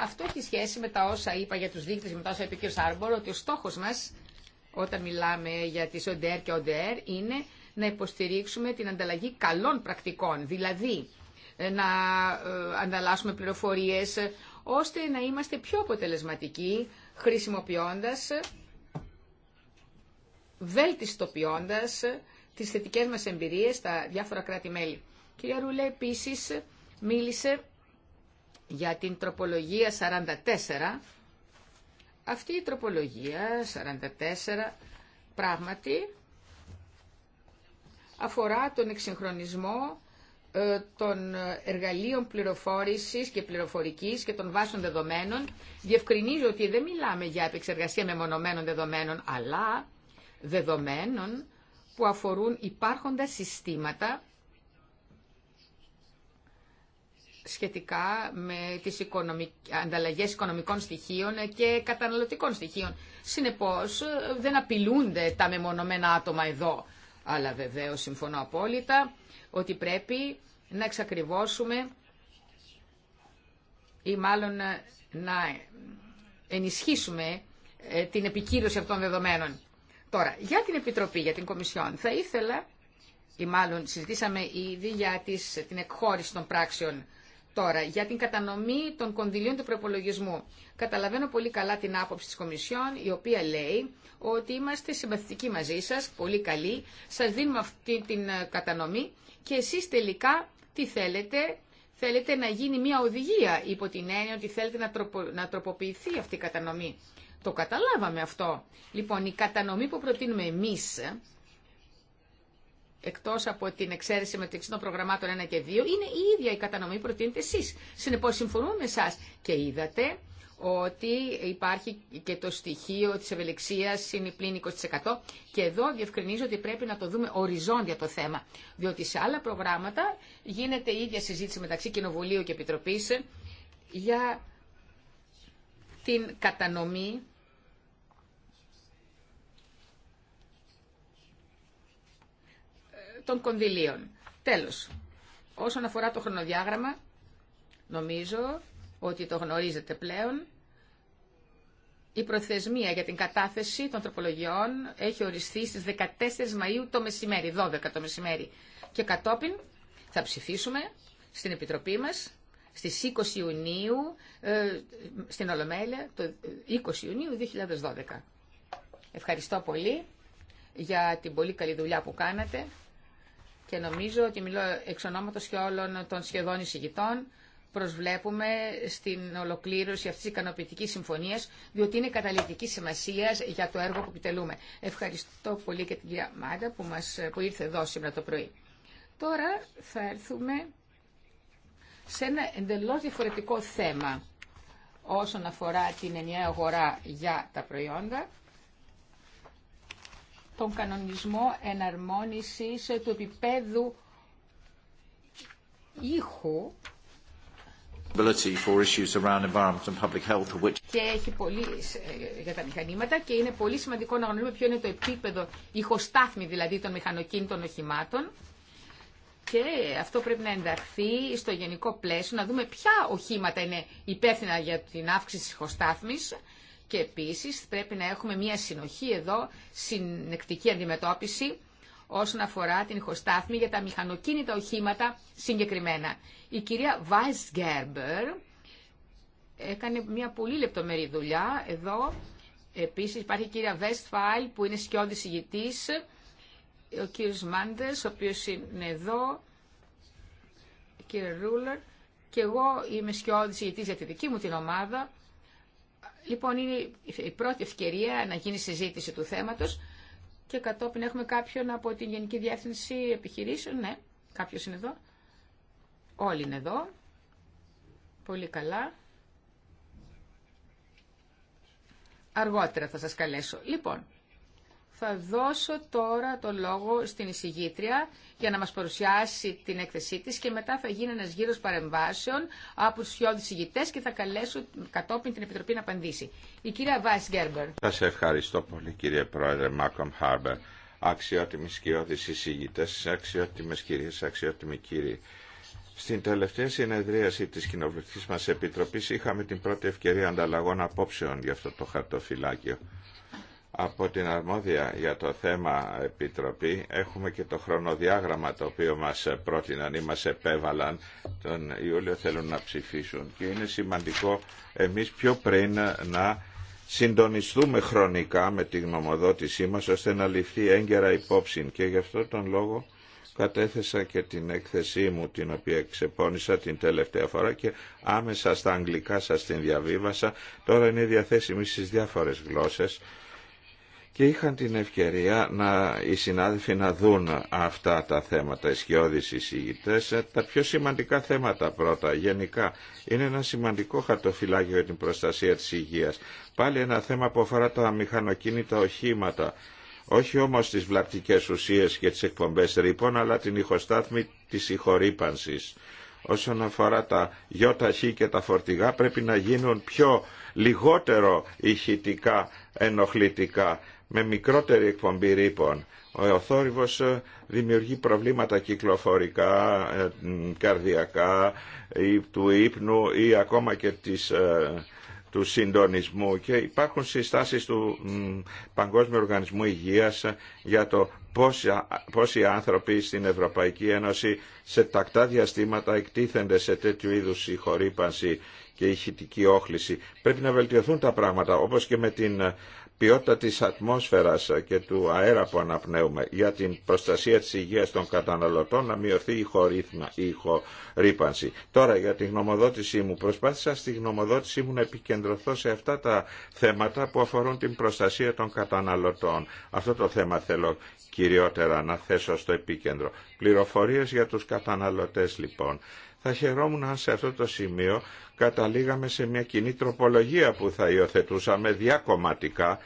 αυτό έχει σχέση με τα όσα είπα για τους δείκτες, με τα όσα είπε ο ότι ο στόχος μας, όταν μιλάμε για τις ODR και ODR είναι να υποστηρίξουμε την ανταλλαγή καλών πρακτικών, δηλαδή ε, να ε, ανταλλάσσουμε πληροφορίες, ώστε να είμαστε πιο αποτελεσματικοί, χρησιμοποιώντας, βέλτιστοποιώντας τις θετικές μας εμπειρίες στα διάφορα κράτη-μέλη. Κυρία Ρούλε, επίσης, μίλησε για την τροπολογία 44. Αυτή η τροπολογία 44 πράγματι αφορά τον εξυγχρονισμό ε, των εργαλείων πληροφόρησης και πληροφορικής και των βάσεων δεδομένων. Διευκρινίζω ότι δεν μιλάμε για επεξεργασία μεμονωμένων δεδομένων, αλλά δεδομένων που αφορούν υπάρχοντα συστήματα σχετικά με τις οικονομικ... ανταλλαγές οικονομικών στοιχείων και καταναλωτικών στοιχείων. Συνεπώς δεν απειλούνται τα μεμονωμένα άτομα εδώ. Αλλά βεβαίως συμφωνώ απόλυτα ότι πρέπει να εξακριβώσουμε ή μάλλον να ενισχύσουμε ε, την επικύρωση αυτών των δεδομένων. Τώρα, για την Επιτροπή, για την Κομισιόν, θα ήθελα, ή μάλλον συζητήσαμε ήδη για την εκχώρηση των πράξεων Τώρα, για την κατανομή των κονδυλίων του προπολογισμού. Καταλαβαίνω πολύ καλά την άποψη της Κομισιόν, η οποία λέει ότι είμαστε συμπαθητικοί μαζί σας, πολύ καλοί, σας δίνουμε αυτή την ε, κατανομή και εσείς τελικά τι θέλετε, θέλετε να γίνει μια οδηγία υπό την έννοια ότι θέλετε να, να τροποποιηθεί αυτή η κατανομή. Το καταλάβαμε αυτό. Λοιπόν, η κατανομή που προτείνουμε εμείς Εκτό από την εξαίρεση μεταξύ των προγραμμάτων 1 και 2, είναι η ίδια η κατανομή που προτείνετε εσεί. Συνεπώς συμφωνούμε με εσά. Και είδατε ότι υπάρχει και το στοιχείο της ευελιξίας είναι πλήν 20% και εδώ διευκρινίζω ότι πρέπει να το δούμε οριζόντια το θέμα, διότι σε άλλα προγράμματα γίνεται η ίδια συζήτηση μεταξύ Κοινοβουλίου και Επιτροπής για την κατανομή των κονδυλίων. Τέλος, όσον αφορά το χρονοδιάγραμμα, νομίζω ότι το γνωρίζετε πλέον, η προθεσμία για την κατάθεση των τροπολογιών έχει οριστεί στις 14 Μαΐου το μεσημέρι, 12 το μεσημέρι. Και κατόπιν θα ψηφίσουμε στην Επιτροπή μας στις 20 Ιουνίου, ε, στην Ολομέλεια, το 20 Ιουνίου 2012. Ευχαριστώ πολύ για την πολύ καλή δουλειά που κάνατε και νομίζω ότι μιλώ εξ ονόματος και όλων των σχεδόν εισηγητών προσβλέπουμε στην ολοκλήρωση αυτής της ικανοποιητικής συμφωνίας, διότι είναι καταλητική σημασία για το έργο που επιτελούμε. Ευχαριστώ πολύ και την κυρία μάντα που, μας, που ήρθε εδώ σήμερα το πρωί. Τώρα θα έρθουμε σε ένα εντελώς διαφορετικό θέμα όσον αφορά την ενιαία αγορά για τα προϊόντα τον κανονισμό εναρμόνισης του επίπεδου ήχου και έχει πολύ για τα μηχανήματα και είναι πολύ σημαντικό να γνωρίζουμε ποιο είναι το επίπεδο ηχοστάθμη δηλαδή των μηχανοκίνητων οχημάτων και αυτό πρέπει να ενταχθεί στο γενικό πλαίσιο, να δούμε ποια οχήματα είναι υπεύθυνα για την αύξηση της ηχοστάθμης και επίση πρέπει να έχουμε μια συνοχή εδώ, συνεκτική αντιμετώπιση όσον αφορά την ηχοστάθμη για τα μηχανοκίνητα οχήματα συγκεκριμένα. Η κυρία Βάις έκανε μια πολύ λεπτομερή δουλειά εδώ. Επίσης υπάρχει η κυρία Βέστφαλ που είναι σκιώδης ηγητής, ο κύριος Μάντες, ο οποίος είναι εδώ, κύριε Ρούλερ, και εγώ είμαι σκιώδης ηγητής για τη δική μου την ομάδα Λοιπόν, είναι η πρώτη ευκαιρία να γίνει συζήτηση του θέματος και κατόπιν έχουμε κάποιον από την Γενική Διεύθυνση Επιχειρήσεων. Ναι, κάποιος είναι εδώ. Όλοι είναι εδώ. Πολύ καλά. Αργότερα θα σας καλέσω. Λοιπόν, θα δώσω τώρα το λόγο στην εισηγήτρια για να μας παρουσιάσει την έκθεσή της και μετά θα γίνει ένας γύρος παρεμβάσεων από τους φιόδους εισηγητές και θα καλέσω κατόπιν την Επιτροπή να απαντήσει. Η κυρία Βάις Γκέρμπερ. Σας ευχαριστώ πολύ κύριε Πρόεδρε Μάκομ Χάρμπερ. Αξιότιμοι σκιώδεις εισηγητές, αξιότιμες κυρίες, αξιότιμοι κύριοι. Στην τελευταία συνεδρίαση της κοινοβουλευτικής μας επιτροπής είχαμε την πρώτη ευκαιρία ανταλλαγών απόψεων για αυτό το χαρτοφυλάκιο από την αρμόδια για το θέμα Επιτροπή έχουμε και το χρονοδιάγραμμα το οποίο μας πρότειναν ή μας επέβαλαν τον Ιούλιο θέλουν να ψηφίσουν και είναι σημαντικό εμείς πιο πριν να συντονιστούμε χρονικά με τη γνωμοδότησή μας ώστε να ληφθεί έγκαιρα υπόψη και γι' αυτό τον λόγο κατέθεσα και την έκθεσή μου την οποία ξεπώνησα την τελευταία φορά και άμεσα στα αγγλικά σας την διαβίβασα τώρα είναι διαθέσιμη στις διάφορες γλώσσες και είχαν την ευκαιρία να, οι συνάδελφοι να δουν αυτά τα θέματα, οι οι εισηγητές, ε, τα πιο σημαντικά θέματα πρώτα, γενικά. Είναι ένα σημαντικό χαρτοφυλάκιο για την προστασία της υγείας. Πάλι ένα θέμα που αφορά τα μηχανοκίνητα οχήματα, όχι όμως τις βλαπτικές ουσίες και τις εκπομπές ρήπων, αλλά την ηχοστάθμη της ηχορύπανσης. Όσον αφορά τα ΙΧ και τα φορτηγά πρέπει να γίνουν πιο λιγότερο ηχητικά ενοχλητικά με μικρότερη εκπομπή ρήπων. Ο θόρυβος ε, δημιουργεί προβλήματα κυκλοφορικά, ε, καρδιακά, του ύπνου ή ακόμα και της, ε, του συντονισμού και υπάρχουν συστάσεις του Παγκόσμιου Οργανισμού Υγείας για το πόσοι άνθρωποι στην Ευρωπαϊκή Ένωση σε τακτά διαστήματα εκτίθενται σε τέτοιου είδους χορύπανση και ηχητική όχληση. Πρέπει να βελτιωθούν τα πράγματα όπως και με την ποιότητα της ατμόσφαιρας και του αέρα που αναπνέουμε για την προστασία της υγείας των καταναλωτών να μειωθεί η χορύθμα, η Τώρα για τη γνωμοδότησή μου. Προσπάθησα στη γνωμοδότησή μου να επικεντρωθώ σε αυτά τα θέματα που αφορούν την προστασία των καταναλωτών. Αυτό το θέμα θέλω κυριότερα να θέσω στο επίκεντρο. Πληροφορίες για τους καταναλωτές λοιπόν. Θα χαιρόμουν αν σε αυτό το σημείο καταλήγαμε σε μια κοινή τροπολογία που θα υιοθετούσαμε διακομματικά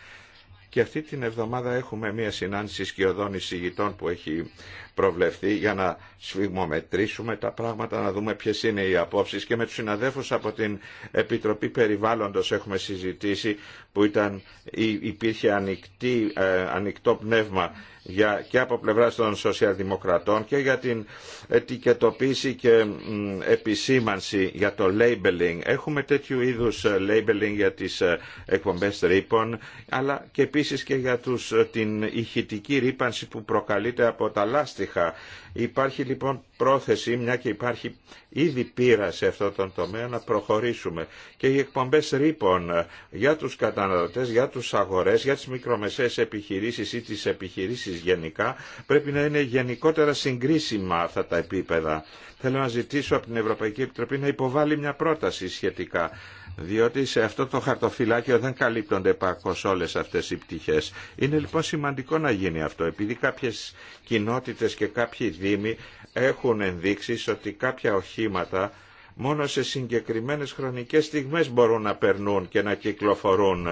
και αυτή την εβδομάδα έχουμε μια συνάντηση σκιωδών εισηγητών που έχει προβλεφθεί για να σφιγμομετρήσουμε τα πράγματα, να δούμε ποιε είναι οι απόψει και με του συναδέφους από την Επιτροπή Περιβάλλοντος έχουμε συζητήσει που ήταν, υπήρχε ανοιχτή, ε, ανοιχτό πνεύμα για, και από πλευρά των σοσιαλδημοκρατών και για την ετικετοποίηση και επισήμανση για το labeling. Έχουμε τέτοιου είδου ε, labeling για τι ε, εκπομπέ ρήπων αλλά και επίση και για τους, την ηχητική ρήπανση που προκαλείται από τα λάστιχα Υπάρχει λοιπόν πρόθεση, μια και υπάρχει ήδη πείρα σε αυτό τον τομέα, να προχωρήσουμε. Και οι εκπομπές ρήπων ε, για τους καταναλωτές, για τους αγορές, για τις μικρομεσαίες επιχειρήσεις ή τις επιχειρήσεις γενικά, πρέπει να είναι γενικότερα συγκρίσιμα αυτά τα επίπεδα. Θέλω να ζητήσω από την Ευρωπαϊκή Επιτροπή να υποβάλει μια πρόταση σχετικά διότι σε αυτό το χαρτοφυλάκιο δεν καλύπτονται επακώς όλες αυτές οι πτυχές. Είναι λοιπόν σημαντικό να γίνει αυτό, επειδή κάποιες κοινότητες και κάποιοι δήμοι έχουν ενδείξεις ότι κάποια οχήματα μόνο σε συγκεκριμένες χρονικές στιγμές μπορούν να περνούν και να κυκλοφορούν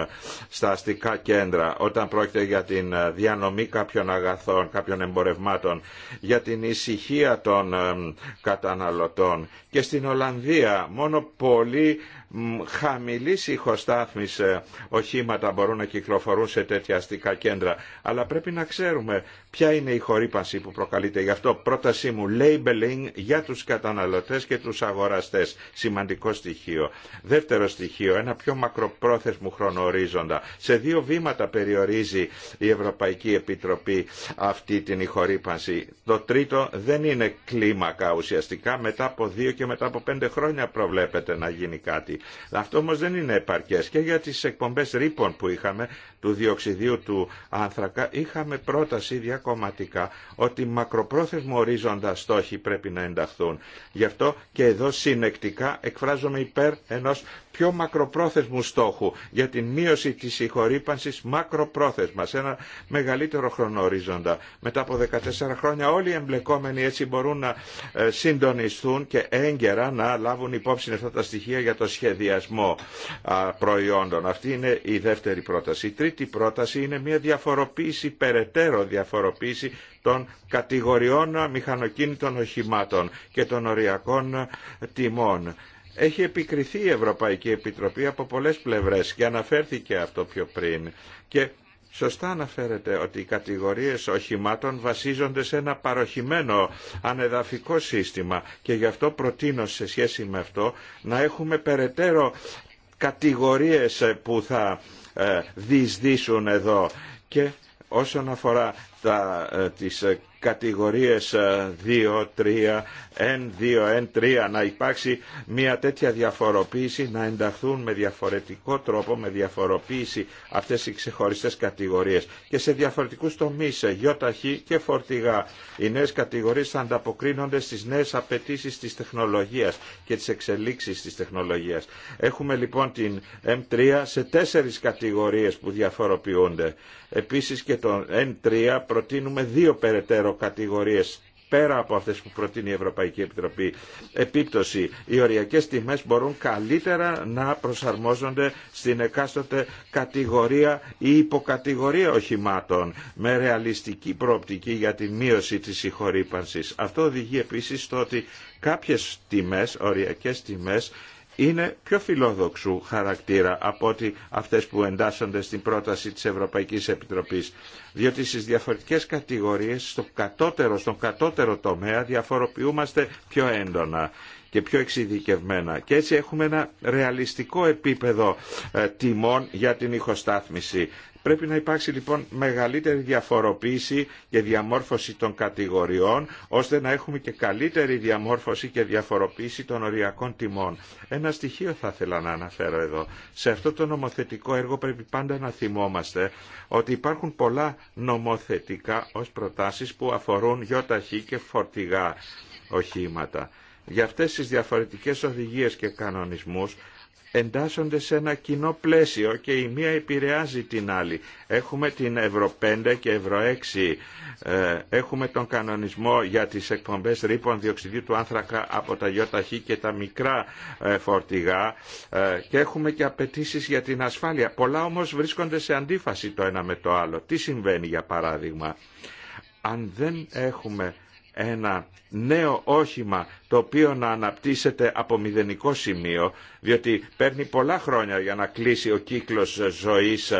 στα αστικά κέντρα όταν πρόκειται για την διανομή κάποιων αγαθών, κάποιων εμπορευμάτων, για την ησυχία των καταναλωτών. Και στην Ολλανδία μόνο πολύ χαμηλής ηχοστάθμης ε, οχήματα μπορούν να κυκλοφορούν σε τέτοια αστικά κέντρα. Αλλά πρέπει να ξέρουμε ποια είναι η χορύπανση που προκαλείται. Γι' αυτό πρότασή μου labeling για τους καταναλωτές και τους αγοραστές. Σημαντικό στοιχείο. Δεύτερο στοιχείο, ένα πιο μακροπρόθεσμο χρονορίζοντα. Σε δύο βήματα περιορίζει η Ευρωπαϊκή Επιτροπή αυτή την ηχορύπανση. Το τρίτο δεν είναι κλίμακα ουσιαστικά. Μετά από δύο και μετά από πέντε χρόνια προβλέπεται να γίνει κάτι. Αυτό όμω δεν είναι επαρκές και για τι εκπομπές ρήπων που είχαμε του διοξιδίου του άνθρακα είχαμε πρόταση διακομματικά ότι μακροπρόθεσμο ορίζοντα στόχοι πρέπει να ενταχθούν. Γι' αυτό και εδώ συνεκτικά εκφράζομαι υπέρ ενός πιο μακροπρόθεσμου στόχου για την μείωση της συγχωρήπανσης μακροπρόθεσμα σε ένα μεγαλύτερο χρονορίζοντα. Μετά από 14 χρόνια όλοι οι εμπλεκόμενοι έτσι μπορούν να ε, συντονιστούν και έγκαιρα να λάβουν υπόψη αυτά τα στοιχεία για το σχεδιασμό προϊόντων. Αυτή είναι η δεύτερη πρόταση. Η τρίτη πρόταση είναι μια διαφοροποίηση, περαιτέρω διαφοροποίηση των κατηγοριών μηχανοκίνητων οχημάτων και των οριακών τιμών έχει επικριθεί η Ευρωπαϊκή Επιτροπή από πολλές πλευρές και αναφέρθηκε αυτό πιο πριν. Και Σωστά αναφέρεται ότι οι κατηγορίες οχημάτων βασίζονται σε ένα παροχημένο ανεδαφικό σύστημα και γι' αυτό προτείνω σε σχέση με αυτό να έχουμε περαιτέρω κατηγορίες που θα ε, διεισδύσουν εδώ και όσον αφορά τι ε, τις ε, κατηγορίες 2, 3, N2, N3 να υπάρξει μια τέτοια διαφοροποίηση να ενταχθούν με διαφορετικό τρόπο με διαφοροποίηση αυτές οι ξεχωριστές κατηγορίες και σε διαφορετικούς τομείς γιοταχή και φορτηγά οι νέες κατηγορίες θα ανταποκρίνονται στις νέες απαιτήσει της τεχνολογίας και τις εξελίξεις της τεχνολογίας έχουμε λοιπόν την M3 σε τέσσερις κατηγορίες που διαφοροποιούνται επίσης και το N3 προτείνουμε δύο περαιτέρω κατηγορίες πέρα από αυτές που προτείνει η Ευρωπαϊκή Επιτροπή. Επίπτωση, οι οριακές τιμές μπορούν καλύτερα να προσαρμόζονται στην εκάστοτε κατηγορία ή υποκατηγορία οχημάτων με ρεαλιστική προοπτική για τη μείωση της συγχωρήπανσης. Αυτό οδηγεί επίσης στο ότι κάποιες τιμές, οριακές τιμές, είναι πιο φιλόδοξου χαρακτήρα από ότι αυτές που εντάσσονται στην πρόταση της Ευρωπαϊκής Επιτροπής. Διότι στις διαφορετικές κατηγορίες, στο κατώτερο, στον κατώτερο τομέα διαφοροποιούμαστε πιο έντονα και πιο εξειδικευμένα. Και έτσι έχουμε ένα ρεαλιστικό επίπεδο ε, τιμών για την ηχοστάθμιση. Πρέπει να υπάρξει λοιπόν μεγαλύτερη διαφοροποίηση και διαμόρφωση των κατηγοριών, ώστε να έχουμε και καλύτερη διαμόρφωση και διαφοροποίηση των οριακών τιμών. Ένα στοιχείο θα ήθελα να αναφέρω εδώ. Σε αυτό το νομοθετικό έργο πρέπει πάντα να θυμόμαστε ότι υπάρχουν πολλά νομοθετικά ως προτάσεις που αφορούν γιοταχή και φορτηγά οχήματα για αυτές τις διαφορετικές οδηγίες και κανονισμούς εντάσσονται σε ένα κοινό πλαίσιο και η μία επηρεάζει την άλλη. Έχουμε την Ευρω 5 και Ευρω 6, ε, έχουμε τον κανονισμό για τις εκπομπές ρήπων διοξιδίου του άνθρακα από τα ΙΟΤΑΧΗ και τα μικρά ε, φορτηγά ε, και έχουμε και απαιτήσει για την ασφάλεια. Πολλά όμως βρίσκονται σε αντίφαση το ένα με το άλλο. Τι συμβαίνει για παράδειγμα. Αν δεν έχουμε ένα νέο όχημα το οποίο να αναπτύσσεται από μηδενικό σημείο, διότι παίρνει πολλά χρόνια για να κλείσει ο κύκλος ζωής.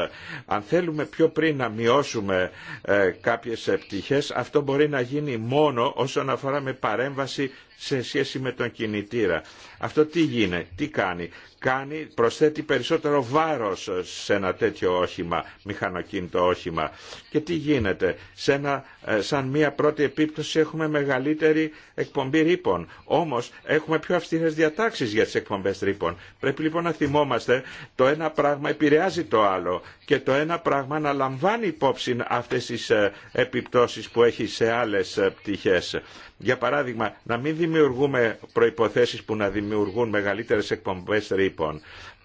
Αν θέλουμε πιο πριν να μειώσουμε ε, κάποιες πτυχές, αυτό μπορεί να γίνει μόνο όσον αφορά με παρέμβαση σε σχέση με τον κινητήρα. Αυτό τι γίνεται, τι κάνει. Κάνει, προσθέτει περισσότερο βάρος σε ένα τέτοιο όχημα, μηχανοκίνητο όχημα. Και τι γίνεται, σε ε, σαν μία πρώτη επίπτωση έχουμε μεγαλύτερη εκπομπή ρήπων. Όμω έχουμε πιο αυστηρέ διατάξει για τι εκπομπέ τρύπων. Πρέπει λοιπόν να θυμόμαστε το ένα πράγμα επηρεάζει το άλλο και το ένα πράγμα να λαμβάνει υπόψη αυτέ τι ε, επιπτώσει που έχει σε άλλε πτυχέ. Για παράδειγμα, να μην δημιουργούμε προποθέσει που να δημιουργούν μεγαλύτερε εκπομπέ τρύπων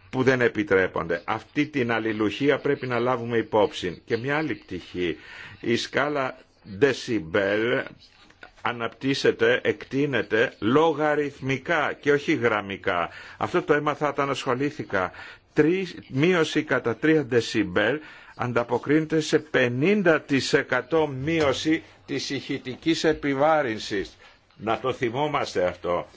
που δεν επιτρέπονται. Αυτή την αλληλουχία πρέπει να λάβουμε υπόψη. Και μια άλλη πτυχή. Η σκάλα decibel αναπτύσσεται, εκτείνεται λογαριθμικά και όχι γραμμικά. Αυτό το έμαθα όταν ασχολήθηκα. 3 μείωση κατά 3 δεσιμπέλ ανταποκρίνεται σε 50% μείωση της ηχητικής επιβάρυνσης. Να το θυμόμαστε αυτό.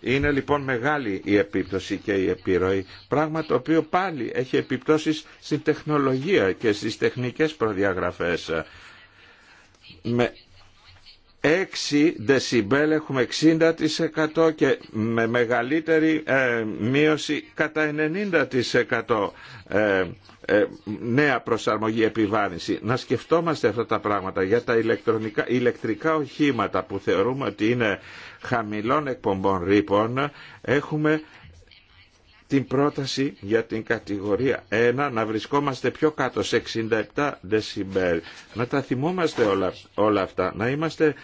Είναι λοιπόν μεγάλη η επίπτωση και η επιρροή, πράγμα το οποίο πάλι έχει επιπτώσεις στην τεχνολογία και στις τεχνικές προδιαγραφές. 6 δεσιμπέλ έχουμε 60% και με μεγαλύτερη ε, μείωση κατά 90% ε, ε, νέα προσαρμογή επιβάρυνση. Να σκεφτόμαστε αυτά τα πράγματα για τα ηλεκτρονικά, ηλεκτρικά οχήματα που θεωρούμε ότι είναι χαμηλών εκπομπών ρήπων. Έχουμε την πρόταση για την κατηγορία 1 να βρισκόμαστε πιο κάτω σε 67 δεσιμπέλ. Να τα θυμόμαστε όλα, όλα αυτά, να είμαστε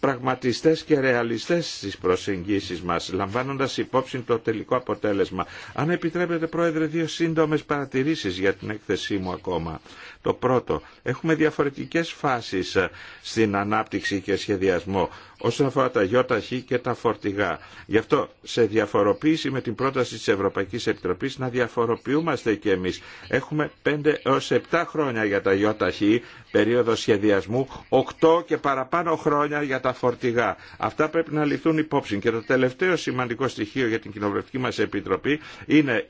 πραγματιστές και ρεαλιστές στις προσεγγίσεις μας, λαμβάνοντας υπόψη το τελικό αποτέλεσμα. Αν επιτρέπετε, Πρόεδρε, δύο σύντομες παρατηρήσεις για την έκθεσή μου ακόμα. Το πρώτο, έχουμε διαφορετικές φάσεις στην ανάπτυξη και σχεδιασμό όσον αφορά τα ΙΧ και τα φορτηγά. Γι' αυτό σε διαφοροποίηση με την πρόταση της Ευρωπαϊκής Επιτροπής να διαφοροποιούμαστε και εμείς. Έχουμε 5 έως 7 χρόνια για τα ΙΧ, περίοδο σχεδιασμού, 8 και παραπάνω χρόνια για τα φορτηγά. Αυτά πρέπει να ληφθούν υπόψη. Και το τελευταίο σημαντικό στοιχείο για την Κοινοβουλευτική μας Επιτροπή είναι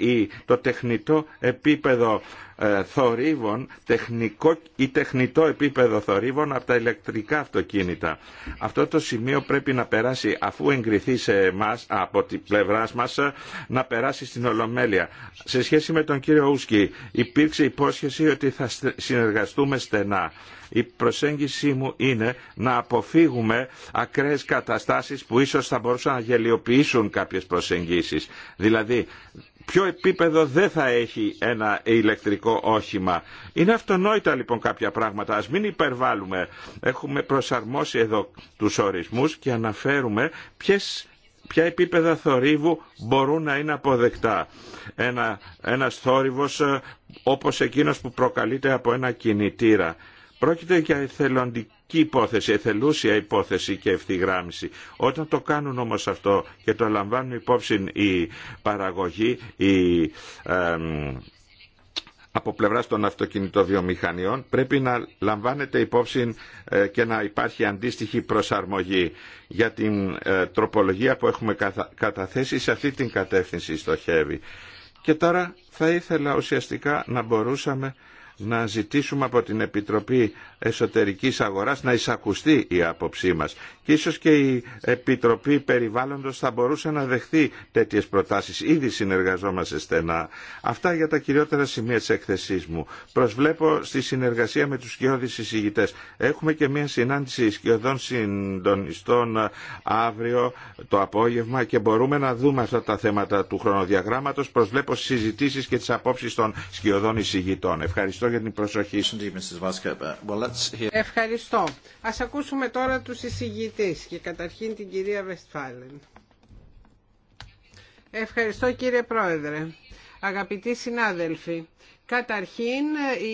το τεχνητό επίπεδο ε, θορύβων, τεχνικό ή τεχνητό επίπεδο θορύβων από τα ηλεκτρικά αυτοκίνητα. Αυτό το σημείο πρέπει να περάσει αφού εγκριθεί σε εμάς, από την πλευρά μας ε, να περάσει στην Ολομέλεια. Σε σχέση με τον κύριο Ούσκι υπήρξε υπόσχεση ότι θα συνεργαστούμε στενά. Η προσέγγιση μου είναι να αποφύγουμε ακραίες καταστάσεις που ίσως θα μπορούσαν να γελιοποιήσουν κάποιες προσεγγίσεις. Δηλαδή ποιο επίπεδο δεν θα έχει ένα ηλεκτρικό όχημα. Είναι αυτονόητα λοιπόν κάποια πράγματα. Ας μην υπερβάλλουμε. Έχουμε προσαρμόσει εδώ τους ορισμούς και αναφέρουμε ποιες ποια επίπεδα θορύβου μπορούν να είναι αποδεκτά. Ένα, ένας θόρυβος ε, όπως εκείνος που προκαλείται από ένα κινητήρα. Πρόκειται για εθελοντική υπόθεση, εθελούσια υπόθεση και ευθυγράμμιση. Όταν το κάνουν όμως αυτό και το λαμβάνουν υπόψη η παραγωγή, η, από πλευρά των αυτοκινητοβιομηχανιών πρέπει να λαμβάνεται υπόψη ε, και να υπάρχει αντίστοιχη προσαρμογή για την ε, τροπολογία που έχουμε καταθέσει σε αυτή την κατεύθυνση στο ΧΕΒΗ. Και τώρα θα ήθελα ουσιαστικά να μπορούσαμε να ζητήσουμε από την Επιτροπή Εσωτερικής Αγοράς να εισακουστεί η άποψή μας. Και ίσως και η Επιτροπή Περιβάλλοντος θα μπορούσε να δεχθεί τέτοιες προτάσεις. Ήδη συνεργαζόμαστε στενά. Αυτά για τα κυριότερα σημεία της έκθεσής μου. Προσβλέπω στη συνεργασία με τους σκιώδεις συζητητές. Έχουμε και μια συνάντηση σκιωδών συντονιστών αύριο το απόγευμα και μπορούμε να δούμε αυτά τα θέματα του χρονοδιαγράμματος. Προσβλέπω συζητήσεις και τις απόψεις των σκιωδών εισηγητών. Ευχαριστώ ευχαριστώ για την προσοχή. Ευχαριστώ. Ας ακούσουμε τώρα τους εισηγητές και καταρχήν την κυρία Βεστφάλεν. Ευχαριστώ κύριε Πρόεδρε. Αγαπητοί συνάδελφοι, Καταρχήν,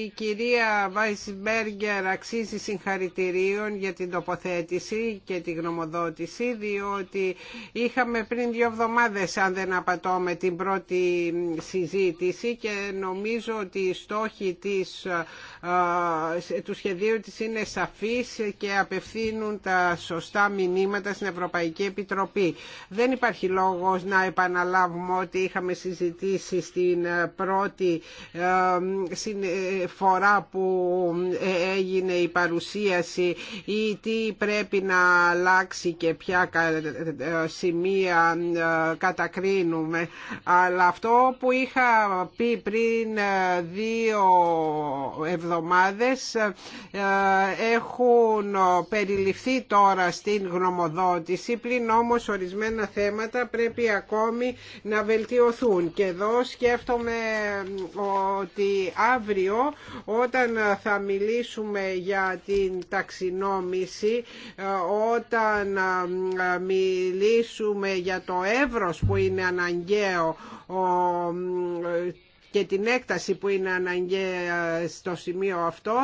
η κυρία Βάισμπεργκερ αξίζει συγχαρητηρίων για την τοποθέτηση και τη γνωμοδότηση, διότι είχαμε πριν δύο εβδομάδες, αν δεν απατώμε, την πρώτη συζήτηση και νομίζω ότι οι στόχοι του σχεδίου της είναι σαφείς και απευθύνουν τα σωστά μηνύματα στην Ευρωπαϊκή Επιτροπή. Δεν υπάρχει λόγος να επαναλάβουμε ότι είχαμε συζητήσει στην πρώτη ε, φορά που ε, έγινε η παρουσίαση ή τι πρέπει να αλλάξει και ποια ε, σημεία κατακρίνουμε. Αλλά αυτό που είχα πει πριν δύο εβδομάδες έχουν περιληφθεί τώρα στην γνωμοδότηση πλην όμως ορισμένα θέματα πρέπει ακόμη να βελτιωθούν και εδώ σκέφτομαι ότι αύριο όταν θα μιλήσουμε για την ταξινόμηση, όταν μιλήσουμε για το εύρος που είναι αναγκαίο και την έκταση που είναι αναγκαία στο σημείο αυτό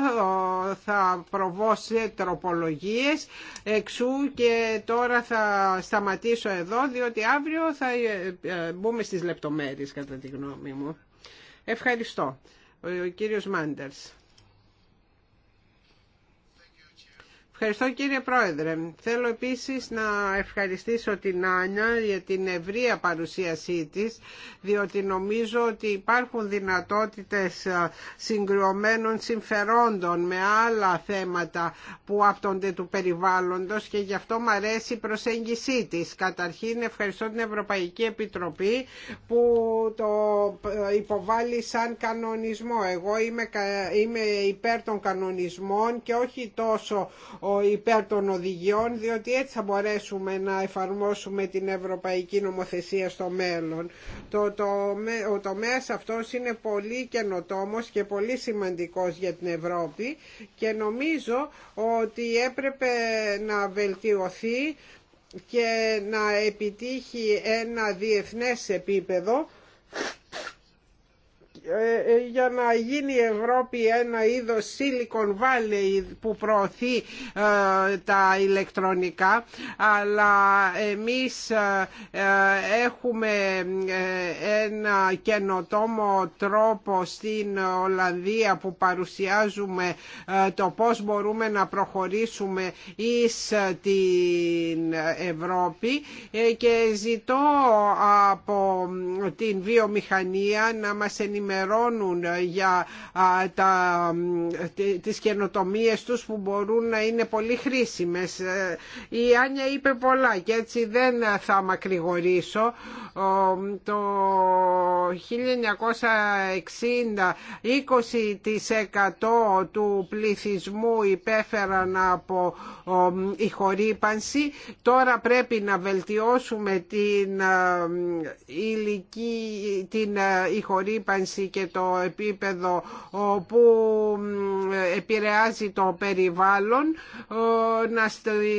θα προβώ σε τροπολογίες εξού και τώρα θα σταματήσω εδώ διότι αύριο θα ε, ε, μπούμε στις λεπτομέρειες κατά τη γνώμη μου. Ευχαριστώ. Ο κύριος Μάντερς. Ευχαριστώ κύριε Πρόεδρε. Θέλω επίσης να ευχαριστήσω την Άνια για την ευρία παρουσίασή της, διότι νομίζω ότι υπάρχουν δυνατότητες συγκριωμένων συμφερόντων με άλλα θέματα που άπτονται του περιβάλλοντος και γι' αυτό μου αρέσει η προσέγγισή της. Καταρχήν ευχαριστώ την Ευρωπαϊκή Επιτροπή που το ε, υποβάλλει σαν κανονισμό. Εγώ είμαι υπέρ των κανονισμών και όχι τόσο υπέρ των οδηγιών διότι έτσι θα μπορέσουμε να εφαρμόσουμε την ευρωπαϊκή νομοθεσία στο μέλλον. Το, το, ο τομέας αυτός είναι πολύ καινοτόμος και πολύ σημαντικός για την Ευρώπη και νομίζω ότι έπρεπε να βελτιωθεί και να επιτύχει ένα διεθνές επίπεδο ε, ε, για να γίνει η Ευρώπη ένα είδος Silicon Valley που προωθεί ε, τα ηλεκτρονικά αλλά εμείς έχουμε ένα καινοτόμο τρόπο στην Ολλανδία που παρουσιάζουμε το πώς μπορούμε να προχωρήσουμε εις την Ευρώπη και ζητώ από την βιομηχανία να μας ενημερώσει ενημερώνουν ε, για τα, τις καινοτομίες τους που μπορούν να είναι πολύ χρήσιμες. Ε, η Άνια είπε πολλά και έτσι δεν θα μακρηγορήσω. Το 1960 20% του πληθυσμού υπέφεραν από χορύπανση. Τώρα πρέπει να βελτιώσουμε την ε, ηλική, την ηχορύπανση και το επίπεδο που επηρεάζει το περιβάλλον, να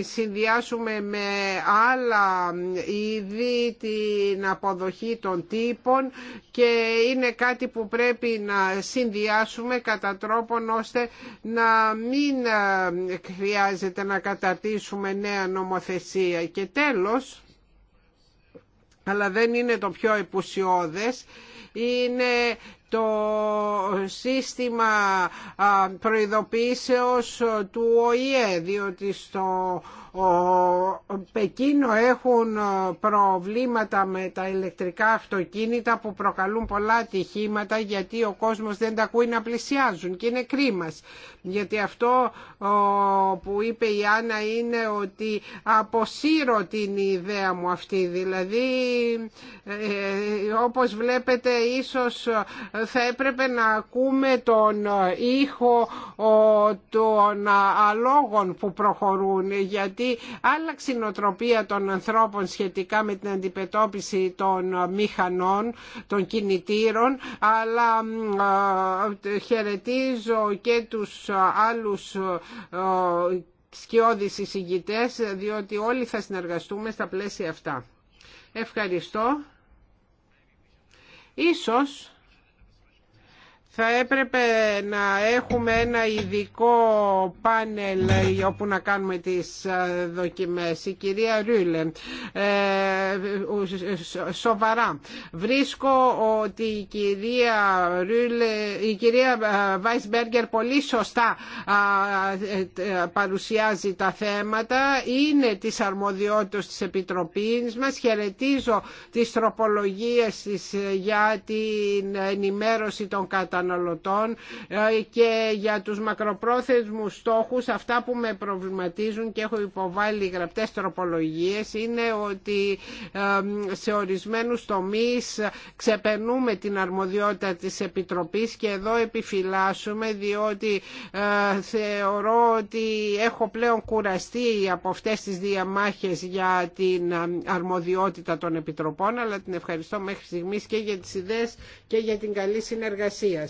συνδυάσουμε με άλλα είδη την αποδοχή των τύπων και είναι κάτι που πρέπει να συνδυάσουμε κατά τρόπον ώστε να μην ε, χρειάζεται να καταρτήσουμε νέα νομοθεσία. Και τέλος, αλλά δεν είναι το πιο επουσιώδες, είναι το σύστημα προειδοποίησεως του ΟΗΕ διότι στο ο Πεκίνο έχουν ε, προβλήματα με τα ηλεκτρικά αυτοκίνητα που προκαλούν πολλά ατυχήματα γιατί ο κόσμος δεν τα ακούει να πλησιάζουν και είναι κρίμας. Γιατί αυτό που είπε η Άννα είναι ότι αποσύρω την ιδέα μου αυτή. Δηλαδή ε, ε, όπως βλέπετε ίσως θα έπρεπε να ακούμε τον ήχο των αλόγων που προχωρούν γιατί γιατί άλλαξε η νοοτροπία των ανθρώπων σχετικά με την αντιπετώπιση των μηχανών, των κινητήρων, αλλά χαιρετίζω και τους άλλους σκιώδεις εισηγητές, διότι όλοι θα συνεργαστούμε στα πλαίσια αυτά. Ευχαριστώ. Ίσως θα έπρεπε να έχουμε ένα ειδικό πάνελ όπου να κάνουμε τις ε, δοκιμές. Η κυρία Ρούλε, ε, σοβαρά, βρίσκω ότι η κυρία, Ρούλε, η κυρία ε, Βάισμπεργκερ πολύ σωστά παρουσιάζει τα θέματα, είναι της αρμοδιότητας της Επιτροπής μας, χαιρετίζω τις τροπολογίες της για την ενημέρωση των καταναλωτών καταναλωτών ε, και για τους μακροπρόθεσμους στόχους αυτά που με προβληματίζουν και έχω υποβάλει γραπτές τροπολογίες είναι ότι ε, σε ορισμένους τομείς ξεπερνούμε την αρμοδιότητα της Επιτροπής και εδώ επιφυλάσσουμε διότι ε, θεωρώ ότι έχω πλέον κουραστεί από αυτές τις διαμάχες για την αρμοδιότητα των Επιτροπών αλλά την ευχαριστώ μέχρι στιγμής και για τις ιδέες και για την καλή συνεργασία.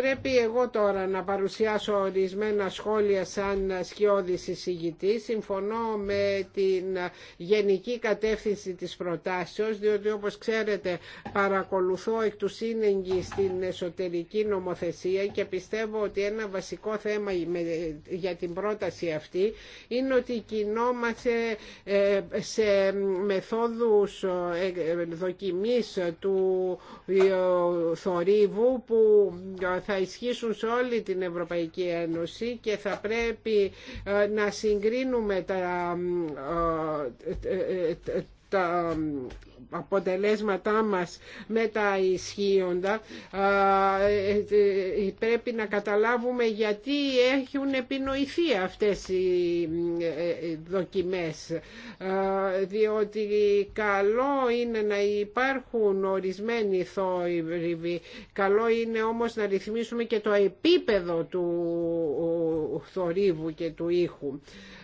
Πρέπει εγώ τώρα να παρουσιάσω ορισμένα σχόλια σαν σκιώδης εισηγητή. Συμφωνώ με την γενική κατεύθυνση της προτάσεως, διότι όπως ξέρετε παρακολουθώ εκ του σύνεγγυ στην εσωτερική νομοθεσία και πιστεύω ότι ένα βασικό θέμα για την πρόταση αυτή είναι ότι κινόμαστε ε, σε μεθόδους ε, δοκιμής του ε, θορύβου που θα ισχύσουν σε όλη την Ευρωπαϊκή Ένωση και θα πρέπει ε, να συγκρίνουμε τα ε, ε, τα αποτελέσματά μας με τα ισχύοντα ε, ε, πρέπει να καταλάβουμε γιατί έχουν επινοηθεί αυτές οι ε, δοκιμές διότι καλό είναι να υπάρχουν ορισμένοι θόρυβοι καλό είναι όμως να ρυθμίσουμε και το επίπεδο του θορύβου και του ήχου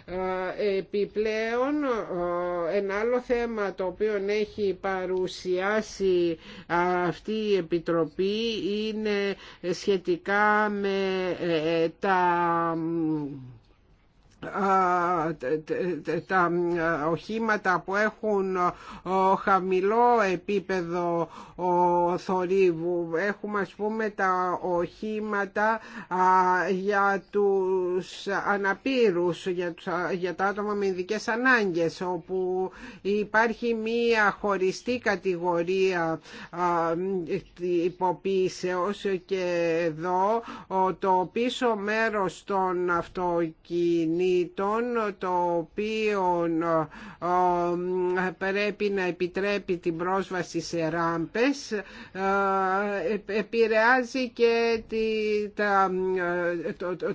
ε, επιπλέον, ε, ένα άλλο θέμα το οποίο έχει παρουσιάσει αυτή η Επιτροπή είναι σχετικά με ε, τα τα οχήματα που έχουν χαμηλό επίπεδο θορύβου. Έχουμε ας πούμε τα οχήματα για τους αναπήρους, για, τα άτομα με ειδικέ ανάγκες όπου υπάρχει μία χωριστή κατηγορία υποποίησεως και εδώ το πίσω μέρος των αυτοκινήτων το οποίο ε, πρέπει να επιτρέπει την πρόσβαση σε ράμπες ε, ε, επηρεάζει και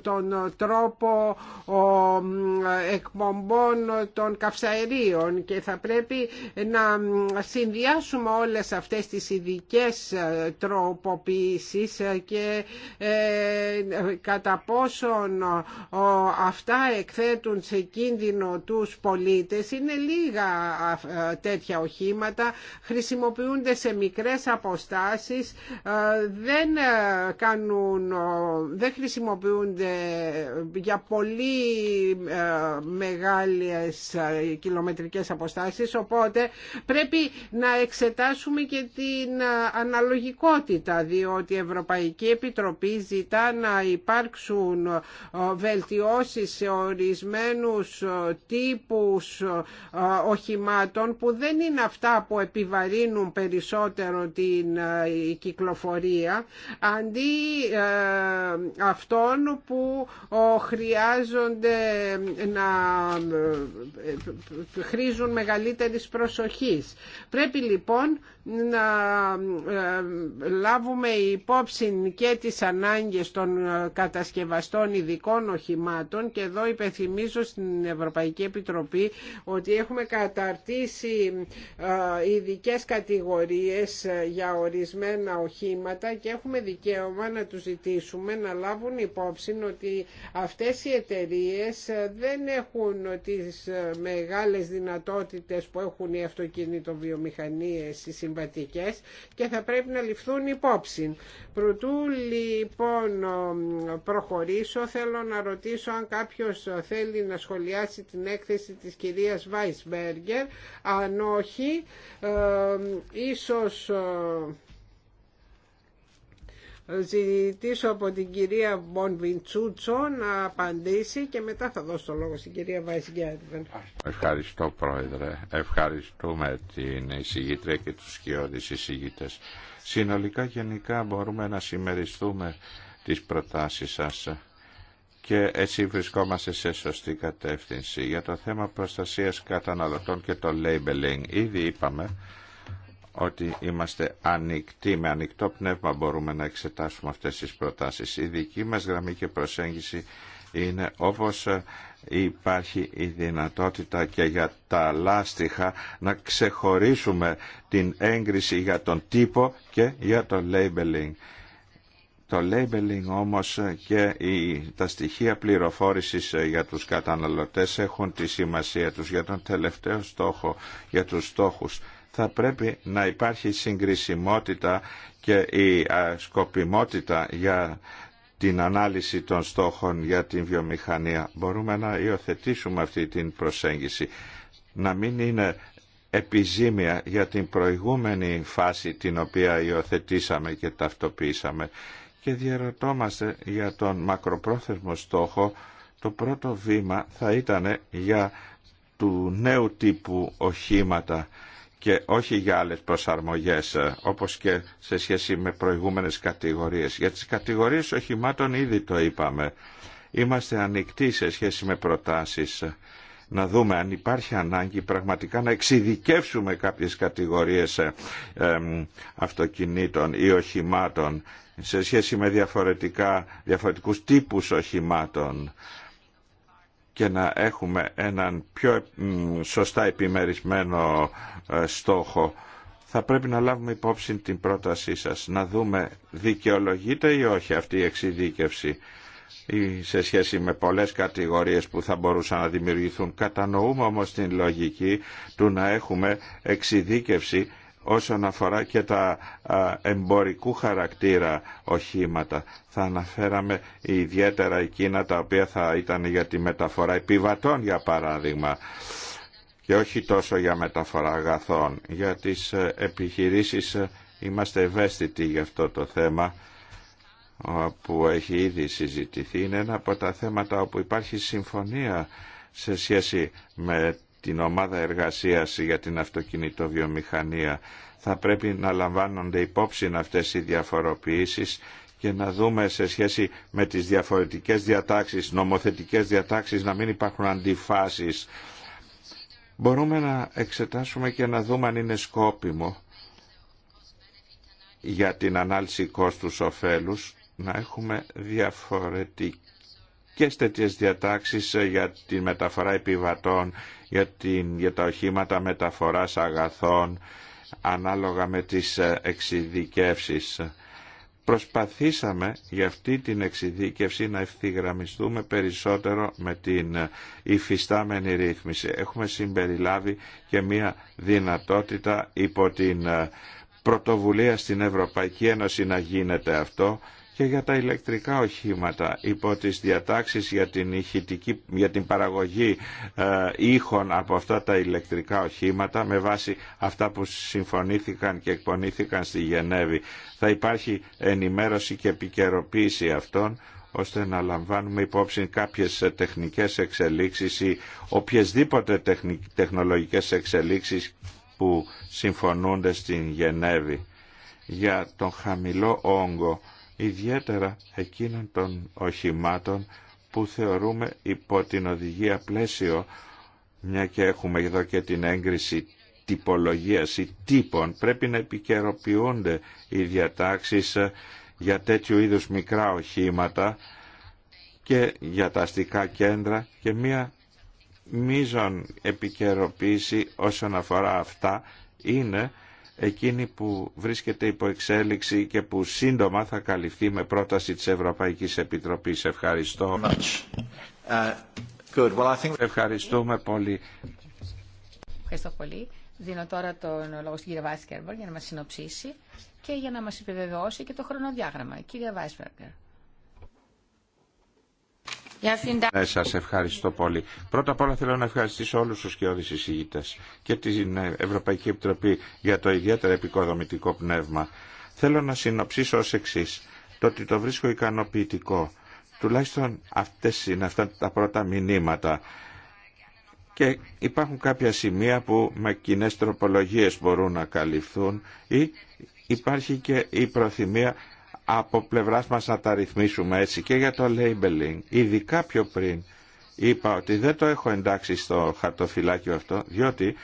τον τρόπο εκπομπών των καυσαερίων και θα πρέπει να συνδυάσουμε όλες αυτές τις ειδικέ τροποποιήσεις και κατά πόσον αυτά εκθέτουν σε κίνδυνο τους πολίτες. Είναι λίγα ε, τέτοια οχήματα, χρησιμοποιούνται σε μικρές αποστάσεις, ε, δεν, ε, κάνουν, δεν χρησιμοποιούνται για πολύ μεγάλες κιλομετρικές αποστάσεις, οπότε πρέπει να εξετάσουμε και την αναλογικότητα, διότι η Ευρωπαϊκή Επιτροπή ζητά να υπάρξουν βελτιώσεις σε ορισμένους τύπους οχημάτων που δεν είναι αυτά που επιβαρύνουν περισσότερο την κυκλοφορία αντί αυτών που χρειάζονται να χρήζουν μεγαλύτερης προσοχής. Πρέπει λοιπόν να ε, λάβουμε υπόψη και τις ανάγκες των ε, κατασκευαστών ειδικών οχημάτων και εδώ υπενθυμίζω στην Ευρωπαϊκή Επιτροπή ότι έχουμε καταρτήσει ε, ειδικέ κατηγορίες για ορισμένα οχήματα και έχουμε δικαίωμα να τους ζητήσουμε να λάβουν υπόψη ότι αυτές οι εταιρείε δεν έχουν τις μεγάλες δυνατότητες που έχουν οι αυτοκινητοβιομηχανίες, οι και θα πρέπει να ληφθούν υπόψη. Προτού λοιπόν προχωρήσω θέλω να ρωτήσω αν κάποιος θέλει να σχολιάσει την έκθεση της κυρίας Βάισμπεργκερ. Αν όχι, ε, ίσως... Ε, ζητήσω από την κυρία Μπονβιντσούτσο να απαντήσει και μετά θα δώσω το λόγο στην κυρία Βαϊσγκιάδη. Ευχαριστώ Πρόεδρε. Ευχαριστούμε την εισηγήτρια και τους σκιώδεις εισηγήτες. Συνολικά γενικά μπορούμε να συμμεριστούμε τις προτάσεις σας και έτσι βρισκόμαστε σε σωστή κατεύθυνση. Για το θέμα προστασίας καταναλωτών και το labeling ήδη είπαμε ότι είμαστε ανοιχτοί, με ανοιχτό πνεύμα μπορούμε να εξετάσουμε αυτές τις προτάσεις. Η δική μας γραμμή και προσέγγιση είναι όπως ε, υπάρχει η δυνατότητα και για τα λάστιχα να ξεχωρίσουμε την έγκριση για τον τύπο και για το labeling. Το labeling όμως και τα στοιχεία πληροφόρησης ε, για τους καταναλωτές έχουν τη σημασία τους για τον τελευταίο στόχο, για τους στόχους θα πρέπει να υπάρχει συγκρισιμότητα και η σκοπιμότητα για την ανάλυση των στόχων για την βιομηχανία. Μπορούμε να υιοθετήσουμε αυτή την προσέγγιση. Να μην είναι επιζήμια για την προηγούμενη φάση την οποία υιοθετήσαμε και ταυτοποιήσαμε και διαρωτόμαστε για τον μακροπρόθεσμο στόχο το πρώτο βήμα θα ήταν για του νέου τύπου οχήματα και όχι για άλλες προσαρμογές ε, όπως και σε σχέση με προηγούμενες κατηγορίες. Για τις κατηγορίες οχημάτων ήδη το είπαμε. Είμαστε ανοιχτοί σε σχέση με προτάσεις ε, να δούμε αν υπάρχει ανάγκη πραγματικά να εξειδικεύσουμε κάποιες κατηγορίες ε, αυτοκινήτων ή οχημάτων σε σχέση με διαφορετικά, διαφορετικούς τύπους οχημάτων και να έχουμε έναν πιο σωστά επιμερισμένο ε, στόχο. Θα πρέπει να λάβουμε υπόψη την πρότασή σας, να δούμε δικαιολογείται ή όχι αυτή η εξειδίκευση ή σε σχέση με πολλές κατηγορίες που θα μπορούσαν να δημιουργηθούν. Κατανοούμε όμως την λογική του να έχουμε εξειδίκευση όσον αφορά και τα εμπορικού χαρακτήρα οχήματα. Θα αναφέραμε ιδιαίτερα εκείνα τα οποία θα ήταν για τη μεταφορά επιβατών για παράδειγμα και όχι τόσο για μεταφορά αγαθών. Για τις ε, επιχειρήσεις ε, είμαστε ευαίσθητοι για αυτό το θέμα που έχει ήδη συζητηθεί. Είναι ένα από τα θέματα όπου υπάρχει συμφωνία σε σχέση με την ομάδα εργασίας για την αυτοκινητοβιομηχανία. Θα πρέπει να λαμβάνονται υπόψη αυτές οι διαφοροποιήσεις και να δούμε σε σχέση με τις διαφορετικές διατάξεις, νομοθετικές διατάξεις, να μην υπάρχουν αντιφάσεις. Μπορούμε να εξετάσουμε και να δούμε αν είναι σκόπιμο για την ανάλυση κόστους-οφέλους να έχουμε διαφορετική και τέτοιες διατάξεις ε, για τη μεταφορά επιβατών, για, την, για τα οχήματα μεταφοράς αγαθών, ανάλογα με τις ε, εξειδικεύσεις. Προσπαθήσαμε για αυτή την εξειδίκευση να ευθυγραμμιστούμε περισσότερο με την ε, υφιστάμενη ρύθμιση. Έχουμε συμπεριλάβει και μία δυνατότητα υπό την πρωτοβουλία στην Ευρωπαϊκή Ένωση να γίνεται αυτό και για τα ηλεκτρικά οχήματα υπό τις διατάξεις για την, ηχητική, για την παραγωγή ε, ήχων από αυτά τα ηλεκτρικά οχήματα με βάση αυτά που συμφωνήθηκαν και εκπονήθηκαν στη Γενέβη. Θα υπάρχει ενημέρωση και επικαιροποίηση αυτών ώστε να λαμβάνουμε υπόψη κάποιες τεχνικές εξελίξεις ή οποιασδήποτε τεχνολογικές εξελίξεις που συμφωνούνται στην Γενέβη για τον χαμηλό όγκο ιδιαίτερα εκείνων των οχημάτων που θεωρούμε υπό την οδηγία πλαίσιο, μια και έχουμε εδώ και την έγκριση τυπολογίας ή τύπων, πρέπει να επικαιροποιούνται οι διατάξεις ε, για τέτοιου είδους μικρά οχήματα και για τα αστικά κέντρα και μια μείζον επικαιροποίηση όσον αφορά αυτά είναι εκείνη που βρίσκεται υπό εξέλιξη και που σύντομα θα καλυφθεί με πρόταση της Ευρωπαϊκής Επιτροπής. Ευχαριστώ. Uh, Ευχαριστούμε πολύ. Ευχαριστώ πολύ. Δίνω τώρα τον λόγο στην κυρία Βάσκερμπορ για να μας συνοψίσει και για να μας επιβεβαιώσει και το χρονοδιάγραμμα. Κύριε Βάσκερμπορ. Ναι, σας ευχαριστώ πολύ. Πρώτα απ' όλα θέλω να ευχαριστήσω όλους τους σκιώδει εισηγητές και την Ευρωπαϊκή Επιτροπή για το ιδιαίτερα επικοδομητικό πνεύμα. Θέλω να συνοψίσω ω εξή το ότι το βρίσκω ικανοποιητικό. Τουλάχιστον αυτές είναι αυτά τα πρώτα μηνύματα. Και υπάρχουν κάποια σημεία που με κοινέ τροπολογίε μπορούν να καλυφθούν ή υπάρχει και η προθυμία από πλευράς μας να τα ρυθμίσουμε έτσι και για το labeling. Ειδικά πιο πριν είπα ότι δεν το έχω εντάξει στο χαρτοφυλάκιο αυτό, διότι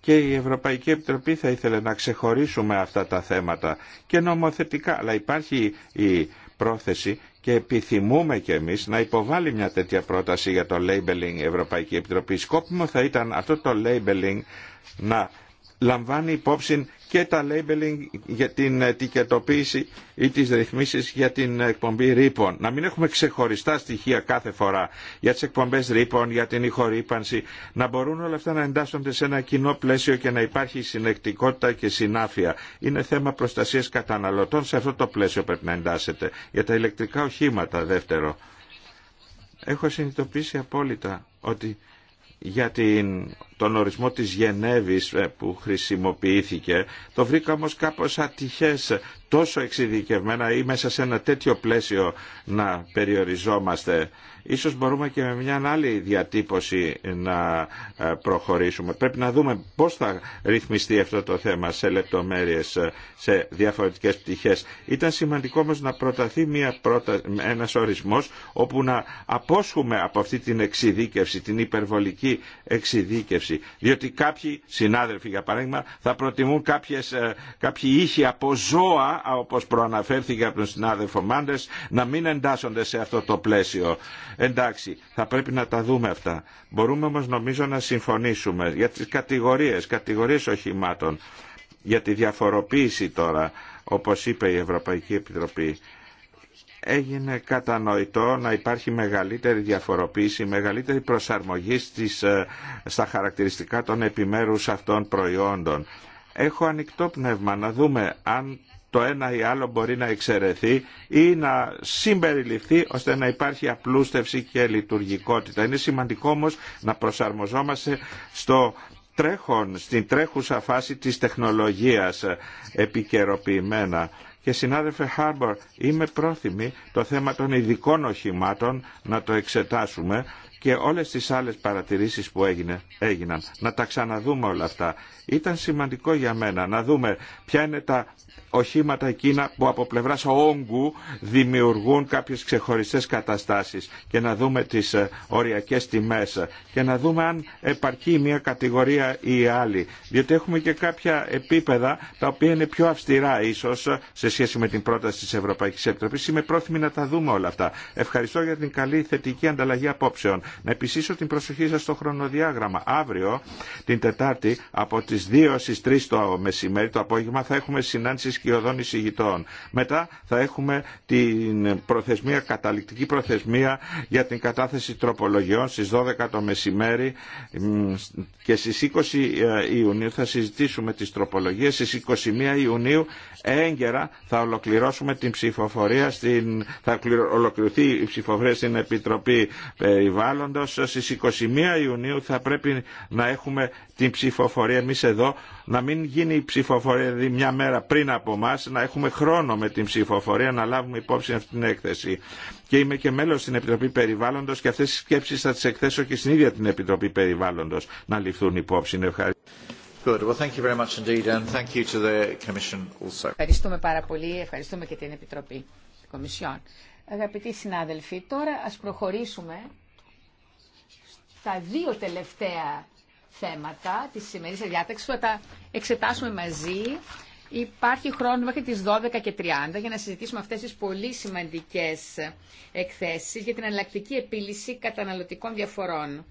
και η Ευρωπαϊκή Επιτροπή θα ήθελε να ξεχωρίσουμε αυτά τα θέματα και νομοθετικά, αλλά υπάρχει η πρόθεση και επιθυμούμε κι εμείς να υποβάλει μια τέτοια πρόταση για το labeling η Ευρωπαϊκή Επιτροπή. Σκόπιμο θα ήταν αυτό το labeling να λαμβάνει υπόψη και τα labeling για την ετικετοποίηση ή τις ρυθμίσεις για την εκπομπή ρήπων. Να μην έχουμε ξεχωριστά στοιχεία κάθε φορά για τις εκπομπές ρήπων, για την ηχορύπανση. Να μπορούν όλα αυτά να εντάσσονται σε ένα κοινό πλαίσιο και να υπάρχει συνεκτικότητα και συνάφεια. Είναι θέμα προστασίας καταναλωτών. Σε αυτό το πλαίσιο πρέπει να εντάσσεται. Για τα ηλεκτρικά οχήματα δεύτερο. Έχω συνειδητοποιήσει απόλυτα ότι για την, τον ορισμό της Γενέβης ε, που χρησιμοποιήθηκε το βρήκα όμως κάπως ατυχές τόσο εξειδικευμένα ή μέσα σε ένα τέτοιο πλαίσιο να περιοριζόμαστε Ίσως μπορούμε και με μια άλλη διατύπωση να ε, προχωρήσουμε. Πρέπει να δούμε πώς θα ρυθμιστεί αυτό το θέμα σε λεπτομέρειες, ε, σε διαφορετικές πτυχές. Ήταν σημαντικό όμως να προταθεί μια προτα... ένας ορισμός όπου να απόσχουμε από αυτή την εξειδίκευση, την υπερβολική εξειδίκευση. Διότι κάποιοι συνάδελφοι, για παράδειγμα, θα προτιμούν κάποιες, ε, κάποιοι ήχοι από ζώα, όπως προαναφέρθηκε από τον συνάδελφο Μάντες, να μην εντάσσονται σε αυτό το πλαίσιο. Εντάξει, θα πρέπει να τα δούμε αυτά. Μπορούμε όμως νομίζω να συμφωνήσουμε για τις κατηγορίες, κατηγορίες οχημάτων, για τη διαφοροποίηση τώρα, όπως είπε η Ευρωπαϊκή Επιτροπή έγινε κατανοητό να υπάρχει μεγαλύτερη διαφοροποίηση, μεγαλύτερη προσαρμογή στις, ε, στα χαρακτηριστικά των επιμέρους αυτών προϊόντων. Έχω ανοιχτό πνεύμα να δούμε αν το ένα ή άλλο μπορεί να εξαιρεθεί ή να συμπεριληφθεί ώστε να υπάρχει απλούστευση και λειτουργικότητα. Είναι σημαντικό όμως να προσαρμοζόμαστε στο τρέχον, στην τρέχουσα φάση της τεχνολογίας επικαιροποιημένα. Και συνάδελφε Χάρμπορ, είμαι πρόθυμη το θέμα των ειδικών οχημάτων να το εξετάσουμε και όλες τις άλλες παρατηρήσεις που έγινε, έγιναν. Να τα ξαναδούμε όλα αυτά. Ήταν σημαντικό για μένα να δούμε ποια είναι τα οχήματα εκείνα που από πλευρά όγκου δημιουργούν κάποιε ξεχωριστέ καταστάσει και να δούμε τι ε, οριακέ τιμέ και να δούμε αν επαρκεί μια κατηγορία ή η άλλη. Διότι έχουμε και κάποια επίπεδα τα οποία είναι πιο αυστηρά ίσω σε σχέση με την πρόταση τη Ευρωπαϊκή Επιτροπή. Είμαι πρόθυμη να τα δούμε όλα αυτά. Ευχαριστώ για την καλή θετική ανταλλαγή απόψεων. Να επισήσω την προσοχή σα στο χρονοδιάγραμμα. Αύριο, την Τετάρτη, από τι 2 στι 3 το μεσημέρι, το απόγευμα, θα έχουμε συνάντηση οδόν εισηγητών. Μετά θα έχουμε την προθεσμία, καταληκτική προθεσμία για την κατάθεση τροπολογιών στις 12 το μεσημέρι και στις 20 ε, Ιουνίου θα συζητήσουμε τις τροπολογίες. Στις 21 Ιουνίου έγκαιρα θα ολοκληρώσουμε την ψηφοφορία, στην, θα ολοκληρωθεί η ψηφοφορία στην Επιτροπή Περιβάλλοντος. Στις 21 Ιουνίου θα πρέπει να έχουμε την ψηφοφορία εμείς εδώ να μην γίνει η ψηφοφορία δηλαδή μια μέρα πριν από εμά, να έχουμε χρόνο με την ψηφοφορία να λάβουμε υπόψη αυτή την έκθεση. Και είμαι και μέλο στην Επιτροπή Περιβάλλοντο και αυτέ τι σκέψει θα τι εκθέσω και στην ίδια την Επιτροπή Περιβάλλοντο να ληφθούν υπόψη. Ευχαριστούμε πάρα πολύ. Ευχαριστούμε και την Επιτροπή Κομισιόν. Αγαπητοί συνάδελφοι, τώρα ας προχωρήσουμε στα δύο τελευταία θέματα τη σημερινή διάταξη που θα τα εξετάσουμε μαζί. Υπάρχει χρόνο μέχρι τις 12.30 για να συζητήσουμε αυτές τις πολύ σημαντικές εκθέσεις για την εναλλακτική επίλυση καταναλωτικών διαφορών.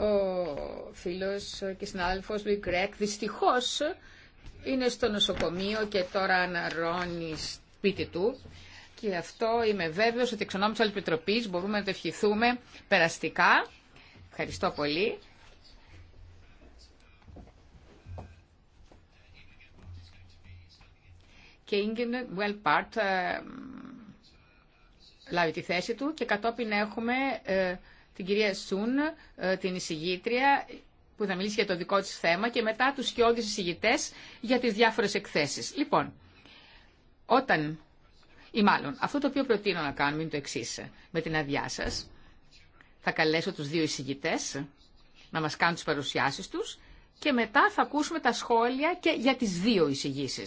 Ο φίλος και συνάδελφος Λουί Κρέκ δυστυχώς είναι στο νοσοκομείο και τώρα αναρρώνει σπίτι του. Και αυτό είμαι βέβαιος ότι εξ τη Επιτροπής μπορούμε να το ευχηθούμε περαστικά Ευχαριστώ πολύ. Και part, Wellpart ε, λάβει τη θέση του και κατόπιν έχουμε ε, την κυρία Σουν, ε, την εισηγήτρια, που θα μιλήσει για το δικό της θέμα και μετά τους σκιώδεις εισηγητές για τις διάφορες εκθέσεις. Λοιπόν, όταν, ή μάλλον, αυτό το οποίο προτείνω να κάνουμε είναι το εξής, με την αδειά σας. Θα καλέσω τους δύο εισηγητές να μας κάνουν τις παρουσιάσεις τους και μετά θα ακούσουμε τα σχόλια και για τις δύο εισηγήσει.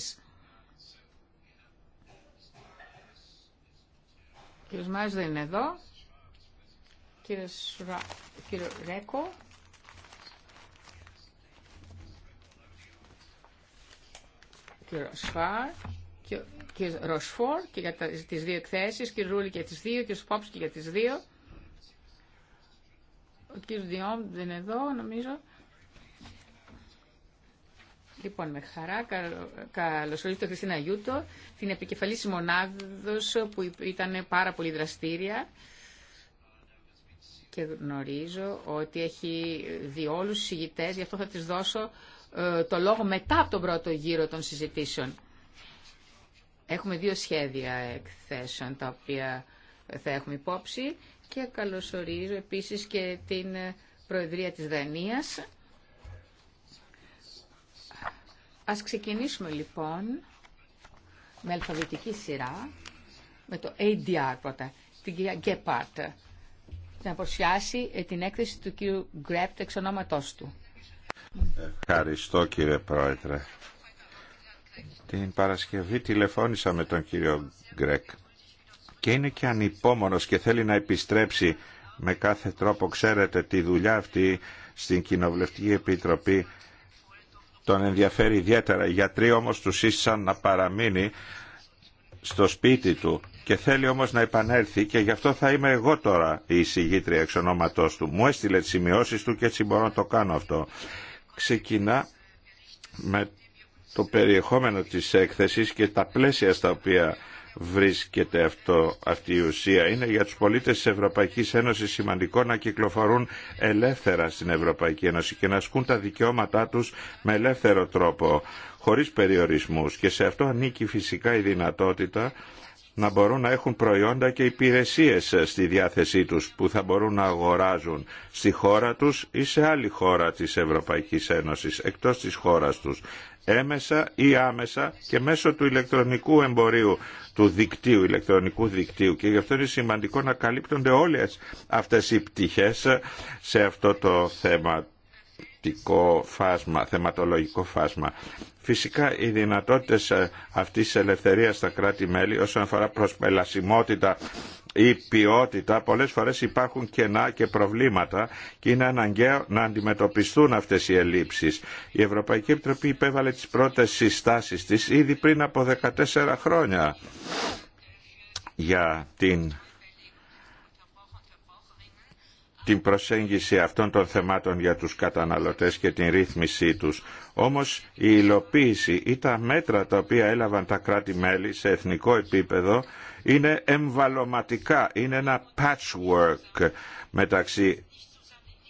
Ο κύριος δεν είναι εδώ. κύριος Κύριο Ρέκο. κύριος Ροσφόρ και για τις δύο εκθέσεις. Κύριε Ρούλη και τις δύο. Κύριος Πόψη και για τις δύο. Ο κύριος Διόμ δεν είναι εδώ, νομίζω. Λοιπόν, με χαρά καλωσορίζω τον Χριστίνα Γιούτο, την επικεφαλής μονάδος που ήταν πάρα πολύ δραστήρια και γνωρίζω ότι έχει δει όλου του συγητέ. γι' αυτό θα της δώσω ε, το λόγο μετά από τον πρώτο γύρο των συζητήσεων. Έχουμε δύο σχέδια εκθέσεων τα οποία θα έχουμε υπόψη και καλωσορίζω επίσης και την Προεδρία της Δανίας. Ας ξεκινήσουμε λοιπόν με αλφαβητική σειρά, με το ADR πρώτα, την κυρία Γκέπαρτ, να παρουσιάσει ε, την έκθεση του κύριου Γκρέπτ εξ ονόματός του. Ευχαριστώ κύριε Πρόεδρε. Την Παρασκευή τηλεφώνησα με τον κύριο Γκρέκ και είναι και ανυπόμονος και θέλει να επιστρέψει με κάθε τρόπο, ξέρετε, τη δουλειά αυτή στην Κοινοβουλευτική Επιτροπή τον ενδιαφέρει ιδιαίτερα. Οι γιατροί όμως του σύστησαν να παραμείνει στο σπίτι του και θέλει όμως να επανέλθει και γι' αυτό θα είμαι εγώ τώρα η εισηγήτρια εξ ονόματός του. Μου έστειλε τις σημειώσεις του και έτσι μπορώ να το κάνω αυτό. Ξεκινά με το περιεχόμενο της έκθεσης και τα πλαίσια στα οποία βρίσκεται αυτό, αυτή η ουσία. Είναι για τους πολίτες της Ευρωπαϊκής Ένωσης σημαντικό να κυκλοφορούν ελεύθερα στην Ευρωπαϊκή Ένωση και να ασκούν τα δικαιώματά τους με ελεύθερο τρόπο, χωρίς περιορισμούς. Και σε αυτό ανήκει φυσικά η δυνατότητα να μπορούν να έχουν προϊόντα και υπηρεσίες στη διάθεσή τους που θα μπορούν να αγοράζουν στη χώρα τους ή σε άλλη χώρα της Ευρωπαϊκής Ένωσης, εκτός της χώρας τους έμεσα ή άμεσα και μέσω του ηλεκτρονικού εμπορίου, του δικτύου, ηλεκτρονικού δικτύου. Και γι' αυτό είναι σημαντικό να καλύπτονται όλες αυτές οι πτυχές σε αυτό το θεματικό φάσμα, θεματολογικό φάσμα. Φυσικά οι δυνατότητες αυτής της ελευθερίας στα κράτη-μέλη όσον αφορά προσπελασιμότητα η ποιότητα, πολλές φορές υπάρχουν κενά και προβλήματα και είναι αναγκαίο να αντιμετωπιστούν αυτές οι ελλείψεις. Η Ευρωπαϊκή Επιτροπή υπέβαλε τις πρώτες συστάσεις της ήδη πριν από 14 χρόνια για την την προσέγγιση αυτών των θεμάτων για τους καταναλωτές και την ρύθμισή τους. Όμως η υλοποίηση ή τα μέτρα τα οποία έλαβαν τα κράτη-μέλη σε εθνικό επίπεδο είναι εμβαλωματικά, είναι ένα patchwork μεταξύ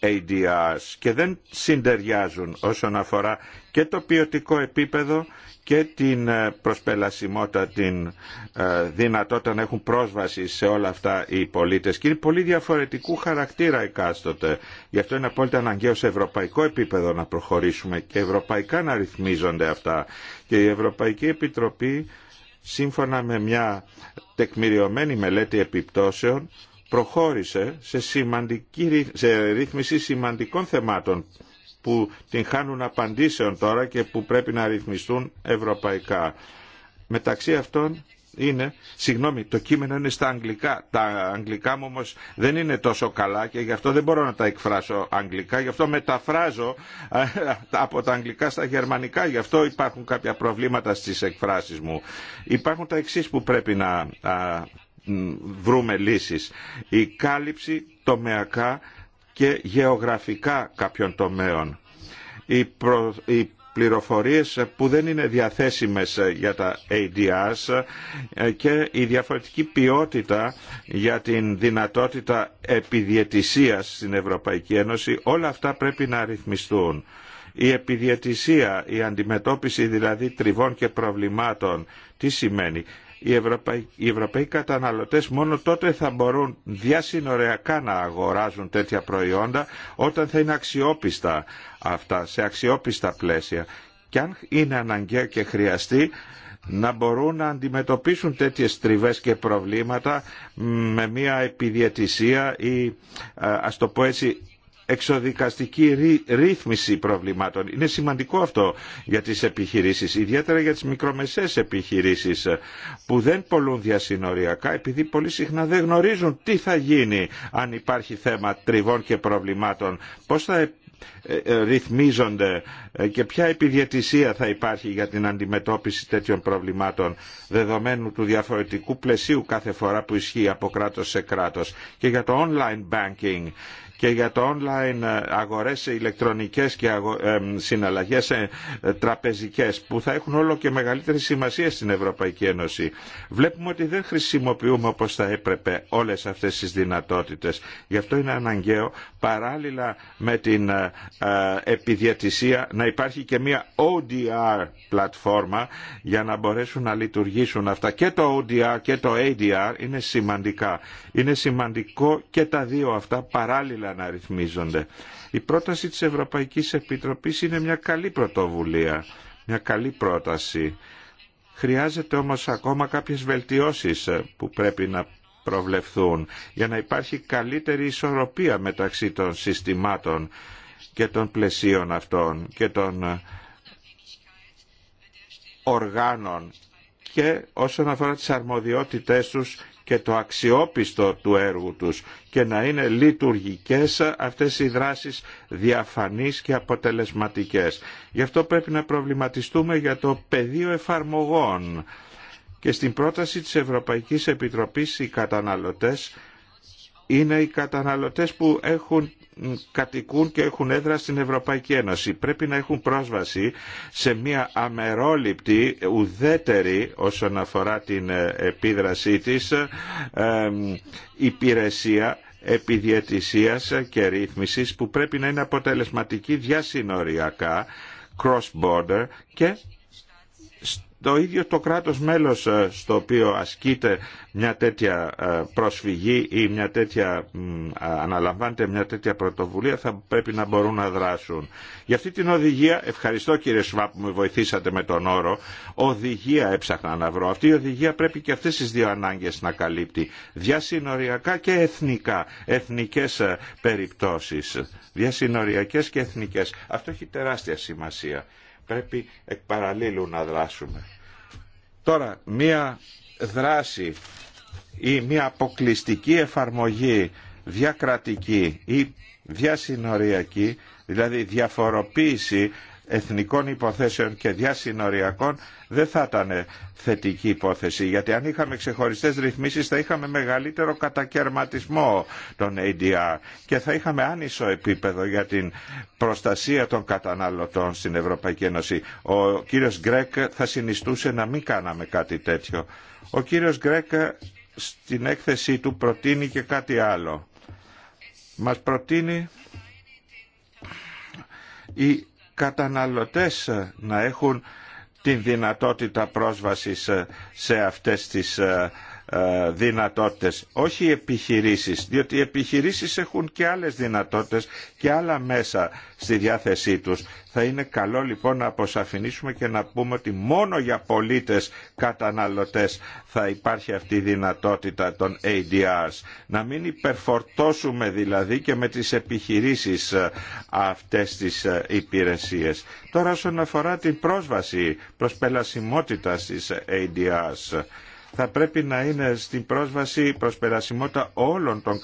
ADRs και δεν συντεριάζουν όσον αφορά και το ποιοτικό επίπεδο και την ε, προσπελασιμότητα, την ε, δυνατότητα να έχουν πρόσβαση σε όλα αυτά οι πολίτες και είναι πολύ διαφορετικού χαρακτήρα εκάστοτε. Γι' αυτό είναι απόλυτα αναγκαίο σε ευρωπαϊκό επίπεδο να προχωρήσουμε και ευρωπαϊκά να ρυθμίζονται αυτά. Και η Ευρωπαϊκή Επιτροπή σύμφωνα με μια τεκμηριωμένη μελέτη επιπτώσεων προχώρησε σε, σημαντική, σε ρύθμιση σημαντικών θεμάτων που την χάνουν απαντήσεων τώρα και που πρέπει να ρυθμιστούν ευρωπαϊκά. Μεταξύ αυτών είναι, συγγνώμη, το κείμενο είναι στα αγγλικά. Τα αγγλικά μου όμω δεν είναι τόσο καλά και γι' αυτό δεν μπορώ να τα εκφράσω αγγλικά. Γι' αυτό μεταφράζω ε, από τα αγγλικά στα γερμανικά. Γι' αυτό υπάρχουν κάποια προβλήματα στι εκφράσει μου. Υπάρχουν τα εξή που πρέπει να βρούμε λύσεις. Η κάλυψη τομεακά και γεωγραφικά κάποιων τομέων. Η, πληροφορίες που δεν είναι διαθέσιμες για τα ADRs και η διαφορετική ποιότητα για την δυνατότητα επιδιαιτησίας στην Ευρωπαϊκή Ένωση, όλα αυτά πρέπει να ρυθμιστούν. Η επιδιαιτησία, η αντιμετώπιση δηλαδή τριβών και προβλημάτων, τι σημαίνει οι Ευρωπαίοι, οι καταναλωτές μόνο τότε θα μπορούν διασυνοριακά να αγοράζουν τέτοια προϊόντα όταν θα είναι αξιόπιστα αυτά, σε αξιόπιστα πλαίσια. Και αν είναι αναγκαία και χρειαστεί να μπορούν να αντιμετωπίσουν τέτοιες τριβές και προβλήματα με μια επιδιαιτησία ή ας το πω έτσι εξοδικαστική ρύθμιση προβλημάτων. Είναι σημαντικό αυτό για τις επιχειρήσεις, ιδιαίτερα για τις μικρομεσαίες επιχειρήσεις που δεν πολλούν διασυνοριακά επειδή πολύ συχνά δεν γνωρίζουν τι θα γίνει αν υπάρχει θέμα τριβών και προβλημάτων. Πώς θα ε, ε, ρυθμίζονται ε, και ποια επιδιαιτησία θα υπάρχει για την αντιμετώπιση τέτοιων προβλημάτων δεδομένου του διαφορετικού πλαισίου κάθε φορά που ισχύει από κράτος σε κράτος και για το online banking και για το online αγορές ηλεκτρονικές και ε, συναλλαγές ε, τραπεζικές που θα έχουν όλο και μεγαλύτερη σημασία στην Ευρωπαϊκή Ένωση. Βλέπουμε ότι δεν χρησιμοποιούμε όπως θα έπρεπε όλες αυτές τις δυνατότητες. Γι' αυτό είναι αναγκαίο παράλληλα με την ε, επιδιατησία να υπάρχει και μια ODR πλατφόρμα για να μπορέσουν να λειτουργήσουν αυτά. Και το ODR και το ADR είναι σημαντικά. Είναι σημαντικό και τα δύο αυτά παράλληλα να ρυθμίζονται. Η πρόταση της Ευρωπαϊκής Επιτροπής είναι μια καλή πρωτοβουλία, μια καλή πρόταση. Χρειάζεται όμως ακόμα κάποιες βελτιώσεις ε, που πρέπει να προβλεφθούν για να υπάρχει καλύτερη ισορροπία μεταξύ των συστημάτων και των πλαισίων αυτών και των ε, οργάνων και όσον αφορά τις αρμοδιότητές τους και το αξιόπιστο του έργου τους και να είναι λειτουργικές αυτές οι δράσεις διαφανείς και αποτελεσματικές. Γι' αυτό πρέπει να προβληματιστούμε για το πεδίο εφαρμογών. Και στην πρόταση της Ευρωπαϊκής Επιτροπής οι καταναλωτές είναι οι καταναλωτές που έχουν κατοικούν και έχουν έδρα στην Ευρωπαϊκή Ένωση. Πρέπει να έχουν πρόσβαση σε μια αμερόληπτη, ουδέτερη όσον αφορά την ε, επίδρασή της ε, υπηρεσία επιδιαιτησίας και ρύθμισης που πρέπει να είναι αποτελεσματική διασυνοριακά cross-border και το ίδιο το κράτος μέλος ε, στο οποίο ασκείται μια τέτοια ε, προσφυγή ή μια τέτοια, αναλαμβάνεται μια τέτοια πρωτοβουλία θα πρέπει να μπορούν να δράσουν. Για αυτή την οδηγία, ευχαριστώ κύριε Σβάπ που με βοηθήσατε με τον όρο, οδηγία έψαχνα να βρω. Αυτή η οδηγία πρέπει και αυτές τις δύο ανάγκες να καλύπτει. Διασυνοριακά και εθνικά, εθνικές ε, περιπτώσεις. Διασυνοριακές και εθνικές. Αυτό έχει τεράστια σημασία πρέπει εκ παραλίλου να δράσουμε. Τώρα, μία δράση ή μία αποκλειστική εφαρμογή διακρατική ή διασυνοριακή, δηλαδή διαφοροποίηση εθνικών υποθέσεων και διασυνοριακών δεν θα ήταν θετική υπόθεση. Γιατί αν είχαμε ξεχωριστές ρυθμίσεις θα είχαμε μεγαλύτερο κατακαιρματισμό των ADR και θα είχαμε άνισο επίπεδο για την προστασία των καταναλωτών στην Ευρωπαϊκή Ένωση. Ο κύριος Γκρέκ θα συνιστούσε να μην κάναμε κάτι τέτοιο. Ο κύριος Γκρέκ στην έκθεσή του προτείνει και κάτι άλλο. Μας προτείνει η καταναλωτές ε, να έχουν τη δυνατότητα πρόσβασης ε, σε αυτές τις ε, ε, δυνατότητες, όχι οι επιχειρήσεις, διότι οι επιχειρήσεις έχουν και άλλες δυνατότητες και άλλα μέσα στη διάθεσή τους. Θα είναι καλό λοιπόν να αποσαφηνίσουμε και να πούμε ότι μόνο για πολίτες καταναλωτές θα υπάρχει αυτή η δυνατότητα των ADRs. Να μην υπερφορτώσουμε δηλαδή και με τις επιχειρήσεις ε, αυτές τις ε, υπηρεσίες. Τώρα όσον αφορά την πρόσβαση προς πελασιμότητα στις ADRs θα πρέπει να είναι στην πρόσβαση προσπερασιμότητα όλων των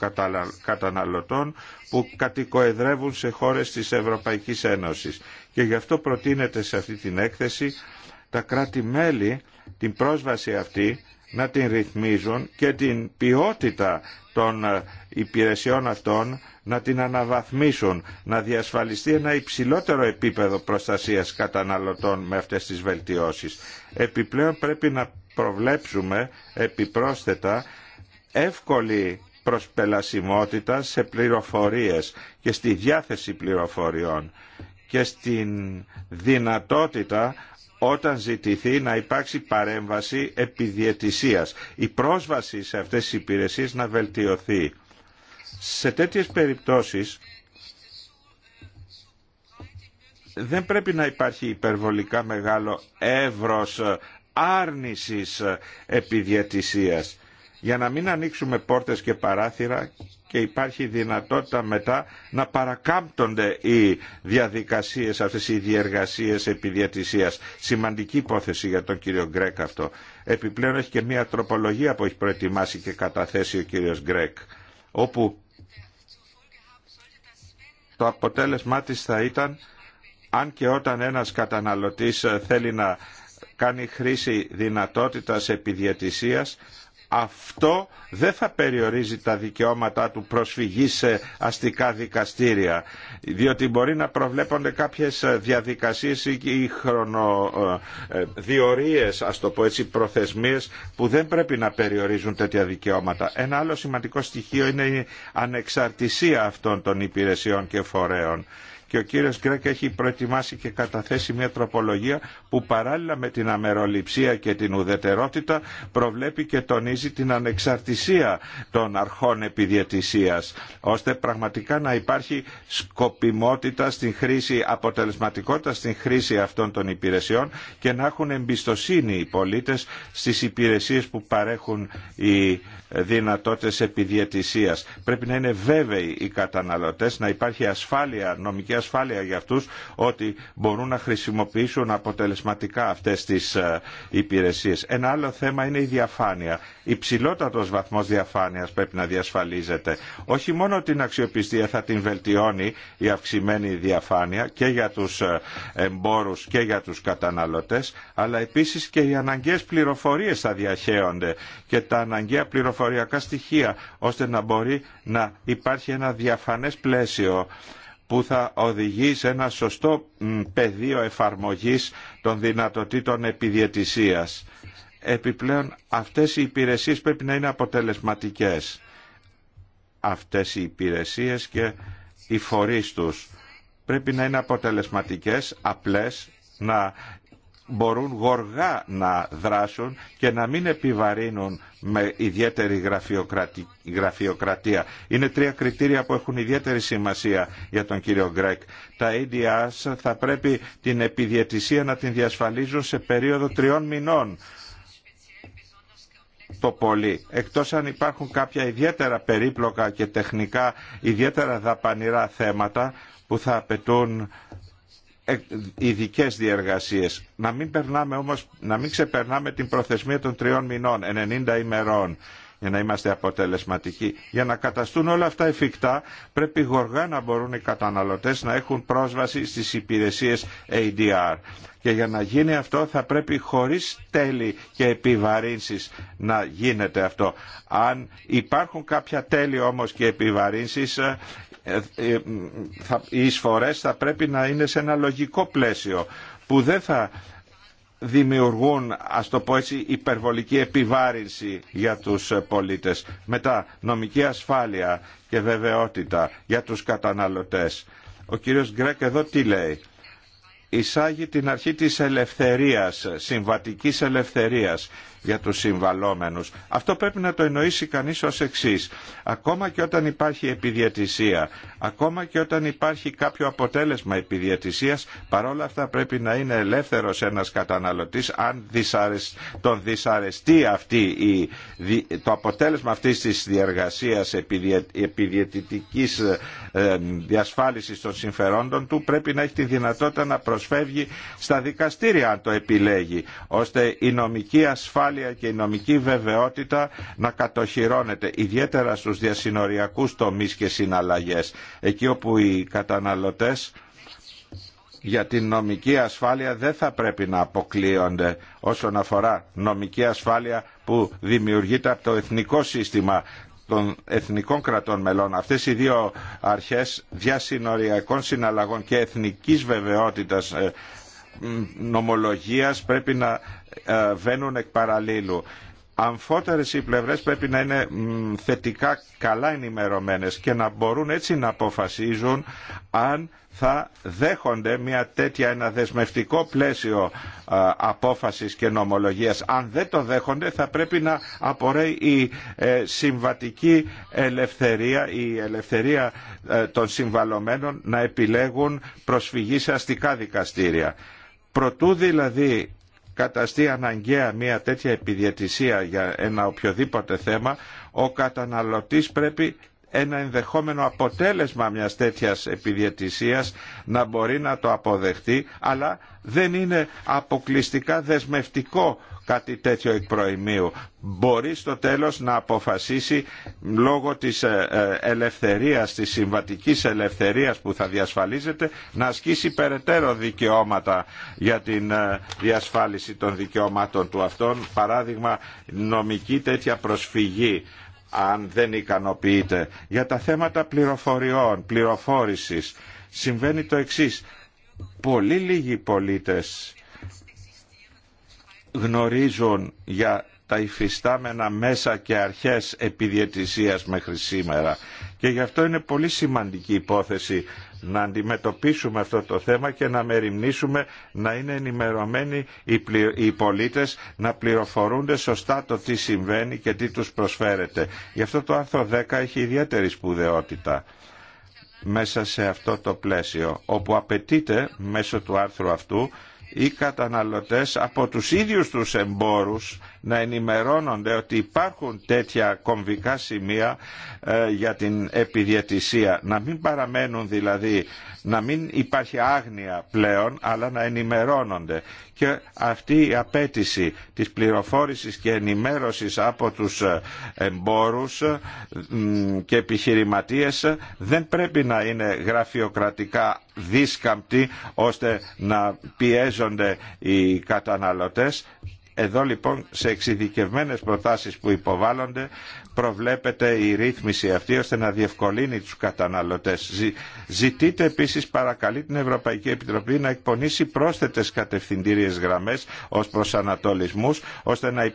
καταναλωτών που κατοικοεδρεύουν σε χώρες της Ευρωπαϊκής Ένωσης. Και γι' αυτό προτείνεται σε αυτή την έκθεση τα κράτη-μέλη την πρόσβαση αυτή να την ρυθμίζουν και την ποιότητα των ε, υπηρεσιών αυτών να την αναβαθμίσουν, να διασφαλιστεί ένα υψηλότερο επίπεδο προστασίας καταναλωτών με αυτές τις βελτιώσεις. Επιπλέον πρέπει να προβλέψουμε επιπρόσθετα εύκολη προσπελασιμότητα σε πληροφορίες και στη διάθεση πληροφοριών και στην δυνατότητα όταν ζητηθεί να υπάρξει παρέμβαση επιδιαιτησίας. Η πρόσβαση σε αυτές τις υπηρεσίες να βελτιωθεί. Σε τέτοιες περιπτώσεις δεν πρέπει να υπάρχει υπερβολικά μεγάλο εύρος άρνησης ε, επιδιατησίας για να μην ανοίξουμε πόρτες και παράθυρα και υπάρχει δυνατότητα μετά να παρακάμπτονται οι διαδικασίες αυτές, οι διεργασίες επιδιατησίας. Σημαντική υπόθεση για τον κύριο Γκρέκ αυτό. Επιπλέον έχει και μια τροπολογία που έχει προετοιμάσει και καταθέσει ο κύριος Γκρέκ, όπου το αποτέλεσμά της θα ήταν αν και όταν ένας καταναλωτής θέλει να κάνει χρήση δυνατότητας επιδιατησίας αυτό δεν θα περιορίζει τα δικαιώματα του προσφυγή σε αστικά δικαστήρια, διότι μπορεί να προβλέπονται κάποιες διαδικασίες ή χρονοδιορίες, ε, ας το πω έτσι, προθεσμίες που δεν πρέπει να περιορίζουν τέτοια δικαιώματα. Ένα άλλο σημαντικό στοιχείο είναι η ανεξαρτησία αυτών των υπηρεσιών και φορέων και ο κύριος Γκρέκ έχει προετοιμάσει και καταθέσει μια τροπολογία που παράλληλα με την αμεροληψία και την ουδετερότητα προβλέπει και τονίζει την ανεξαρτησία των αρχών επιδιαιτησίας ώστε πραγματικά να υπάρχει σκοπιμότητα στην χρήση, αποτελεσματικότητα στην χρήση αυτών των υπηρεσιών και να έχουν εμπιστοσύνη οι πολίτες στις υπηρεσίες που παρέχουν οι δυνατότητες επιδιαιτησίας. Πρέπει να είναι βέβαιοι οι καταναλωτές, να υπάρχει ασφάλεια, νομική ασφάλεια για αυτούς ότι μπορούν να χρησιμοποιήσουν αποτελεσματικά αυτές τις ε, υπηρεσίες. Ένα άλλο θέμα είναι η διαφάνεια. Υψηλότατος βαθμός διαφάνειας πρέπει να διασφαλίζεται. Όχι μόνο την αξιοπιστία θα την βελτιώνει η αυξημένη διαφάνεια και για τους ε, εμπόρους και για τους καταναλωτές, αλλά επίσης και οι αναγκαίες πληροφορίες θα διαχέονται και τα αναγκαία πληροφοριακά στοιχεία, ώστε να μπορεί να υπάρχει ένα διαφανές πλαίσιο που θα οδηγεί σε ένα σωστό πεδίο εφαρμογής των δυνατοτήτων επιδιαιτησίας. Επιπλέον αυτές οι υπηρεσίες πρέπει να είναι αποτελεσματικές. Αυτές οι υπηρεσίες και οι φορείς τους πρέπει να είναι αποτελεσματικές, απλές, να μπορούν γοργά να δράσουν και να μην επιβαρύνουν με ιδιαίτερη γραφειοκρατία. Είναι τρία κριτήρια που έχουν ιδιαίτερη σημασία για τον κύριο Γκρέκ. Τα EDS θα πρέπει την επιδιαιτησία να την διασφαλίζουν σε περίοδο τριών μηνών το πολύ, εκτός αν υπάρχουν κάποια ιδιαίτερα περίπλοκα και τεχνικά ιδιαίτερα δαπανηρά θέματα που θα απαιτούν ε, ειδικέ διεργασίες. Να μην, περνάμε να μην ξεπερνάμε την προθεσμία των τριών μηνών, 90 ημερών για να είμαστε αποτελεσματικοί. Για να καταστούν όλα αυτά εφικτά, πρέπει γοργά να μπορούν οι καταναλωτέ να έχουν πρόσβαση στι υπηρεσίε ADR. Και για να γίνει αυτό θα πρέπει χωρίς τέλη και επιβαρύνσεις να γίνεται αυτό. Αν υπάρχουν κάποια τέλη όμως και επιβαρύνσεις, ε, ε, οι εισφορές θα πρέπει να είναι σε ένα λογικό πλαίσιο που δεν θα δημιουργούν, ας το πω έτσι, υπερβολική επιβάρυνση για τους πολίτες. Μετά, νομική ασφάλεια και βεβαιότητα για τους καταναλωτές. Ο κύριος Γκρέκ εδώ τι λέει. Εισάγει την αρχή της ελευθερίας, συμβατικής ελευθερίας για τους συμβαλόμενους. Αυτό πρέπει να το εννοήσει κανείς ως εξή. Ακόμα και όταν υπάρχει επιδιαιτησία, ακόμα και όταν υπάρχει κάποιο αποτέλεσμα επιδιαιτησίας, παρόλα αυτά πρέπει να είναι ελεύθερος ένας καταναλωτής αν τον δυσαρεστεί αυτή η, το αποτέλεσμα αυτής της διεργασίας επιδιαιτητικής ε, διασφάλισης των συμφερόντων του πρέπει να έχει τη δυνατότητα να προσφεύγει στα δικαστήρια αν το επιλέγει, ώστε η νομική ασφάλεια ασφάλεια και η νομική βεβαιότητα να κατοχυρώνεται, ιδιαίτερα στους διασυνοριακούς τομείς και συναλλαγές, εκεί όπου οι καταναλωτές για την νομική ασφάλεια δεν θα πρέπει να αποκλείονται όσον αφορά νομική ασφάλεια που δημιουργείται από το εθνικό σύστημα των εθνικών κρατών μελών. Αυτές οι δύο αρχές διασυνοριακών συναλλαγών και εθνικής βεβαιότητας ε, νομολογίας πρέπει να ε, βαίνουν εκ παραλίλου. Αμφότερες οι πλευρές πρέπει να είναι θετικά καλά ενημερωμένες και να μπορούν έτσι να αποφασίζουν αν θα δέχονται μια τέτοια ένα δεσμευτικό πλαίσιο ε, απόφασης και νομολογίας. Αν δεν το δέχονται θα πρέπει να απορρέει η ε, συμβατική ελευθερία, η ελευθερία των συμβαλωμένων να επιλέγουν προσφυγή σε αστικά δικαστήρια. Προτού δηλαδή καταστεί αναγκαία μια τέτοια επιδιαιτησία για ένα οποιοδήποτε θέμα, ο καταναλωτής πρέπει ένα ενδεχόμενο αποτέλεσμα μιας τέτοιας επιδιαιτησίας να μπορεί να το αποδεχτεί, αλλά δεν είναι αποκλειστικά δεσμευτικό κάτι τέτοιο εκ προημίου μπορεί στο τέλος να αποφασίσει λόγω της ε, ε, ελευθερίας, της συμβατικής ελευθερίας που θα διασφαλίζεται να ασκήσει περαιτέρω δικαιώματα για την ε, διασφάλιση των δικαιωμάτων του αυτών παράδειγμα νομική τέτοια προσφυγή αν δεν ικανοποιείται για τα θέματα πληροφοριών, πληροφόρησης συμβαίνει το εξής πολύ λίγοι πολίτες γνωρίζουν για τα υφιστάμενα μέσα και αρχές επιδιαιτησίας μέχρι σήμερα. Και γι' αυτό είναι πολύ σημαντική υπόθεση να αντιμετωπίσουμε αυτό το θέμα και να μεριμνήσουμε να είναι ενημερωμένοι οι πολίτες να πληροφορούνται σωστά το τι συμβαίνει και τι τους προσφέρεται. Γι' αυτό το άρθρο 10 έχει ιδιαίτερη σπουδαιότητα μέσα σε αυτό το πλαίσιο, όπου απαιτείται μέσω του άρθρου αυτού ή καταναλωτές από τους ίδιους τους εμπόρους να ενημερώνονται ότι υπάρχουν τέτοια κομβικά σημεία ε, για την επιδιαιτησία. Να μην παραμένουν δηλαδή, να μην υπάρχει άγνοια πλέον, αλλά να ενημερώνονται. Και αυτή η απέτηση της πληροφόρησης και ενημέρωσης από τους ε, εμπόρους ε, και επιχειρηματίες δεν πρέπει να είναι γραφειοκρατικά δίσκαμπτη ώστε να πιέζονται οι καταναλωτές εδώ λοιπόν σε εξειδικευμένες προτάσεις που υποβάλλονται προβλέπεται η ρύθμιση αυτή ώστε να διευκολύνει τους καταναλωτές. Ζητείτε επίσης παρακαλεί την Ευρωπαϊκή Επιτροπή να εκπονήσει πρόσθετες κατευθυντήριες γραμμές ως προς ανατολισμούς ώστε να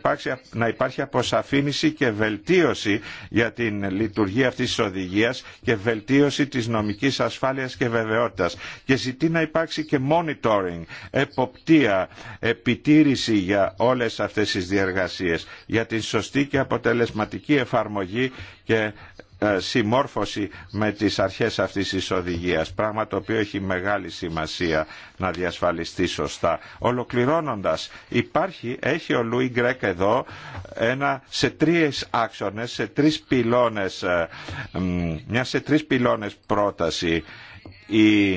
να υπάρχει αποσαφήνιση και βελτίωση για την λειτουργία αυτής της οδηγίας και βελτίωση της νομικής ασφάλειας και βεβαιότητας. Και ζητεί να υπάρξει και monitoring, εποπτεία, επιτήρηση για όλες αυτές τις διεργασίες, για την σωστή και αποτελεσματική εφαρμογή και ε, συμμόρφωση με τις αρχές αυτής της οδηγίας, πράγμα το οποίο έχει μεγάλη σημασία να διασφαλιστεί σωστά. Ολοκληρώνοντας, υπάρχει, έχει ο Λουί Γκρέκ εδώ ένα, σε τρεις άξονες, σε τρεις πυλώνες, ε, μια σε τρεις πυλώνες πρόταση η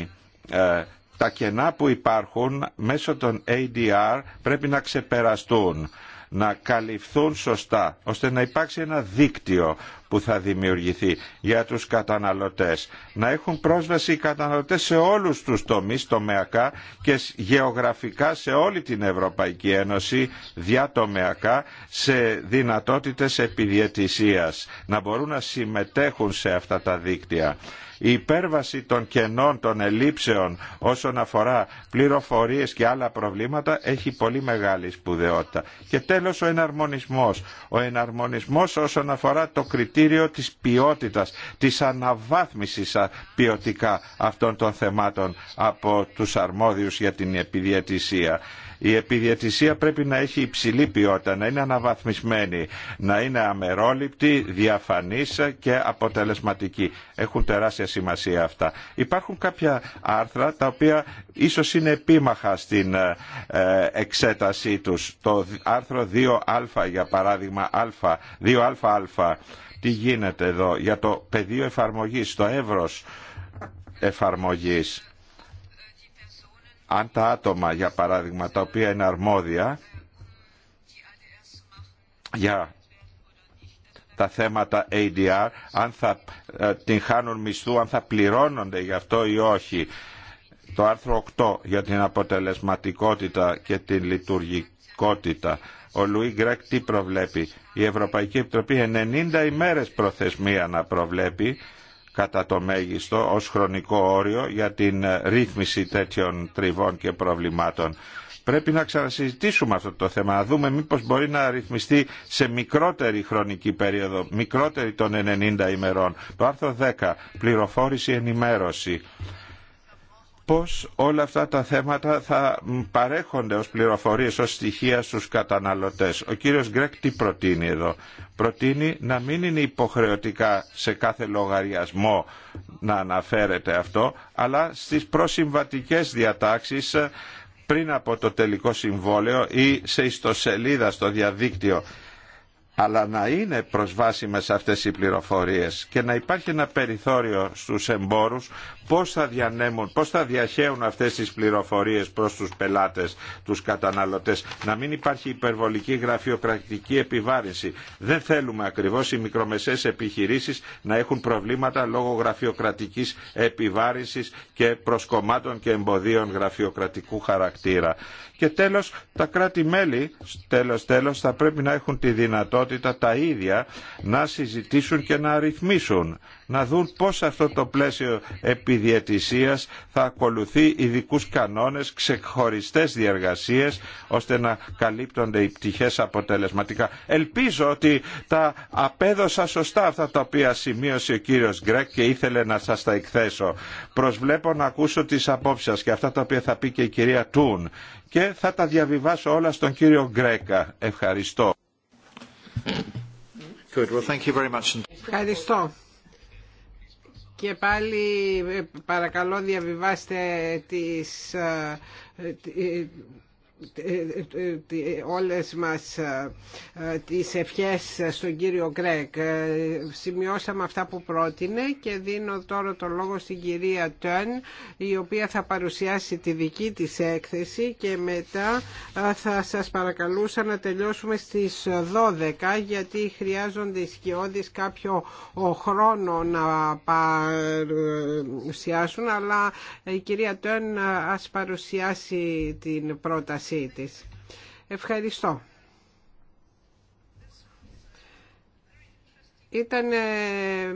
ε, τα κενά που υπάρχουν μέσω των ADR πρέπει να ξεπεραστούν να καλυφθούν σωστά, ώστε να υπάρξει ένα δίκτυο που θα δημιουργηθεί για τους καταναλωτές. Να έχουν πρόσβαση οι καταναλωτές σε όλους τους τομείς τομεακά και γεωγραφικά σε όλη την Ευρωπαϊκή Ένωση διατομεακά σε δυνατότητες επιδιαιτησίας. Να μπορούν να συμμετέχουν σε αυτά τα δίκτυα. Η υπέρβαση των κενών, των ελλείψεων όσον αφορά πληροφορίες και άλλα προβλήματα έχει πολύ μεγάλη σπουδαιότητα. Και τέλος ο εναρμονισμός. Ο εναρμονισμός όσον αφορά το κριτήριο της ποιότητας, της αναβάθμισης ποιοτικά αυτών των θεμάτων από τους αρμόδιους για την επιδιαιτησία. Η επιδιαιτησία πρέπει να έχει υψηλή ποιότητα, να είναι αναβαθμισμένη, να είναι αμερόληπτη, διαφανής και αποτελεσματική. Έχουν τεράστια σημασία αυτά. Υπάρχουν κάποια άρθρα τα οποία ίσως είναι επίμαχα στην ε, εξέτασή τους. Το άρθρο 2α για παράδειγμα, α, 2αα, τι γίνεται εδώ για το πεδίο εφαρμογής, το εύρος εφαρμογής αν τα άτομα, για παράδειγμα, τα οποία είναι αρμόδια για τα θέματα ADR, αν θα ε, την χάνουν μισθού, αν θα πληρώνονται γι' αυτό ή όχι. Το άρθρο 8 για την αποτελεσματικότητα και την λειτουργικότητα. Ο Λουί Γκρέκ τι προβλέπει. Η Ευρωπαϊκή Επιτροπή 90 ημέρες προθεσμία να προβλέπει κατά το μέγιστο ως χρονικό όριο για την ρύθμιση τέτοιων τριβών και προβλημάτων. Πρέπει να ξανασυζητήσουμε αυτό το θέμα, να δούμε μήπως μπορεί να ρυθμιστεί σε μικρότερη χρονική περίοδο, μικρότερη των 90 ημερών. Το άρθρο 10, πληροφόρηση ενημέρωση πώς όλα αυτά τα θέματα θα παρέχονται ως πληροφορίες, ως στοιχεία στους καταναλωτές. Ο κύριος Γκρέκ τι προτείνει εδώ. Προτείνει να μην είναι υποχρεωτικά σε κάθε λογαριασμό να αναφέρεται αυτό, αλλά στις προσυμβατικές διατάξεις πριν από το τελικό συμβόλαιο ή σε ιστοσελίδα στο διαδίκτυο αλλά να είναι προσβάσιμες αυτές οι πληροφορίες και να υπάρχει ένα περιθώριο στους εμπόρους πώς θα διανέμουν, πώς θα διαχέουν αυτές τις πληροφορίες προς τους πελάτες, τους καταναλωτές. Να μην υπάρχει υπερβολική γραφειοκρατική επιβάρυνση. Δεν θέλουμε ακριβώς οι μικρομεσαίες επιχειρήσεις να έχουν προβλήματα λόγω γραφειοκρατικής επιβάρυνσης και προσκομμάτων και εμποδίων γραφειοκρατικού χαρακτήρα. Και τέλος, τα κράτη-μέλη, τέλος, τέλος, θα πρέπει να έχουν τη δυνατότητα τα ίδια να συζητήσουν και να ρυθμίσουν να δουν πώς αυτό το πλαίσιο επιδιαιτησίας θα ακολουθεί ειδικού κανόνες, ξεχωριστές διεργασίες, ώστε να καλύπτονται οι πτυχές αποτελεσματικά. Ελπίζω ότι τα απέδωσα σωστά αυτά τα οποία σημείωσε ο κύριος Γκρέκ και ήθελε να σας τα εκθέσω. Προσβλέπω να ακούσω τις απόψεις και αυτά τα οποία θα πει και η κυρία Τούν και θα τα διαβιβάσω όλα στον κύριο Γκρέκα. Ευχαριστώ. thank you very much. Ευχαριστώ. Και πάλι ε, παρακαλώ διαβιβάστε τις ε, ε, ε, ε, ε, όλες μας τις ευχές στον κύριο Γκρέκ. Σημειώσαμε αυτά που πρότεινε και δίνω τώρα το λόγο στην κυρία Τέν η οποία θα παρουσιάσει τη δική της έκθεση και μετά θα σας παρακαλούσα να τελειώσουμε στις 12 γιατί χρειάζονται οι σκιώδεις κάποιο χρόνο να παρουσιάσουν αλλά η κυρία Τέν ας παρουσιάσει την πρόταση έκθεσή της. Ευχαριστώ. Ήταν ε,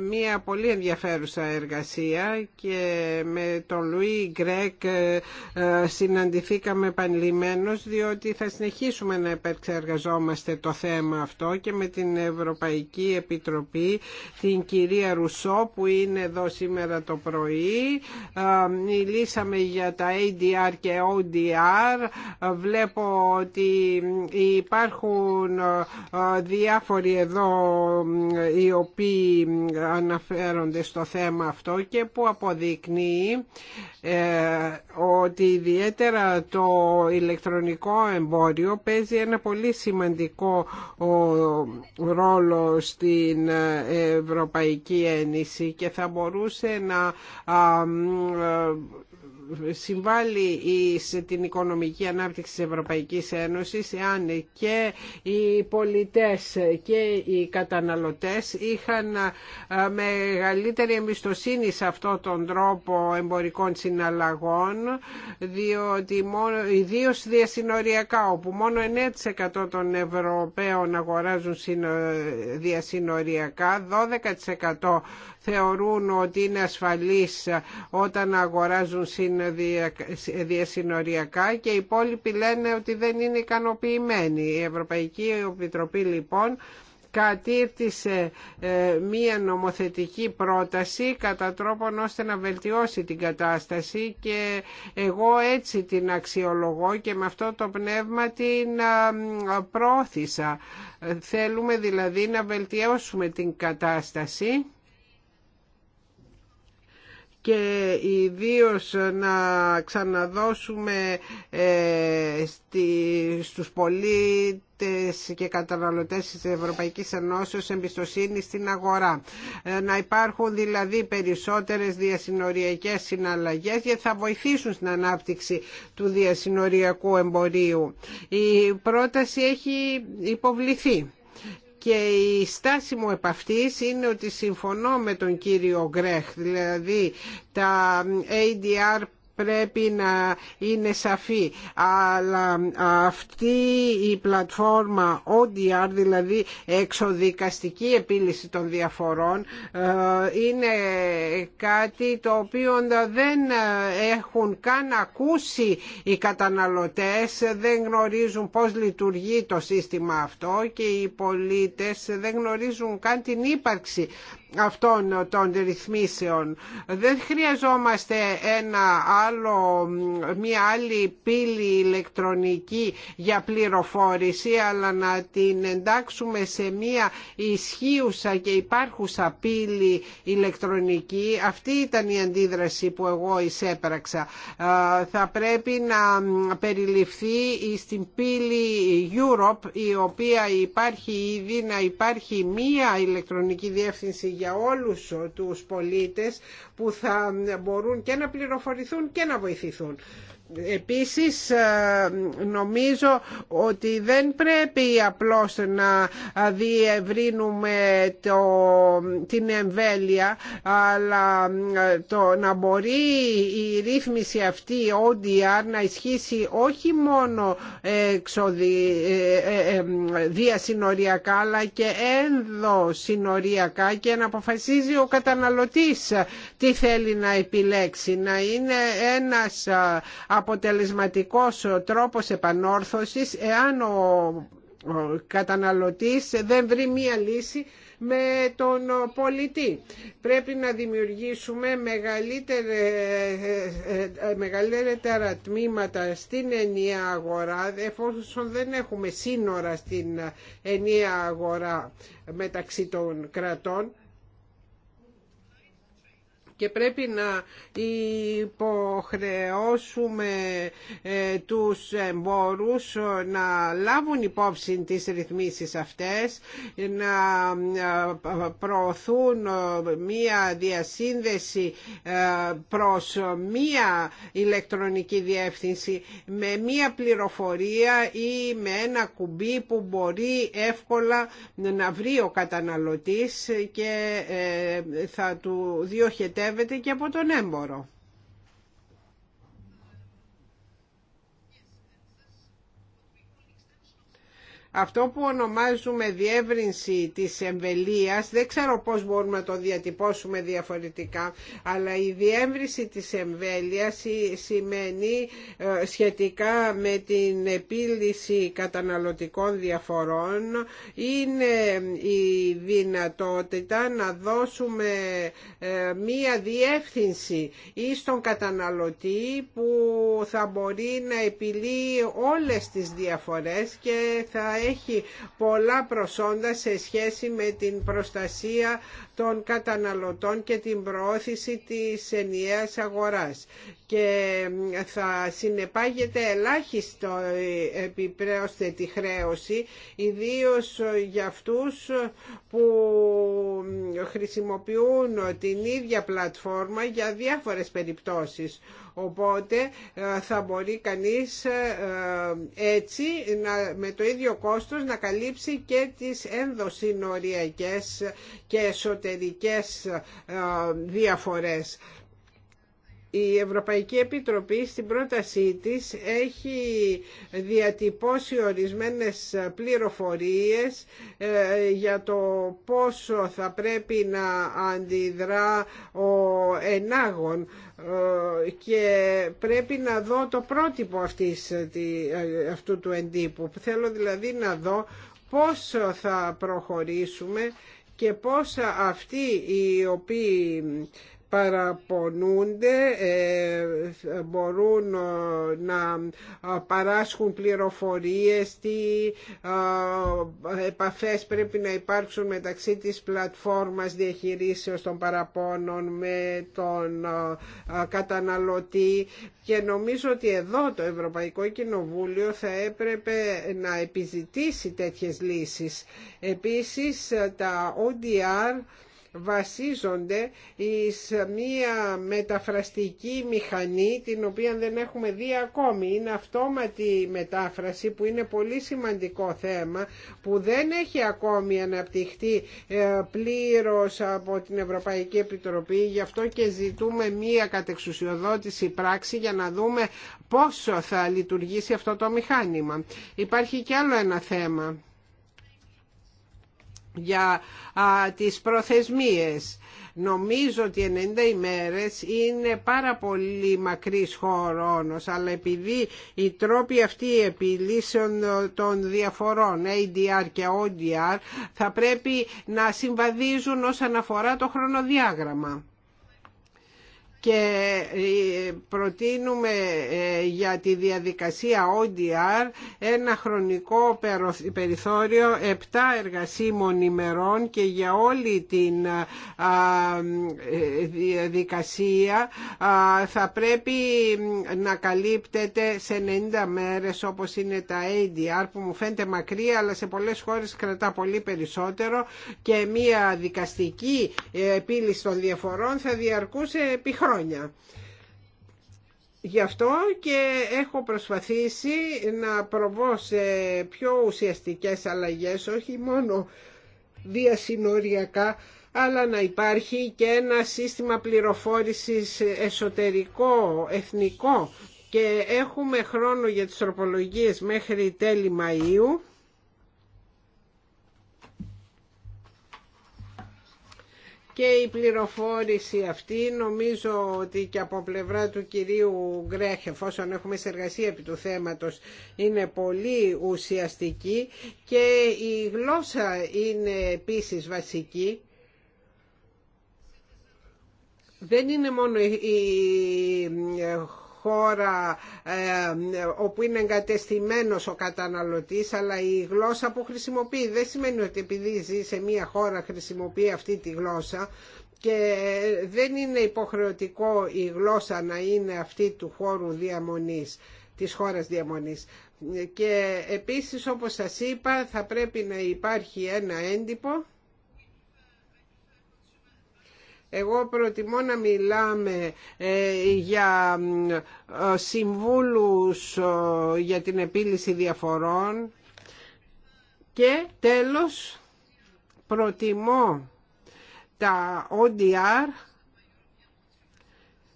μια πολύ ενδιαφέρουσα εργασία και με τον Λουί Γκρέκ ε, ε, συναντηθήκαμε επανειλημμένως διότι θα συνεχίσουμε να επεξεργαζόμαστε το θέμα αυτό και με την Ευρωπαϊκή Επιτροπή, την κυρία Ρουσό που είναι εδώ σήμερα το πρωί. Μιλήσαμε για τα ADR και ODR. Βλέπω ότι υπάρχουν διάφοροι εδώ οι οποίοι αναφέρονται στο θέμα αυτό και που αποδεικνύει ε, ότι ιδιαίτερα το ηλεκτρονικό εμπόριο παίζει ένα πολύ σημαντικό ρόλο στην ε, Ευρωπαϊκή Ένωση και θα μπορούσε να ε, συμβάλλει σε την οικονομική ανάπτυξη της Ευρωπαϊκής Ένωσης εάν και οι πολιτές και οι καταναλωτές είχαν μεγαλύτερη εμπιστοσύνη σε αυτόν τον τρόπο εμπορικών συναλλαγών διότι μόνο, ιδίως διασυνοριακά όπου μόνο 9% των Ευρωπαίων αγοράζουν διασυνοριακά 12% θεωρούν ότι είναι ασφαλείς όταν αγοράζουν διασυνοριακά και οι υπόλοιποι λένε ότι δεν είναι ικανοποιημένοι. Η Ευρωπαϊκή Επιτροπή λοιπόν κατήρτισε ε, μία νομοθετική πρόταση κατά τρόπον ώστε να βελτιώσει την κατάσταση και εγώ έτσι την αξιολογώ και με αυτό το πνεύμα την πρόθυσα. Θέλουμε δηλαδή να βελτιώσουμε την κατάσταση και ιδίω να ξαναδώσουμε ε, στους πολίτες και καταναλωτές της Ευρωπαϊκής Ενώσεως εμπιστοσύνη στην αγορά. Ε, να υπάρχουν δηλαδή περισσότερες διασυνοριακές συναλλαγές γιατί θα βοηθήσουν στην ανάπτυξη του διασυνοριακού εμπορίου. Η πρόταση έχει υποβληθεί και η στάση μου επ' αυτής είναι ότι συμφωνώ με τον κύριο Γκρέχ, δηλαδή τα ADR πρέπει να είναι σαφή. Αλλά αυτή η πλατφόρμα ODR, δηλαδή εξοδικαστική επίλυση των διαφορών, ε, είναι κάτι το οποίο δεν έχουν καν ακούσει οι καταναλωτές, δεν γνωρίζουν πώς λειτουργεί το σύστημα αυτό και οι πολίτες δεν γνωρίζουν καν την ύπαρξη αυτών των ρυθμίσεων. Δεν χρειαζόμαστε ένα άλλο, μια άλλη πύλη ηλεκτρονική για πληροφόρηση, αλλά να την εντάξουμε σε μια ισχύουσα και υπάρχουσα πύλη ηλεκτρονική. Αυτή ήταν η αντίδραση που εγώ εισέπραξα. Θα πρέπει να περιληφθεί στην πύλη Europe, η οποία υπάρχει ήδη, να υπάρχει μία ηλεκτρονική διεύθυνση για όλους τους πολίτες που θα μπορούν και να πληροφορηθούν και να βοηθηθούν. Επίσης ε, νομίζω ότι δεν πρέπει απλώς να διευρύνουμε το, την εμβέλεια αλλά ε, το, να μπορεί η ρύθμιση αυτή ODR να ισχύσει όχι μόνο ε, διασυνοριακά αλλά και ενδοσυνοριακά και να αποφασίζει ο καταναλωτής τι θέλει να επιλέξει να είναι ένας αποτελεσματικός τρόπος επανόρθωσης εάν ο καταναλωτής δεν βρει μία λύση με τον πολιτή. Πρέπει να δημιουργήσουμε ε, ε, μεγαλύτερα τμήματα στην ενιαία αγορά εφόσον δεν έχουμε σύνορα στην ενιαία αγορά μεταξύ των κρατών και πρέπει να υποχρεώσουμε ε, τους εμπόρους να λάβουν υπόψη τις ρυθμίσεις αυτές, να ε, προωθούν ε, μία διασύνδεση προς μία ηλεκτρονική διεύθυνση με μία πληροφορία ή με ένα κουμπί που μπορεί εύκολα να βρει ο καταναλωτής και θα του διοχετεύει δημοσιεύεται και από τον έμπορο. Αυτό που ονομάζουμε διεύρυνση της εμβελίας, δεν ξέρω πώς μπορούμε να το διατυπώσουμε διαφορετικά, αλλά η διεύρυνση της εμβέλειας σημαίνει ε, σχετικά με την επίλυση καταναλωτικών διαφορών, είναι ε, η δυνατότητα να δώσουμε ε, μία διεύθυνση ή στον καταναλωτή που θα μπορεί να επιλύει όλες τις διαφορές και θα έχει πολλά προσόντα σε σχέση με την προστασία των καταναλωτών και την προώθηση της ενιαίας αγοράς και θα συνεπάγεται ελάχιστο ε, επιπρέωστε τη χρέωση ιδίως για αυτούς που χρησιμοποιούν την ίδια πλατφόρμα για διάφορες περιπτώσεις Οπότε ε, θα μπορεί κανείς ε, ε, έτσι με το ίδιο κόστος να καλύψει και τις ενδοσυνοριακές και εσωτερικές διαφορές. Η Ευρωπαϊκή Επιτροπή στην πρότασή της έχει διατυπώσει ορισμένες πληροφορίες ε, για το πόσο θα πρέπει να αντιδρά ο ενάγων ε, και πρέπει να δω το πρότυπο αυτής, ε, αυτού του εντύπου. Θέλω δηλαδή να δω πώς θα προχωρήσουμε και πόσα αυτοί οι οποίοι παραπονούνται ε, μπορούν ε, να ε, παράσχουν πληροφορίες, τι επαφές πρέπει να υπάρξουν μεταξύ της πλατφόρμας διαχειρήσεως των παραπώνων με τον καταναλωτή και νομίζω ότι εδώ το Ευρωπαϊκό Κοινοβούλιο θα έπρεπε να επιζητήσει τέτοιες λύσεις. Επίσης τα ODR βασίζονται σε μία μεταφραστική μηχανή την οποία δεν έχουμε δει ακόμη. Είναι αυτόματη μετάφραση που είναι πολύ σημαντικό θέμα που δεν έχει ακόμη αναπτυχθεί ε, πλήρως από την Ευρωπαϊκή Επιτροπή. Γι' αυτό και ζητούμε μία κατεξουσιοδότηση πράξη για να δούμε πόσο θα λειτουργήσει αυτό το μηχάνημα. Υπάρχει και άλλο ένα θέμα για τις προθεσμίες. Νομίζω ότι 90 ημέρες είναι πάρα πολύ μακρύς χρόνος, αλλά επειδή οι τρόποι αυτοί επιλύσεων των διαφορών ADR και ODR θα πρέπει να συμβαδίζουν όσον αφορά το χρονοδιάγραμμα και ε, προτείνουμε ε, για τη διαδικασία ODR ένα χρονικό περιθώριο 7 εργασίμων ημερών και για όλη την ε, διαδικασία θα πρέπει να καλύπτεται σε 90 μέρες όπως είναι τα ADR που μου φαίνεται μακρύ αλλά σε πολλές χώρες κρατά πολύ περισσότερο και μια δικαστική επίλυση των διαφορών θα διαρκούσε επί χρόνια χρόνια. Γι' αυτό και έχω προσπαθήσει να προβώ σε πιο ουσιαστικές αλλαγές, όχι μόνο διασυνοριακά, αλλά να υπάρχει και ένα σύστημα πληροφόρησης εσωτερικό, εθνικό και έχουμε χρόνο για τις τροπολογίες μέχρι τέλη Μαΐου και η πληροφόρηση αυτή νομίζω ότι και από πλευρά του κυρίου Γκρέχ εφόσον έχουμε συνεργασία επί του θέματος είναι πολύ ουσιαστική και η γλώσσα είναι επίσης βασική δεν είναι μόνο η χώρα ε, όπου είναι εγκατεστημένος ο καταναλωτής αλλά η γλώσσα που χρησιμοποιεί δεν σημαίνει ότι επειδή ζει σε μια χώρα χρησιμοποιεί αυτή τη γλώσσα και δεν είναι υποχρεωτικό η γλώσσα να είναι αυτή του χώρου διαμονής της χώρας διαμονής. Και επίσης όπως σας είπα θα πρέπει να υπάρχει ένα έντυπο εγώ προτιμώ να μιλάμε ε, για ε, συμβούλους ε, για την επίλυση διαφορών και τέλος προτιμώ τα ODR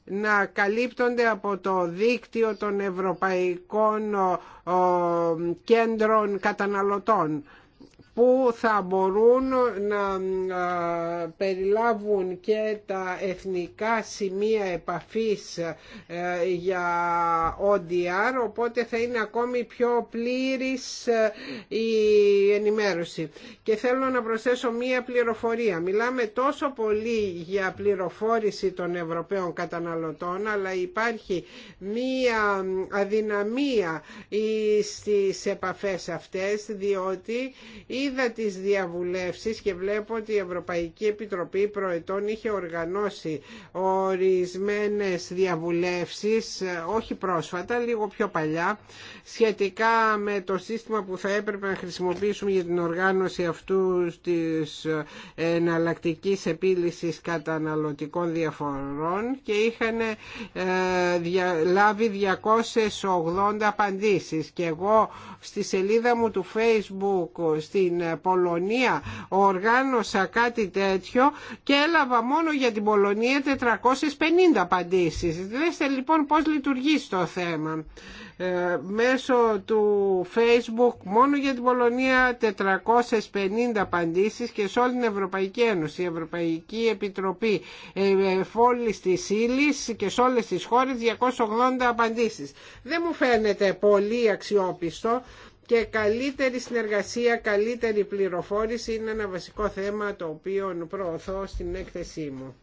να καλύπτονται από το δίκτυο των Ευρωπαϊκών Κέντρων Καταναλωτών που θα μπορούν να περιλάβουν και τα εθνικά σημεία επαφής για ODR, οπότε θα είναι ακόμη πιο πλήρης η ενημέρωση. Και θέλω να προσθέσω μία πληροφορία. Μιλάμε τόσο πολύ για πληροφόρηση των Ευρωπαίων καταναλωτών, αλλά υπάρχει μία αδυναμία στις επαφές αυτές, διότι είδα τις διαβουλεύσεις και βλέπω ότι η Ευρωπαϊκή Επιτροπή Προετών είχε οργανώσει ορισμένες διαβουλεύσεις, όχι πρόσφατα, λίγο πιο παλιά, σχετικά με το σύστημα που θα έπρεπε να χρησιμοποιήσουμε για την οργάνωση αυτού της εναλλακτική επίλυσης καταναλωτικών διαφορών και είχαν ε, λάβει 280 απαντήσεις και εγώ στη σελίδα μου του Facebook στην ε, Πολωνία οργάνωσα κάτι τέτοιο και έλαβα μόνο για την Πολωνία 450 απαντήσεις. Δέστε λοιπόν πώς λειτουργεί στο θέμα. Ε, μέσω του Facebook μόνο για την Πολωνία 450 απαντήσεις και σε όλη την Ευρωπαϊκή Ένωση, η Ευρωπαϊκή Επιτροπή ε, ε, Φόλης της ύλη και σε όλες τις χώρες 280 απαντήσεις. Δεν μου φαίνεται πολύ αξιόπιστο και καλύτερη συνεργασία, καλύτερη πληροφόρηση είναι ένα βασικό θέμα το οποίο προωθώ στην έκθεσή μου.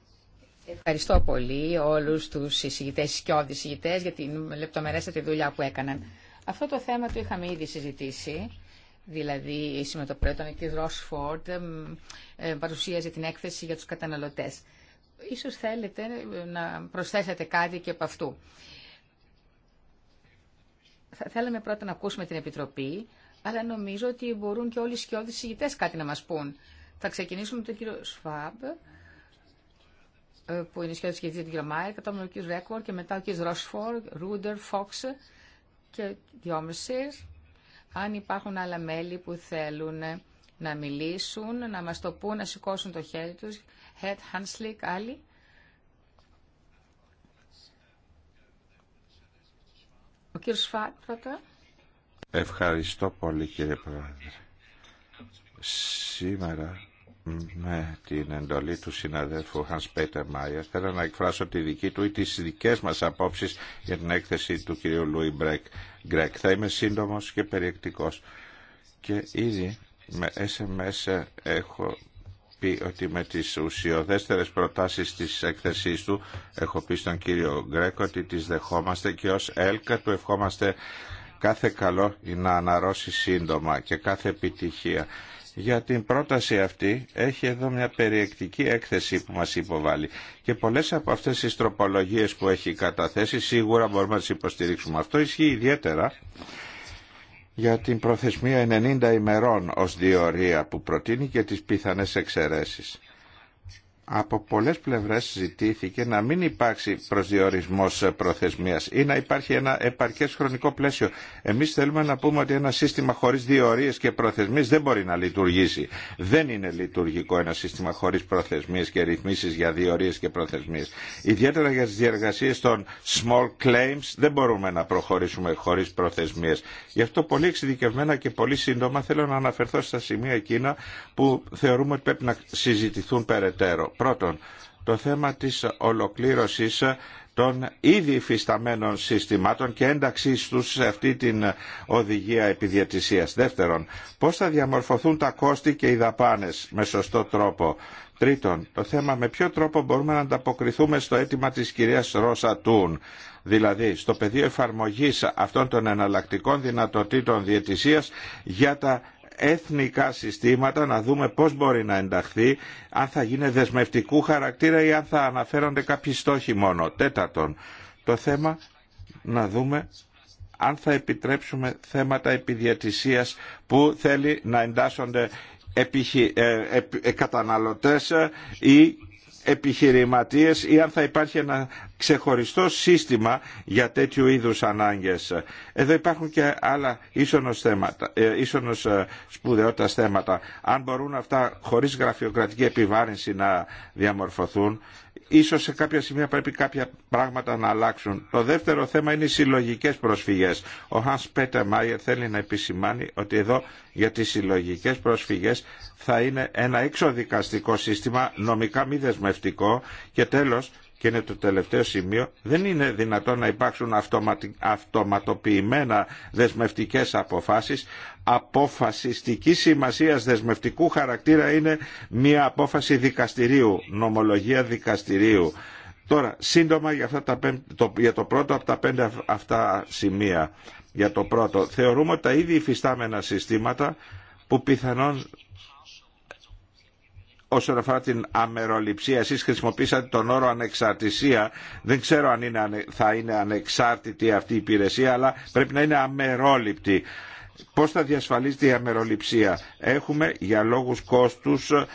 Ευχαριστώ πολύ όλους τους συζητητές και συζητητές για την λεπτομερέστατη δουλειά που έκαναν. Αυτό το θέμα το είχαμε ήδη συζητήσει, δηλαδή η συμμετοπρέτων κ. Ρόσφορντ παρουσίαζε την έκθεση για τους καταναλωτές. Ίσως θέλετε να προσθέσετε κάτι και από αυτού θα θέλαμε πρώτα να ακούσουμε την Επιτροπή, αλλά νομίζω ότι μπορούν και όλοι οι σκιώδεις συγητές κάτι να μας πούν. Θα ξεκινήσουμε με τον κύριο Σφάμπ, ε, που είναι σκιώδης συγητής για την κύριο Μάιρ, κατόπιν ο Ρέκορ και μετά ο κύριος Ροσφόρ, Ρούντερ, Φόξ και Διόμερσερ. Αν υπάρχουν άλλα μέλη που θέλουν να μιλήσουν, να μας το πούν, να σηκώσουν το χέρι τους. Head, Hanslick, άλλοι. Ο κύριος Ευχαριστώ πολύ κύριε Πρόεδρε. Σήμερα με την εντολή του συναδέλφου Hans Peter Mayer θέλω να εκφράσω τη δική του ή τις δικές μας απόψεις για την έκθεση του κυρίου Λουί Γκρέκ. Θα είμαι σύντομος και περιεκτικός. Και ήδη με SMS έχω πει ότι με τις ουσιοδέστερες προτάσεις της εκθεσής του έχω πει στον κύριο Γκρέκο ότι τις δεχόμαστε και ως ΕΛΚΑ του ευχόμαστε κάθε καλό να αναρρώσει σύντομα και κάθε επιτυχία. Για την πρόταση αυτή έχει εδώ μια περιεκτική έκθεση που μας υποβάλλει και πολλές από αυτές τις τροπολογίες που έχει καταθέσει σίγουρα μπορούμε να τις υποστηρίξουμε. Αυτό ισχύει ιδιαίτερα για την προθεσμία 90 ημερών ως διορία που προτείνει και τις πιθανές εξαιρέσεις από πολλές πλευρές ζητήθηκε να μην υπάρξει προσδιορισμός προθεσμίας ή να υπάρχει ένα επαρκές χρονικό πλαίσιο. Εμείς θέλουμε να πούμε ότι ένα σύστημα χωρίς διορίες και προθεσμίες δεν μπορεί να λειτουργήσει. Δεν είναι λειτουργικό ένα σύστημα χωρίς προθεσμίες και ρυθμίσεις για διορίες και προθεσμίες. Ιδιαίτερα για τις διεργασίες των small claims δεν μπορούμε να προχωρήσουμε χωρίς προθεσμίες. Γι' αυτό πολύ εξειδικευμένα και πολύ σύντομα θέλω να αναφερθώ στα σημεία εκείνα που θεωρούμε ότι πρέπει να συζητηθούν περαιτέρω. Πρώτον, το θέμα της ολοκλήρωσης των ήδη υφισταμένων συστημάτων και ένταξή του σε αυτή την οδηγία επιδιαιτησίας. Δεύτερον, πώς θα διαμορφωθούν τα κόστη και οι δαπάνες με σωστό τρόπο. Τρίτον, το θέμα με ποιο τρόπο μπορούμε να ανταποκριθούμε στο αίτημα της κυρίας Ρώσα Τούν, δηλαδή στο πεδίο εφαρμογή αυτών των εναλλακτικών δυνατοτήτων διαιτησία για τα εθνικά συστήματα, να δούμε πώς μπορεί να ενταχθεί, αν θα γίνει δεσμευτικού χαρακτήρα ή αν θα αναφέρονται κάποιοι στόχοι μόνο. Τέταρτον, το θέμα να δούμε αν θα επιτρέψουμε θέματα επιδιατησίας που θέλει να εντάσσονται ε, ε, καταναλωτές ή επιχειρηματίες ή αν θα υπάρχει ένα ξεχωριστό σύστημα για τέτοιου είδους ανάγκες. Εδώ υπάρχουν και άλλα ίσονος, θέματα, ε, ίσονος ε, σπουδαιότητας θέματα. Αν μπορούν αυτά χωρίς γραφειοκρατική επιβάρυνση να διαμορφωθούν ίσως σε κάποια σημεία πρέπει κάποια πράγματα να αλλάξουν. Το δεύτερο θέμα είναι οι συλλογικέ προσφυγές. Ο Hans Peter Mayer θέλει να επισημάνει ότι εδώ για τις συλλογικέ προσφυγές θα είναι ένα εξοδικαστικό σύστημα νομικά μη δεσμευτικό και τέλος και είναι το τελευταίο σημείο, δεν είναι δυνατόν να υπάρξουν αυτοματοποιημένα δεσμευτικές αποφάσεις. Αποφασιστική σημασία δεσμευτικού χαρακτήρα είναι μια απόφαση δικαστηρίου, νομολογία δικαστηρίου. Τώρα, σύντομα για, αυτά τα, το, για το πρώτο από τα πέντε αυτά σημεία. Για το πρώτο, θεωρούμε ότι τα ήδη υφιστάμενα συστήματα που πιθανόν όσον αφορά την αμεροληψία, εσείς χρησιμοποίησατε τον όρο ανεξαρτησία. Δεν ξέρω αν είναι, θα είναι ανεξάρτητη αυτή η υπηρεσία, αλλά πρέπει να είναι αμερόληπτη. Πώς θα διασφαλίζεται η αμεροληψία. Έχουμε για λόγους κόστους ε,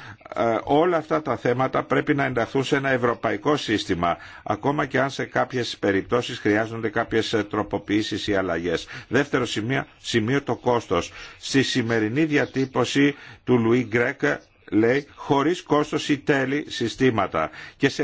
όλα αυτά τα θέματα πρέπει να ενταχθούν σε ένα ευρωπαϊκό σύστημα. Ακόμα και αν σε κάποιες περιπτώσεις χρειάζονται κάποιες ε, τροποποιήσεις ή αλλαγές. Δεύτερο σημείο, σημείο το κόστος. Στη σημερινή διατύπωση του Λουί Γκρέκ λέει, χωρίς κόστος ή τέλη συστήματα και σε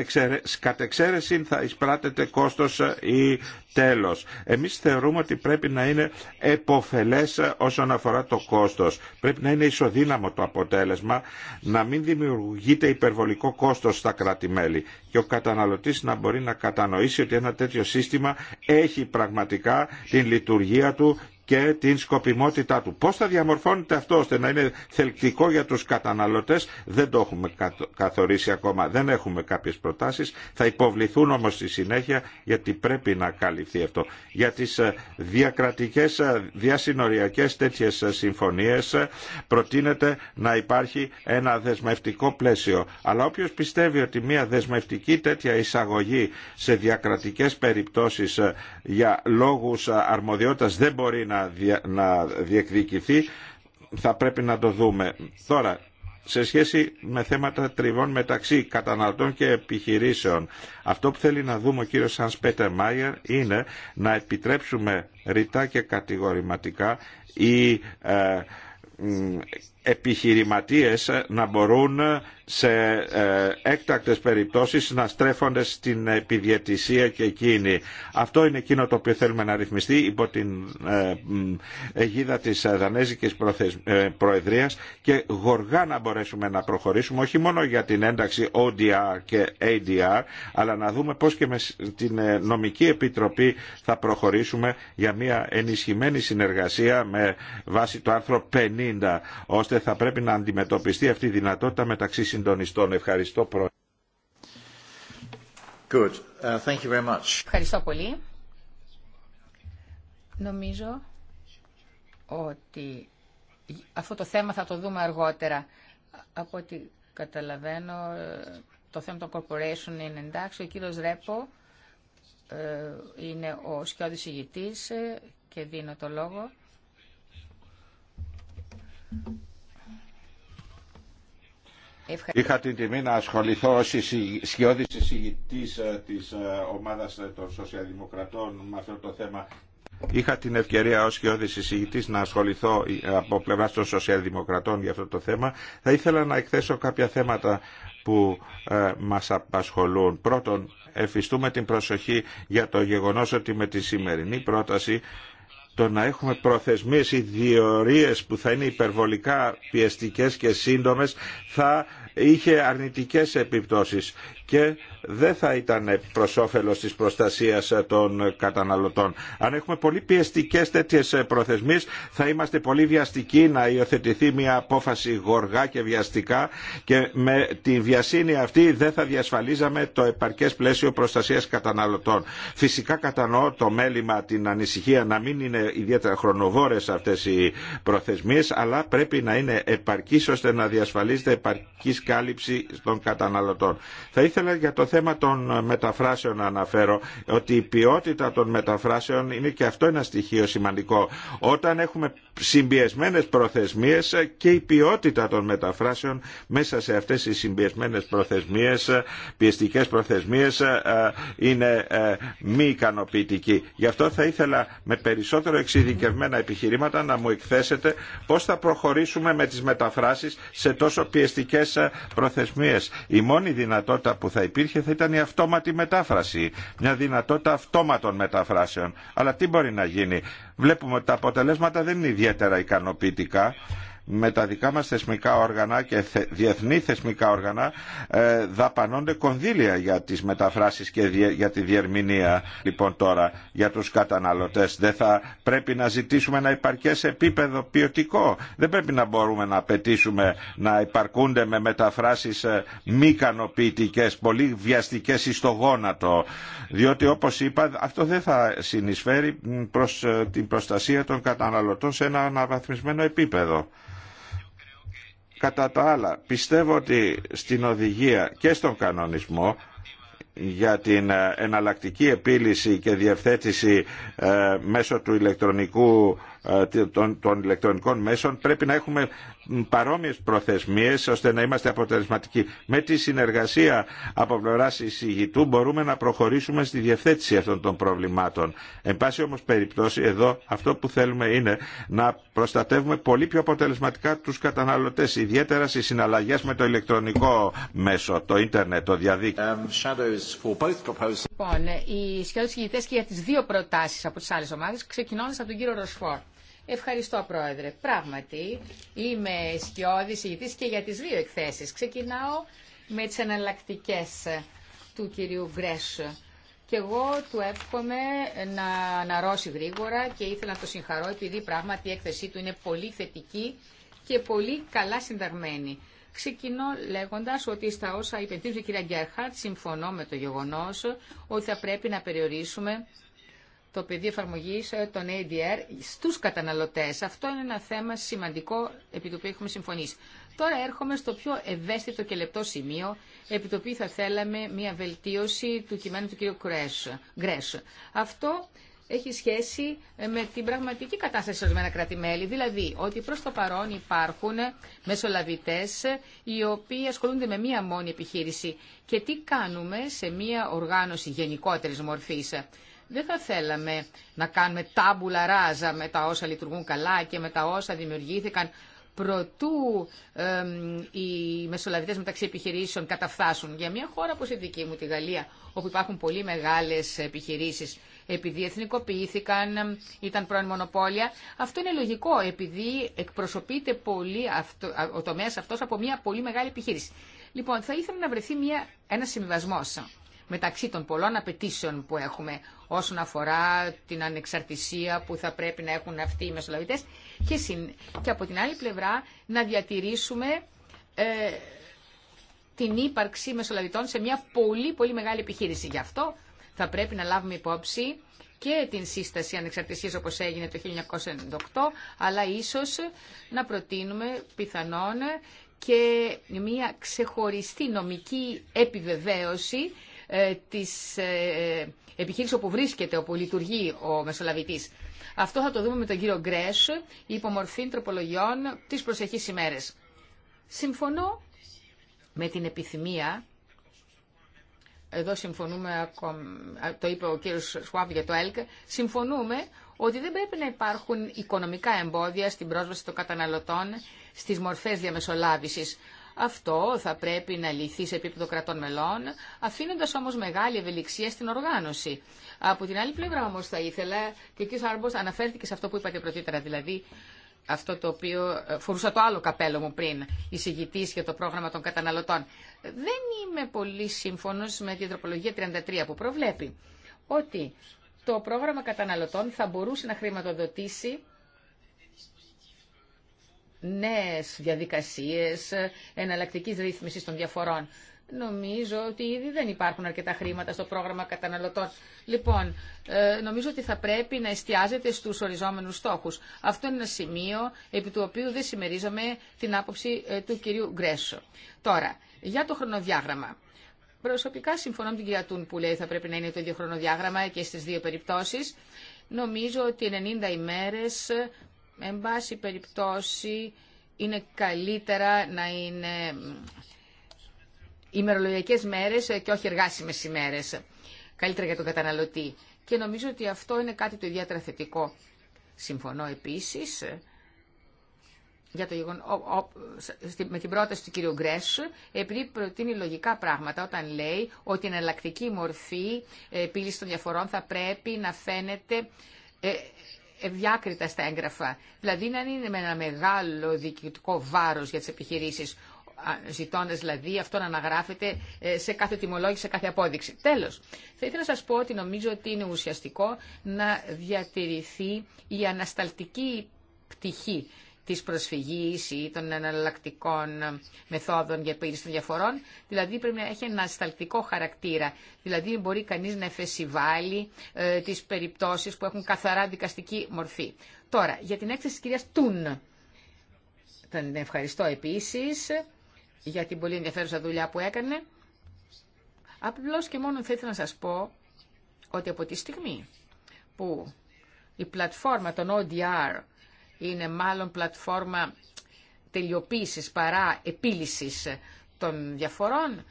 εξαίρεση θα εισπράτεται κόστος ε, ή τέλος. Εμείς θεωρούμε ότι πρέπει να είναι εποφελές ε, όσον αφορά το κόστος. Πρέπει να είναι ισοδύναμο το αποτέλεσμα, να μην δημιουργείται υπερβολικό κόστος στα κράτη-μέλη και ο καταναλωτής να μπορεί να κατανοήσει ότι ένα τέτοιο σύστημα έχει πραγματικά την λειτουργία του και την σκοπιμότητά του. Πώς θα διαμορφώνεται αυτό ώστε να είναι θελκτικό για τους καταναλωτές δεν το έχουμε καθορίσει ακόμα. Δεν έχουμε κάποιες προτάσεις. Θα υποβληθούν όμως στη συνέχεια γιατί πρέπει να καλυφθεί αυτό. Για τις ε, διακρατικές, ε, διασυνοριακές τέτοιες ε, συμφωνίες προτείνεται να υπάρχει ένα δεσμευτικό πλαίσιο. Αλλά όποιος πιστεύει ότι μια δεσμευτική τέτοια εισαγωγή σε διακρατικές περιπτώσεις για λόγους αρμοδιότητας δεν μπορεί να να διεκδικηθεί θα πρέπει να το δούμε. Τώρα, σε σχέση με θέματα τριβών μεταξύ καταναλωτών και επιχειρήσεων. Αυτό που θέλει να δούμε ο κύριος Σανς Πέτερ Μάιερ είναι να επιτρέψουμε ρητά και κατηγορηματικά ή επιχειρηματίες να μπορούν σε ε, έκτακτες περιπτώσεις να στρέφονται στην επιδιαιτησία και εκείνη. Αυτό είναι εκείνο το οποίο θέλουμε να ρυθμιστεί υπό την ε, αιγίδα της Δανέζικης ε, Προεδρίας και γοργά να μπορέσουμε να προχωρήσουμε όχι μόνο για την ένταξη ODR και ADR αλλά να δούμε πώς και με την νομική επιτροπή θα προχωρήσουμε για μια ενισχυμένη συνεργασία με βάση το άρθρο 50 ώστε θα πρέπει να αντιμετωπιστεί αυτή η δυνατότητα μεταξύ συντονιστών. Ευχαριστώ πολύ. Good. Uh, thank you very much. Ευχαριστώ πολύ. Νομίζω ότι αυτό το θέμα θα το δούμε αργότερα. Από ό,τι καταλαβαίνω, το θέμα των corporation είναι εντάξει. Ο κύριος Ρέπο ε, είναι ο σκιώδης ηγητής ε, και δίνω το λόγο. Είχα την τιμή να ασχοληθώ ως σχεδόν εισηγητής ε, της ε, ομάδας ε, των Σοσιαλδημοκρατών με αυτό το θέμα. Είχα την ευκαιρία ως σχεδόν εισηγητής να ασχοληθώ από πλευρά των Σοσιαλδημοκρατών για αυτό το θέμα. Θα ήθελα να εκθέσω κάποια θέματα που μας απασχολούν. Πρώτον, εφιστούμε την προσοχή για το γεγονός ότι με τη σημερινή πρόταση το να έχουμε προθεσμίες ή διορίες που θα είναι υπερβολικά πιεστικές και σύντομες θα είχε αρνητικές επιπτώσεις και δεν θα ήταν προ όφελο τη προστασία των καταναλωτών. Αν έχουμε πολύ πιεστικές τέτοιε προθεσμίες θα είμαστε πολύ βιαστικοί να υιοθετηθεί μια απόφαση γοργά και βιαστικά και με τη βιασύνη αυτή δεν θα διασφαλίζαμε το επαρκές πλαίσιο προστασίας καταναλωτών. Φυσικά κατανοώ το μέλημα, την ανησυχία να μην είναι ιδιαίτερα χρονοβόρες αυτές οι προθεσμίες αλλά πρέπει να είναι επαρκή ώστε να διασφαλίζεται επαρκής κάλυψη των καταναλωτών. Θα ήθελα για το θέμα των μεταφράσεων να αναφέρω ότι η ποιότητα των μεταφράσεων είναι και αυτό ένα στοιχείο σημαντικό. Όταν έχουμε συμπιεσμένες προθεσμίες και η ποιότητα των μεταφράσεων μέσα σε αυτές τις συμπιεσμένες προθεσμίες, πιεστικές προθεσμίες ε, είναι ε, μη ικανοποιητική. Γι' αυτό θα ήθελα με περισσότερο εξειδικευμένα επιχειρήματα να μου εκθέσετε πώς θα προχωρήσουμε με τις μεταφράσεις σε τόσο πιεστικές ε, προθεσμίες. Η μόνη δυνατότητα που θα υπήρχε θα ήταν η αυτόματη μετάφραση, μια δυνατότητα αυτόματων μεταφράσεων. Αλλά τι μπορεί να γίνει. Βλέπουμε ότι τα αποτελέσματα δεν είναι ιδιαίτερα ικανοποιητικά με τα δικά μας θεσμικά όργανα και διεθνή θεσμικά όργανα ε, δαπανώνται κονδύλια για τις μεταφράσεις και για τη διερμηνία λοιπόν τώρα για τους καταναλωτές. Δεν θα πρέπει να ζητήσουμε ένα σε επίπεδο ποιοτικό. Δεν πρέπει να μπορούμε να απαιτήσουμε να υπαρκούνται με μεταφράσεις ε, μη ικανοποιητικέ, πολύ βιαστικές ή στο γόνατο. Διότι όπως είπα αυτό δεν θα συνεισφέρει προς ε, την προστασία των καταναλωτών σε ένα αναβαθμισμένο επίπεδο. Κατά τα άλλα, πιστεύω ότι στην οδηγία και στον κανονισμό για την ε, εναλλακτική επίλυση και διευθέτηση ε, μέσω του ηλεκτρονικού ε, των, των ηλεκτρονικών μέσων πρέπει να έχουμε παρόμοιε προθεσμίε, ώστε να είμαστε αποτελεσματικοί. Με τη συνεργασία από πλευρά εισηγητού μπορούμε να προχωρήσουμε στη διευθέτηση αυτών των προβλημάτων. Εν πάση όμω περιπτώσει εδώ αυτό που θέλουμε είναι να προστατεύουμε πολύ πιο αποτελεσματικά του καταναλωτέ, ιδιαίτερα στι συναλλαγέ με το ηλεκτρονικό μέσο, το ίντερνετ, το διαδίκτυο. Um, λοιπόν, ε, οι σχεδόν και για τις δύο προτάσεις από τις άλλες ομάδε, ξεκινώντας από τον κύριο Ροσφόρ. Ευχαριστώ, Πρόεδρε. Πράγματι, είμαι σκιώδη ηγητή και για τις δύο εκθέσεις. Ξεκινάω με τι εναλλακτικέ του κυρίου Γκρέσ. Και εγώ του εύχομαι να αναρρώσει γρήγορα και ήθελα να το συγχαρώ επειδή πράγματι η έκθεσή του είναι πολύ θετική και πολύ καλά συνταγμένη. Ξεκινώ λέγοντα ότι στα όσα υπενθύμισε η κυρία Γκέρχαρτ, συμφωνώ με το γεγονό ότι θα πρέπει να περιορίσουμε το πεδίο εφαρμογή ε, των ADR στου καταναλωτέ. Αυτό είναι ένα θέμα σημαντικό επί το οποίο έχουμε συμφωνήσει. Τώρα έρχομαι στο πιο ευαίσθητο και λεπτό σημείο, επί το οποίο θα θέλαμε μια βελτίωση του κειμένου του κ. Γκρέσ. Αυτό έχει σχέση ε, με την πραγματική κατάσταση σε ορισμενα κράτη-μέλη. Δηλαδή, ότι προ το παρόν υπάρχουν ε, μεσολαβητέ οι οποίοι ασχολούνται με μία μόνη επιχείρηση. Και τι κάνουμε σε μία οργάνωση γενικότερη μορφή. Δεν θα θέλαμε να κάνουμε τάμπουλα ράζα με τα όσα λειτουργούν καλά και με τα όσα δημιουργήθηκαν προτού οι μεσολαβητές μεταξύ επιχειρήσεων καταφθάσουν. Για μια χώρα όπως η δική μου, τη Γαλλία, όπου υπάρχουν πολύ μεγάλες επιχειρήσεις, επειδή εθνικοποιήθηκαν, ήταν πρώην μονοπόλια. Αυτό είναι λογικό, επειδή εκπροσωπείται πολύ αυτό, ο τομέας αυτός από μια πολύ μεγάλη επιχείρηση. Λοιπόν, θα ήθελα να βρεθεί μια, ένα συμβιβασμό μεταξύ των πολλών απαιτήσεων που έχουμε όσον αφορά την ανεξαρτησία που θα πρέπει να έχουν αυτοί οι μεσολαβητές και, και από την άλλη πλευρά να διατηρήσουμε ε, την ύπαρξη μεσολαβητών σε μια πολύ πολύ μεγάλη επιχείρηση. Γι' αυτό θα πρέπει να λάβουμε υπόψη και την σύσταση ανεξαρτησίας όπως έγινε το 1998, αλλά ίσως να προτείνουμε πιθανόν και μια ξεχωριστή νομική επιβεβαίωση ε, της ε, ε, επιχείρησης όπου βρίσκεται, όπου λειτουργεί ο μεσολαβητής. Αυτό θα το δούμε με τον κύριο Γκρέσ, υπομορφή τροπολογιών τις προσεχείς ημέρες. Συμφωνώ με την επιθυμία εδώ συμφωνούμε, το είπε ο κύριος Σουάβ για το ΕΛΚ, συμφωνούμε ότι δεν πρέπει να υπάρχουν οικονομικά εμπόδια στην πρόσβαση των καταναλωτών στις μορφές διαμεσολάβησης. Αυτό θα πρέπει να λυθεί σε επίπεδο κρατών μελών, αφήνοντα όμω μεγάλη ευελιξία στην οργάνωση. Από την άλλη πλευρά όμω θα ήθελα, και ο κ. Άρμπο αναφέρθηκε σε αυτό που είπατε πρωτήτερα, δηλαδή αυτό το οποίο ε, φορούσα το άλλο καπέλο μου πριν, εισηγητή για το πρόγραμμα των καταναλωτών. Δεν είμαι πολύ σύμφωνο με την τροπολογία 33 που προβλέπει ότι το πρόγραμμα καταναλωτών θα μπορούσε να χρηματοδοτήσει Νέε διαδικασίε εναλλακτική ρύθμιση των διαφορών. Νομίζω ότι ήδη δεν υπάρχουν αρκετά χρήματα στο πρόγραμμα καταναλωτών. Λοιπόν, ε, νομίζω ότι θα πρέπει να εστιάζεται στου οριζόμενου στόχου. Αυτό είναι ένα σημείο επί του οποίου δεν συμμερίζομαι την άποψη ε, του κυρίου Γκρέσο. Τώρα, για το χρονοδιάγραμμα. Προσωπικά συμφωνώ με την κυρία Τούν που λέει θα πρέπει να είναι το ίδιο χρονοδιάγραμμα και στι δύο περιπτώσει. Νομίζω ότι 90 ημέρε. Εν πάση περιπτώσει, είναι καλύτερα να είναι ημερολογιακές μέρες και όχι εργάσιμες ημέρες. Καλύτερα για τον καταναλωτή. Και νομίζω ότι αυτό είναι κάτι το ιδιαίτερα θετικό. Συμφωνώ επίσης για το με την πρόταση του κύριου Γκρέσ, επειδή προτείνει λογικά πράγματα όταν λέει ότι η εναλλακτική μορφή ε, πύλης των διαφορών θα πρέπει να φαίνεται ε, ευδιάκριτα στα έγγραφα. Δηλαδή να είναι με ένα μεγάλο διοικητικό βάρος για τις επιχειρήσεις, ζητώντα δηλαδή αυτό να αναγράφεται ε, σε κάθε τιμολόγηση, σε κάθε απόδειξη. Τέλος, θα ήθελα να σας πω ότι νομίζω ότι είναι ουσιαστικό να διατηρηθεί η ανασταλτική πτυχή της προσφυγής ή των εναλλακτικών μεθόδων για επίλυση των διαφορών. Δηλαδή πρέπει να έχει ένα σταλτικό χαρακτήρα. Δηλαδή μπορεί κανείς να εφεσιβάλει ε, τις περιπτώσεις που έχουν καθαρά δικαστική μορφή. Τώρα, για την έκθεση της κυρίας Τούν. Τον ευχαριστώ επίσης για την πολύ ενδιαφέρουσα δουλειά που έκανε. Απλώς και μόνο θα ήθελα να σας πω ότι από τη στιγμή που η πλατφόρμα των ODR είναι μάλλον πλατφόρμα τελειοποίησης παρά επίλυσης των διαφορών,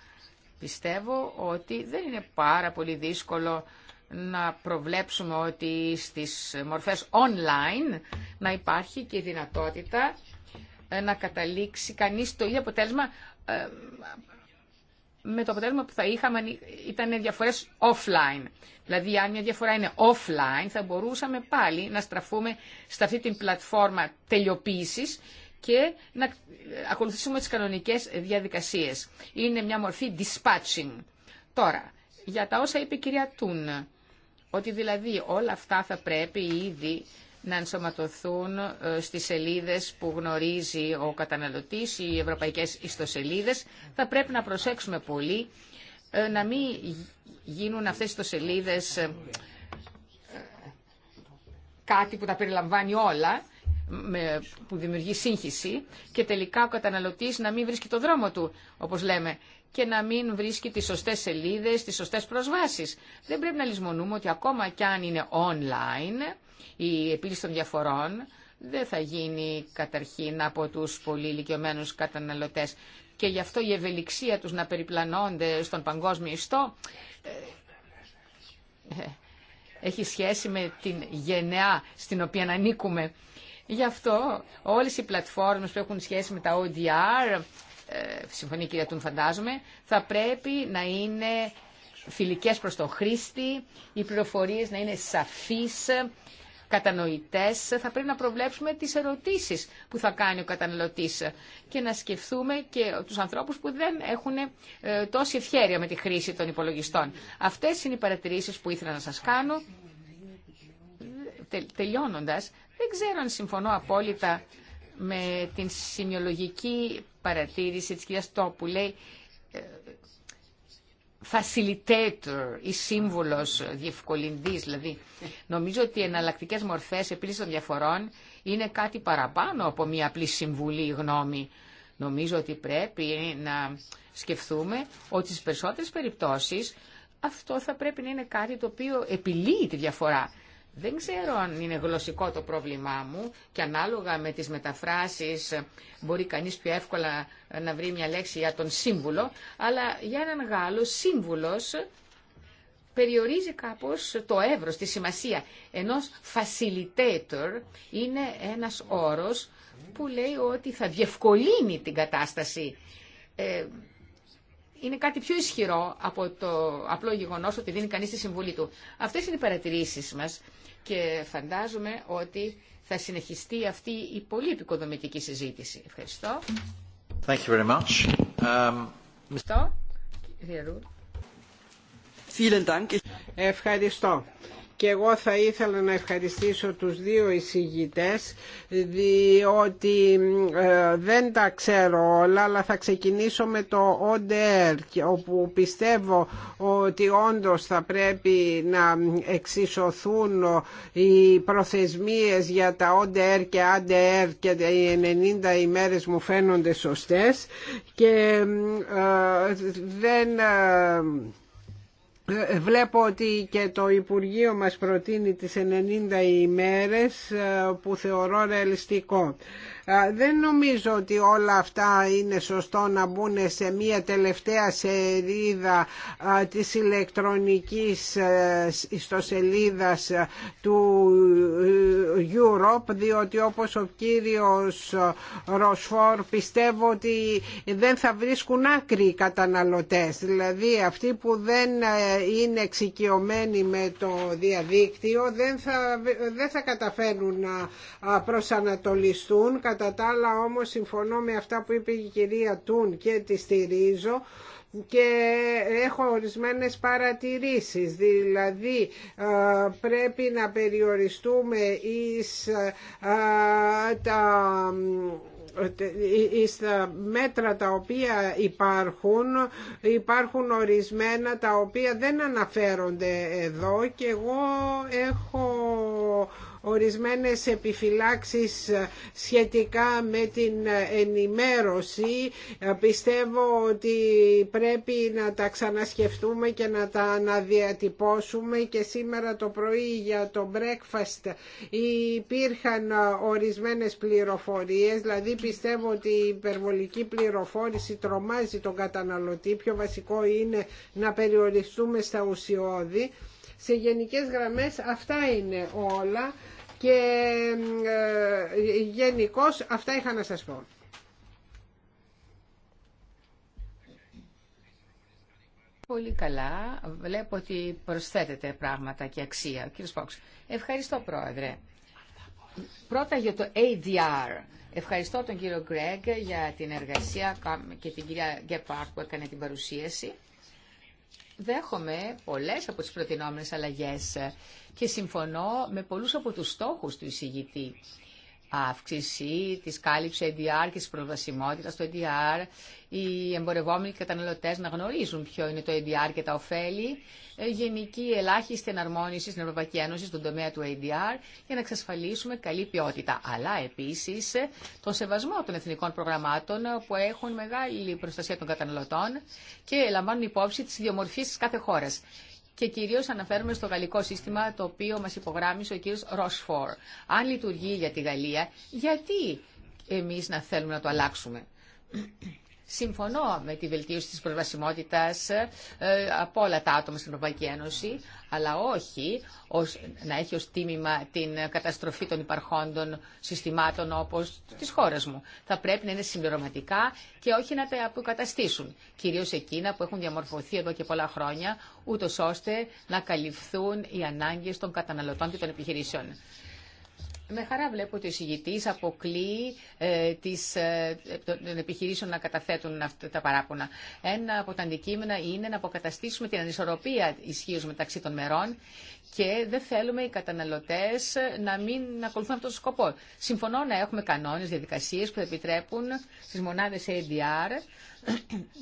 πιστεύω ότι δεν είναι πάρα πολύ δύσκολο να προβλέψουμε ότι στις μορφές online να υπάρχει και η δυνατότητα ε, να καταλήξει κανείς το ίδιο αποτέλεσμα ε, με το αποτέλεσμα που θα είχαμε ήταν διαφορέ offline. Δηλαδή, αν μια διαφορά είναι offline, θα μπορούσαμε πάλι να στραφούμε σε αυτή την πλατφόρμα τελειοποίηση και να ακολουθήσουμε τις κανονικές διαδικασίες. Είναι μια μορφή dispatching. Τώρα, για τα όσα είπε η κυρία Τούν, ότι δηλαδή όλα αυτά θα πρέπει ήδη να ενσωματωθούν ε, στις σελίδες που γνωρίζει ο καταναλωτής, οι ευρωπαϊκές ιστοσελίδες. Θα πρέπει να προσέξουμε πολύ ε, να μην γίνουν αυτές οι ιστοσελίδες ε, κάτι που τα περιλαμβάνει όλα, που δημιουργεί σύγχυση και τελικά ο καταναλωτής να μην βρίσκει το δρόμο του, όπως λέμε, και να μην βρίσκει τις σωστές σελίδες, τις σωστές προσβάσεις. Δεν πρέπει να λησμονούμε ότι ακόμα κι αν είναι online, η επίλυση των διαφορών δεν θα γίνει καταρχήν από τους πολύ ηλικιωμένου καταναλωτές και γι' αυτό η ευελιξία τους να περιπλανώνται στον παγκόσμιο ιστό ε, έχει σχέση με την γενεά στην οποία ανήκουμε. Γι' αυτό όλες οι πλατφόρμες που έχουν σχέση με τα ODR, ε, συμφωνεί η κυρία Τούν φαντάζομαι, θα πρέπει να είναι φιλικές προς τον χρήστη, οι πληροφορίες να είναι σαφείς, κατανοητές, θα πρέπει να προβλέψουμε τις ερωτήσεις που θα κάνει ο καταναλωτής και να σκεφτούμε και τους ανθρώπους που δεν έχουν ε, τόση ευχέρεια με τη χρήση των υπολογιστών. Αυτές είναι οι παρατηρήσεις που ήθελα να σας κάνω. Τε, τελειώνοντας, δεν ξέρω αν συμφωνώ απόλυτα με την σημειολογική παρατήρηση της κυρίας Τόπου. Λέει, ε, facilitator ή σύμβουλος διευκολυντής, δηλαδή νομίζω ότι οι εναλλακτικές μορφές επίλυση των διαφορών είναι κάτι παραπάνω από μια απλή συμβουλή ή γνώμη. Νομίζω ότι πρέπει να σκεφτούμε ότι στις περισσότερες περιπτώσεις αυτό θα πρέπει να είναι κάτι το οποίο επιλύει τη διαφορά δεν ξέρω αν είναι γλωσσικό το πρόβλημά μου και ανάλογα με τις μεταφράσεις μπορεί κανείς πιο εύκολα να βρει μια λέξη για τον σύμβουλο, αλλά για έναν Γάλλο σύμβουλος περιορίζει κάπως το εύρος, τη σημασία. Ενός facilitator είναι ένας όρος που λέει ότι θα διευκολύνει την κατάσταση. Ε, είναι κάτι πιο ισχυρό από το απλό γεγονός ότι δίνει κανείς τη συμβουλή του. Αυτές είναι οι παρατηρήσεις μας και φαντάζομαι ότι θα συνεχιστεί αυτή η πολύ επικοδομητική συζήτηση. Ευχαριστώ. Um, Ευχαριστώ. Ευχαριστώ και εγώ θα ήθελα να ευχαριστήσω τους δύο εισηγητές διότι ε, δεν τα ξέρω όλα αλλά θα ξεκινήσω με το ODR όπου πιστεύω ότι όντως θα πρέπει να εξισωθούν οι προθεσμίες για τα ODR και ADR και οι 90 ημέρες μου φαίνονται σωστές και ε, δεν ε, ε, βλέπω ότι και το Υπουργείο μας προτείνει τις 90 ημέρες ε, που θεωρώ ρεαλιστικό. Δεν νομίζω ότι όλα αυτά είναι σωστό να μπουν σε μία τελευταία σελίδα της ηλεκτρονικής ε, ιστοσελίδας ε, του ε, Europe διότι όπως ο κύριος Ροσφόρ πιστεύω ότι δεν θα βρίσκουν άκρη οι καταναλωτές δηλαδή αυτοί που δεν είναι εξοικειωμένοι με το διαδίκτυο δεν θα, δεν θα καταφέρουν να προσανατολιστούν Κατά τα άλλα όμως συμφωνώ με αυτά που είπε η κυρία Τούν και τη στηρίζω και έχω ορισμένες παρατηρήσεις δηλαδή ε, πρέπει να περιοριστούμε ε, ε, εις τα μέτρα τα οποία υπάρχουν υπάρχουν ορισμένα τα οποία δεν αναφέρονται εδώ και εγώ έχω ορισμένες επιφυλάξεις σχετικά με την ενημέρωση. Πιστεύω ότι πρέπει να τα ξανασκεφτούμε και να τα αναδιατυπώσουμε και σήμερα το πρωί για το breakfast υπήρχαν ορισμένες πληροφορίες, δηλαδή πιστεύω ότι η υπερβολική πληροφόρηση τρομάζει τον καταναλωτή, πιο βασικό είναι να περιοριστούμε στα ουσιώδη. Σε γενικές γραμμές αυτά είναι όλα και ε, γενικώ αυτά είχα να σας πω. Πολύ καλά. Βλέπω ότι προσθέτεται πράγματα και αξία. Κύριε Σπόξ, ευχαριστώ Πρόεδρε. Πρώτα για το ADR. Ευχαριστώ τον κύριο Γκρέγ για την εργασία και την κυρία Γκέπαρτ που έκανε την παρουσίαση. Δέχομαι πολλές από τις προτινόμενες αλλαγές και συμφωνώ με πολλούς από τους στόχους του εισηγητή αύξηση της κάλυψη EDR και της προσβασιμότητας του EDR. Οι εμπορευόμενοι καταναλωτές να γνωρίζουν ποιο είναι το ADR και τα ωφέλη. Ε, γενική ελάχιστη εναρμόνιση στην Ευρωπαϊκή Ένωση στον τομέα του ADR για να εξασφαλίσουμε καλή ποιότητα. Αλλά επίσης ε, τον σεβασμό των εθνικών προγραμμάτων ε, που έχουν μεγάλη προστασία των καταναλωτών και λαμβάνουν υπόψη τις ιδιομορφίες της κάθε χώρας και κυρίω αναφέρουμε στο γαλλικό σύστημα το οποίο μας υπογράμμισε ο κύριος Ροσφόρ. Αν λειτουργεί για τη Γαλλία, γιατί εμείς να θέλουμε να το αλλάξουμε. Συμφωνώ με τη βελτίωση της προσβασιμότητας ε, από όλα τα άτομα στην Ευρωπαϊκή Ένωση, αλλά όχι ως, να έχει ως τίμημα την καταστροφή των υπαρχόντων συστημάτων όπως της χώρας μου. Θα πρέπει να είναι συμπληρωματικά και όχι να τα αποκαταστήσουν, κυρίως εκείνα που έχουν διαμορφωθεί εδώ και πολλά χρόνια, ούτως ώστε να καλυφθούν οι ανάγκες των καταναλωτών και των επιχειρήσεων. Με χαρά βλέπω ότι ο εισηγητής αποκλεί ε, τις, ε, των επιχειρήσεων να καταθέτουν αυτά τα παράπονα. Ένα από τα αντικείμενα είναι να αποκαταστήσουμε την ανισορροπία ισχύω μεταξύ των μερών και δεν θέλουμε οι καταναλωτές να μην ακολουθούν αυτόν τον σκοπό. Συμφωνώ να έχουμε κανόνες, διαδικασίες που επιτρέπουν στις μονάδες ADR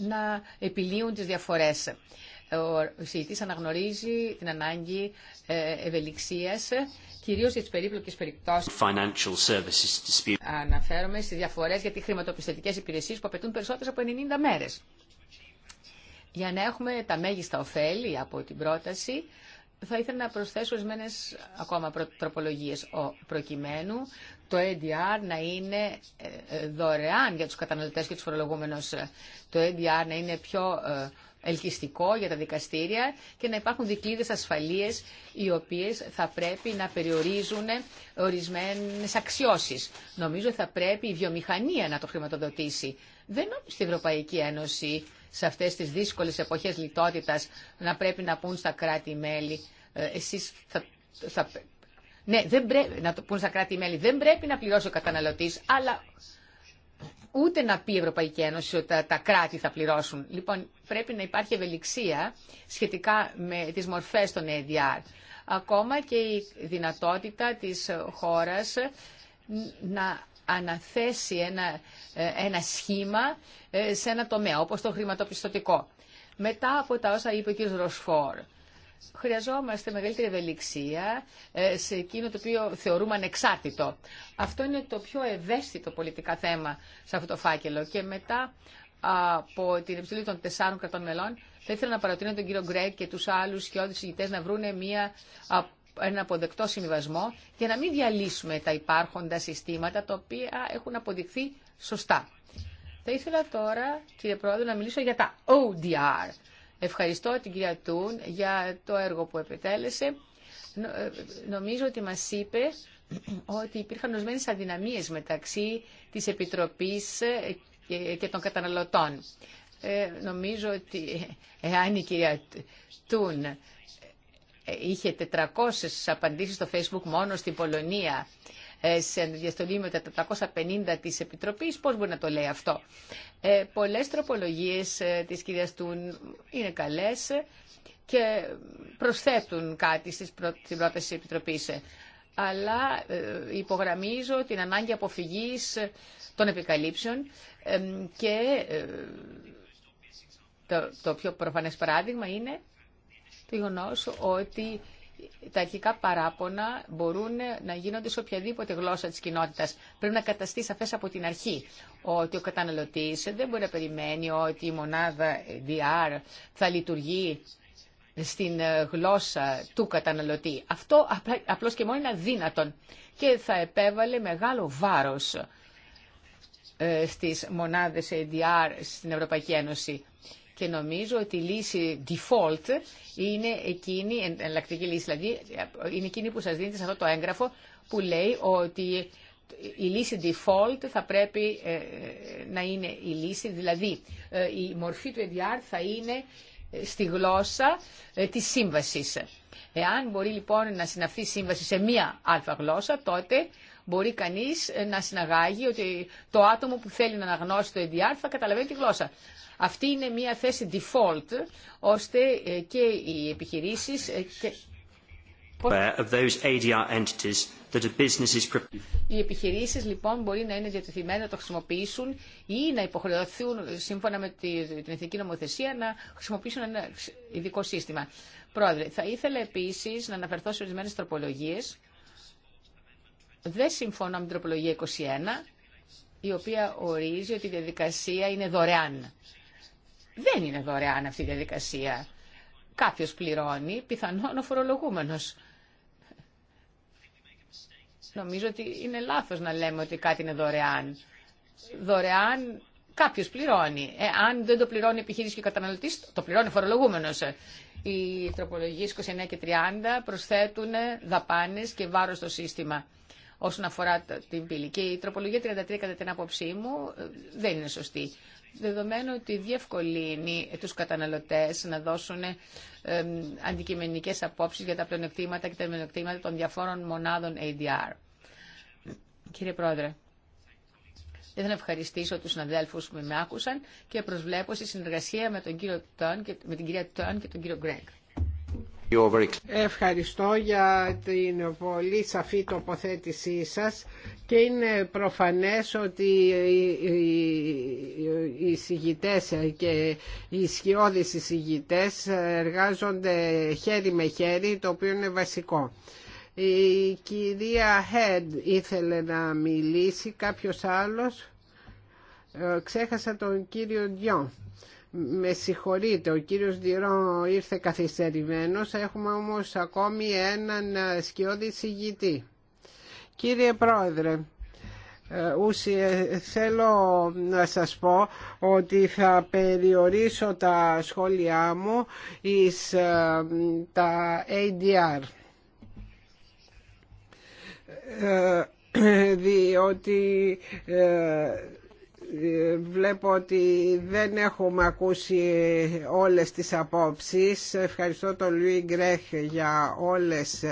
να επιλύουν τις διαφορές ο εισηγητής αναγνωρίζει την ανάγκη ε, ευελιξίας, κυρίως για τις περίπλοκες περιπτώσεις. Αναφέρομαι στις διαφορές για τις χρηματοπιστωτικές υπηρεσίες που απαιτούν περισσότερες από 90 μέρες. Για να έχουμε τα μέγιστα ωφέλη από την πρόταση, θα ήθελα να προσθέσω ορισμένε ακόμα τροπολογίες προκειμένου το ADR να είναι ε, ε, δωρεάν για τους καταναλωτές και τους φορολογούμενους. Το ADR να είναι πιο ελκυστικό για τα δικαστήρια και να υπάρχουν δικλείδες ασφαλείες οι οποίες θα πρέπει να περιορίζουν ορισμένες αξιώσεις. Νομίζω θα πρέπει η βιομηχανία να το χρηματοδοτήσει. Δεν όμως στην Ευρωπαϊκή Ένωση σε αυτές τις δύσκολες εποχές λιτότητας να πρέπει να πούν στα κράτη-μέλη ε, εσείς θα, ναι, δεν πρέπει, να το πούν στα κράτη-μέλη δεν πρέπει να πληρώσει ο καταναλωτής αλλά ούτε να πει η Ευρωπαϊκή Ένωση ότι τα, κράτη θα πληρώσουν. Λοιπόν, πρέπει να υπάρχει ευελιξία σχετικά με τις μορφές των EDR. Ακόμα και η δυνατότητα της χώρας να αναθέσει ένα, ένα σχήμα ε, σε ένα τομέα, όπως το χρηματοπιστωτικό. Μετά από τα όσα είπε ο κ. Ροσφόρ, χρειαζόμαστε μεγαλύτερη ευελιξία ε, σε εκείνο το οποίο θεωρούμε ανεξάρτητο. Αυτό είναι το πιο ευαίσθητο πολιτικά θέμα σε αυτό το φάκελο. Και μετά από την επιστολή των τεσσάρων κρατών μελών, θα ήθελα να παρατηρήσω τον κύριο Γκρέκ και του άλλου και όλους τους να βρουν μια, ένα αποδεκτό συμβιβασμό για να μην διαλύσουμε τα υπάρχοντα συστήματα τα οποία έχουν αποδειχθεί σωστά. Θα ήθελα τώρα, κύριε Πρόεδρε, να μιλήσω για τα ODR Ευχαριστώ την κυρία Τούν για το έργο που επιτέλεσε. Ε, νομίζω ότι μας είπε ότι υπήρχαν ορισμένε αδυναμίες μεταξύ της Επιτροπής ε, και των καταναλωτών. Ε, νομίζω ότι εάν η κυρία Τούν είχε 400 απαντήσεις στο Facebook μόνο στην Πολωνία ε, σε διαστολή με τα 450 της Επιτροπής. Πώς μπορεί να το λέει αυτό. Ε, πολλές τροπολογίες ε, της κυρίας Τούν είναι καλές και προσθέτουν κάτι στην πρόταση της Επιτροπής. Αλλά ε, υπογραμμίζω την ανάγκη αποφυγής των επικαλύψεων και το, το πιο προφανές παράδειγμα είναι το γεγονό ότι τα αρχικά παράπονα μπορούν να γίνονται σε οποιαδήποτε γλώσσα της κοινότητας. Πρέπει να καταστεί σαφές από την αρχή ότι ο καταναλωτής δεν μπορεί να περιμένει ότι η μονάδα DR θα λειτουργεί στην ε, γλώσσα του καταναλωτή. Αυτό απλώς και μόνο είναι αδύνατον και θα επέβαλε μεγάλο βάρος ε, στις μονάδες ε, DR στην Ευρωπαϊκή Ένωση και νομίζω ότι η λύση default είναι εκείνη, εναλλακτική λύση δηλαδή, είναι εκείνη που σας δίνεται σε αυτό το έγγραφο που λέει ότι η λύση default θα πρέπει ε, να είναι η λύση, δηλαδή ε, η μορφή του EDR θα είναι ε, στη γλώσσα της σύμβασης. Εάν μπορεί λοιπόν να συναυθεί σύμβαση σε μία αλφα γλώσσα, τότε μπορεί κανείς ε, να συναγάγει ότι το άτομο που θέλει να αναγνώσει το ADR θα καταλαβαίνει τη γλώσσα. Αυτή είναι μια θέση default, ώστε ε, και οι επιχειρήσει ε, Και... Οι επιχειρήσει λοιπόν μπορεί να είναι διατεθειμένε να το χρησιμοποιήσουν ή να υποχρεωθούν σύμφωνα με την εθνική νομοθεσία να χρησιμοποιήσουν ένα ειδικό σύστημα. Πρόεδρε, θα ήθελα επίση να αναφερθώ σε ορισμένε τροπολογίε. Δεν συμφωνώ με την τροπολογία 21, η οποία ορίζει ότι η διαδικασία είναι δωρεάν. Δεν είναι δωρεάν αυτή η διαδικασία. Κάποιος πληρώνει, πιθανόν ο φορολογούμενος. Νομίζω ότι είναι λάθος να λέμε ότι κάτι είναι δωρεάν. Δωρεάν κάποιος πληρώνει. Ε, αν δεν το πληρώνει η επιχείρηση και ο καταναλωτής, το πληρώνει ο φορολογούμενος. Οι τροπολογίες 29 και 30 προσθέτουν δαπάνες και βάρος στο σύστημα όσον αφορά την πύλη. Και η τροπολογία 33, κατά την άποψή μου, ε, δεν είναι σωστή. Δεδομένου ότι διευκολύνει τους καταναλωτές να δώσουν ε, αντικειμενικές απόψεις για τα πλεονεκτήματα και τα μειονεκτήματα των διαφόρων μονάδων ADR. Κύριε Πρόεδρε, ήθελα να ευχαριστήσω τους συναδέλφους που με άκουσαν και προσβλέπω στη συνεργασία με, τον κύριο και, με την κυρία Τόν και τον κύριο Γκρέγκ. Ευχαριστώ για την πολύ σαφή τοποθέτησή σας και είναι προφανές ότι οι συγητές και οι ισχυώδεις συγητές εργάζονται χέρι με χέρι το οποίο είναι βασικό. Η κυρία Χέντ ήθελε να μιλήσει, κάποιος άλλος. Ε, ξέχασα τον κύριο Ντιόν. Με συγχωρείτε, ο κύριος Ντυρό ήρθε καθυστερημένος, έχουμε όμως ακόμη έναν ε, σκιώδη συγγητή. Κύριε Πρόεδρε, ε, ε, θέλω να σας πω ότι θα περιορίσω τα σχόλιά μου εις τα ADR διότι Βλέπω ότι δεν έχουμε ακούσει όλες τις απόψεις. Ευχαριστώ τον Λουί Γκρέχ για, όλες,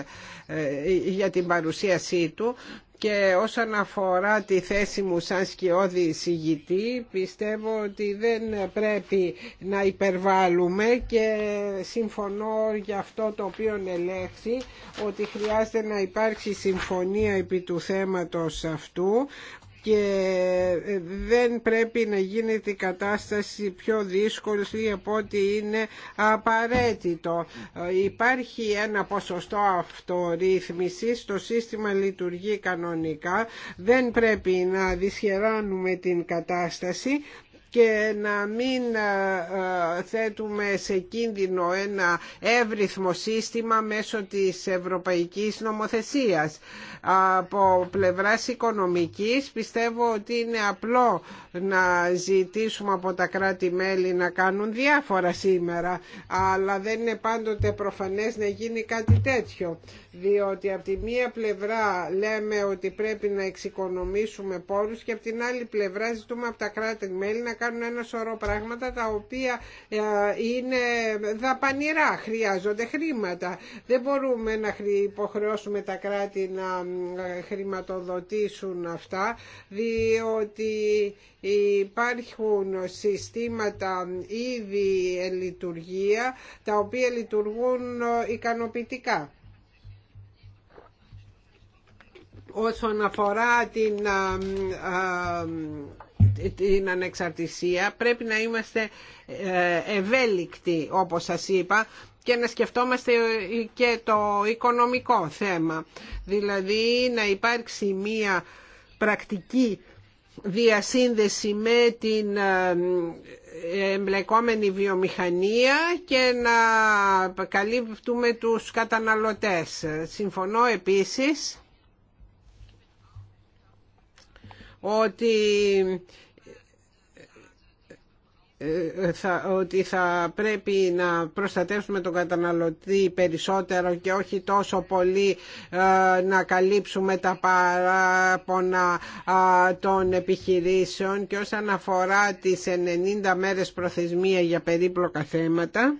ε, για την παρουσίασή του. Και όσον αφορά τη θέση μου σαν σκιώδη συγητή, πιστεύω ότι δεν πρέπει να υπερβάλλουμε και συμφωνώ για αυτό το οποίο ελέγχθη, ότι χρειάζεται να υπάρξει συμφωνία επί του θέματος αυτού, και ε, δεν πρέπει να γίνεται η κατάσταση πιο δύσκολη από ό,τι είναι απαραίτητο. Ε, υπάρχει ένα ποσοστό αυτορύθμισης, το σύστημα λειτουργεί κανονικά, δεν πρέπει να δυσχεράνουμε την κατάσταση και να μην ε, ε, θέτουμε σε κίνδυνο ένα εύρυθμο σύστημα μέσω της ευρωπαϊκής νομοθεσίας. Από πλευράς οικονομικής πιστεύω ότι είναι απλό να ζητήσουμε από τα κράτη-μέλη να κάνουν διάφορα σήμερα, αλλά δεν είναι πάντοτε προφανές να γίνει κάτι τέτοιο, διότι από τη μία πλευρά λέμε ότι πρέπει να εξοικονομήσουμε πόρους και από την άλλη πλευρά ζητούμε από τα κράτη-μέλη κάνουν ένα σωρό πράγματα τα οποία ε, είναι δαπανηρά, χρειάζονται χρήματα. Δεν μπορούμε να υποχρεώσουμε τα κράτη να ε, χρηματοδοτήσουν αυτά, διότι υπάρχουν συστήματα ήδη λειτουργία, τα οποία λειτουργούν ε, ικανοποιητικά όσον αφορά την την ανεξαρτησία πρέπει να είμαστε ε, ευέλικτοι όπως σας είπα και να σκεφτόμαστε ε, και το οικονομικό θέμα. Δηλαδή να υπάρξει μία πρακτική διασύνδεση με την ε, εμπλεκόμενη βιομηχανία και να καλύπτουμε τους καταναλωτές. Συμφωνώ επίσης ότι ε, ε, θα, ότι θα πρέπει να προστατεύσουμε τον καταναλωτή περισσότερο και όχι τόσο πολύ ε, να καλύψουμε τα παράπονα των επιχειρήσεων και όσον αφορά τις 90 μέρες προθεσμία για περίπλοκα θέματα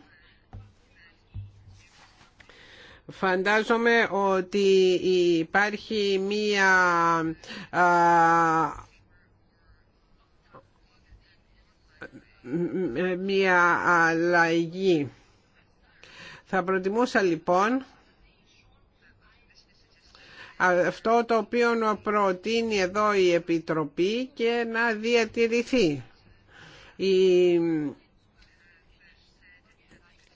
Φαντάζομαι ότι υπάρχει μία μία αλλαγή. Θα προτιμούσα λοιπόν αυτό το οποίο προτείνει εδώ η Επιτροπή και να διατηρηθεί. Η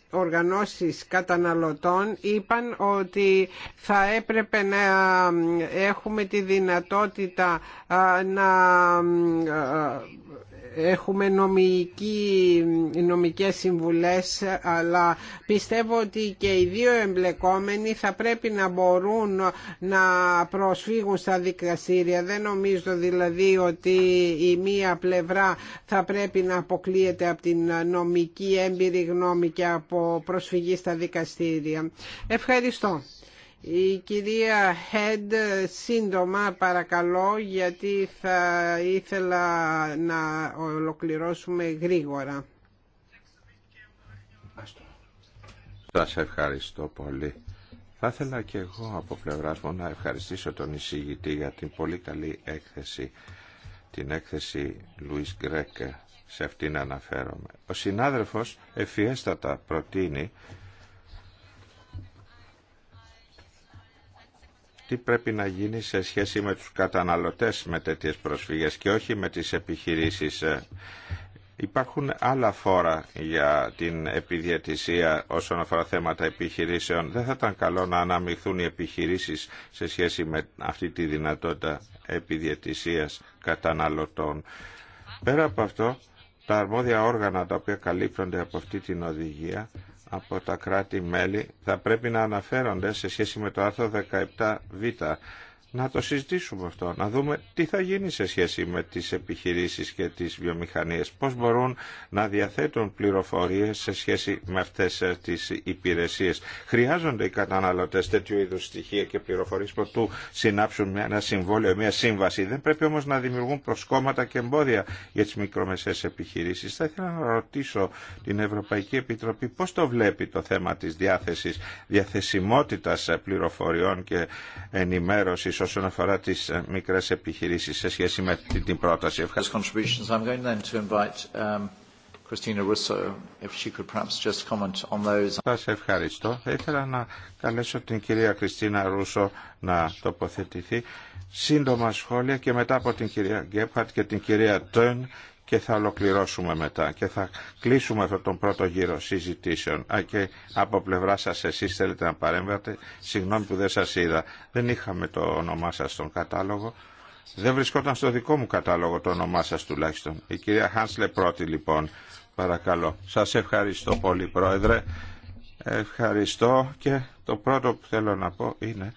οργανώσεις καταναλωτών είπαν ότι θα έπρεπε να έχουμε τη δυνατότητα να έχουμε νομική, νομικές συμβουλές αλλά πιστεύω ότι και οι δύο εμπλεκόμενοι θα πρέπει να μπορούν να προσφύγουν στα δικαστήρια. Δεν νομίζω δηλαδή ότι η μία πλευρά θα πρέπει να αποκλείεται από την νομική έμπειρη γνώμη και από προσφυγή στα δικαστήρια. Ευχαριστώ. Η κυρία Head σύντομα παρακαλώ, γιατί θα ήθελα να ολοκληρώσουμε γρήγορα. Σας ευχαριστώ πολύ. Θα ήθελα και εγώ από πλευρά μου να ευχαριστήσω τον εισηγητή για την πολύ καλή έκθεση, την έκθεση Λουίς Γκρέκ, σε αυτήν αναφέρομαι. Ο συνάδελφος ευφιέστατα προτείνει τι πρέπει να γίνει σε σχέση με τους καταναλωτές με τέτοιες προσφυγές και όχι με τις επιχειρήσεις. Ε? Υπάρχουν άλλα φόρα για την επιδιαιτησία όσον αφορά θέματα επιχειρήσεων. Δεν θα ήταν καλό να αναμειχθούν οι επιχειρήσεις σε σχέση με αυτή τη δυνατότητα επιδιαιτησίας καταναλωτών. Πέρα από αυτό, τα αρμόδια όργανα τα οποία καλύπτονται από αυτή την οδηγία από τα κράτη-μέλη θα πρέπει να αναφέρονται σε σχέση με το άρθρο 17β να το συζητήσουμε αυτό, να δούμε τι θα γίνει σε σχέση με τις επιχειρήσεις και τις βιομηχανίες, πώς μπορούν να διαθέτουν πληροφορίες σε σχέση με αυτές ε, τις υπηρεσίες. Χρειάζονται οι καταναλωτές τέτοιου είδους στοιχεία και πληροφορίες προτού συνάψουν ένα συμβόλαιο, μια σύμβαση. Δεν πρέπει όμως να δημιουργούν προσκόμματα και εμπόδια για τις μικρομεσαίες επιχειρήσεις. Θα ήθελα να ρωτήσω την Ευρωπαϊκή Επιτροπή πώς το βλέπει το θέμα της διάθεσης, διαθεσιμότητας ε, πληροφοριών και ενημέρωσης όσον αφορά τι ε, μικρέ επιχειρήσει σε σχέση με την πρόταση. Ευχαριστώ. Um, Σας ευχαριστώ. Θα ήθελα να καλέσω την κυρία Κριστίνα Ρούσο να τοποθετηθεί. Σύντομα σχόλια και μετά από την κυρία Γκέπχαρτ και την κυρία Τόν και θα ολοκληρώσουμε μετά και θα κλείσουμε αυτόν τον πρώτο γύρο συζητήσεων. Α, και από πλευρά σας εσεί θέλετε να παρέμβατε. Συγγνώμη που δεν σας είδα. Δεν είχαμε το όνομά σα στον κατάλογο. Δεν βρισκόταν στο δικό μου κατάλογο το όνομά σα τουλάχιστον. Η κυρία Χάνσλε πρώτη λοιπόν. Παρακαλώ. Σας ευχαριστώ πολύ πρόεδρε. Ευχαριστώ και το πρώτο που θέλω να πω είναι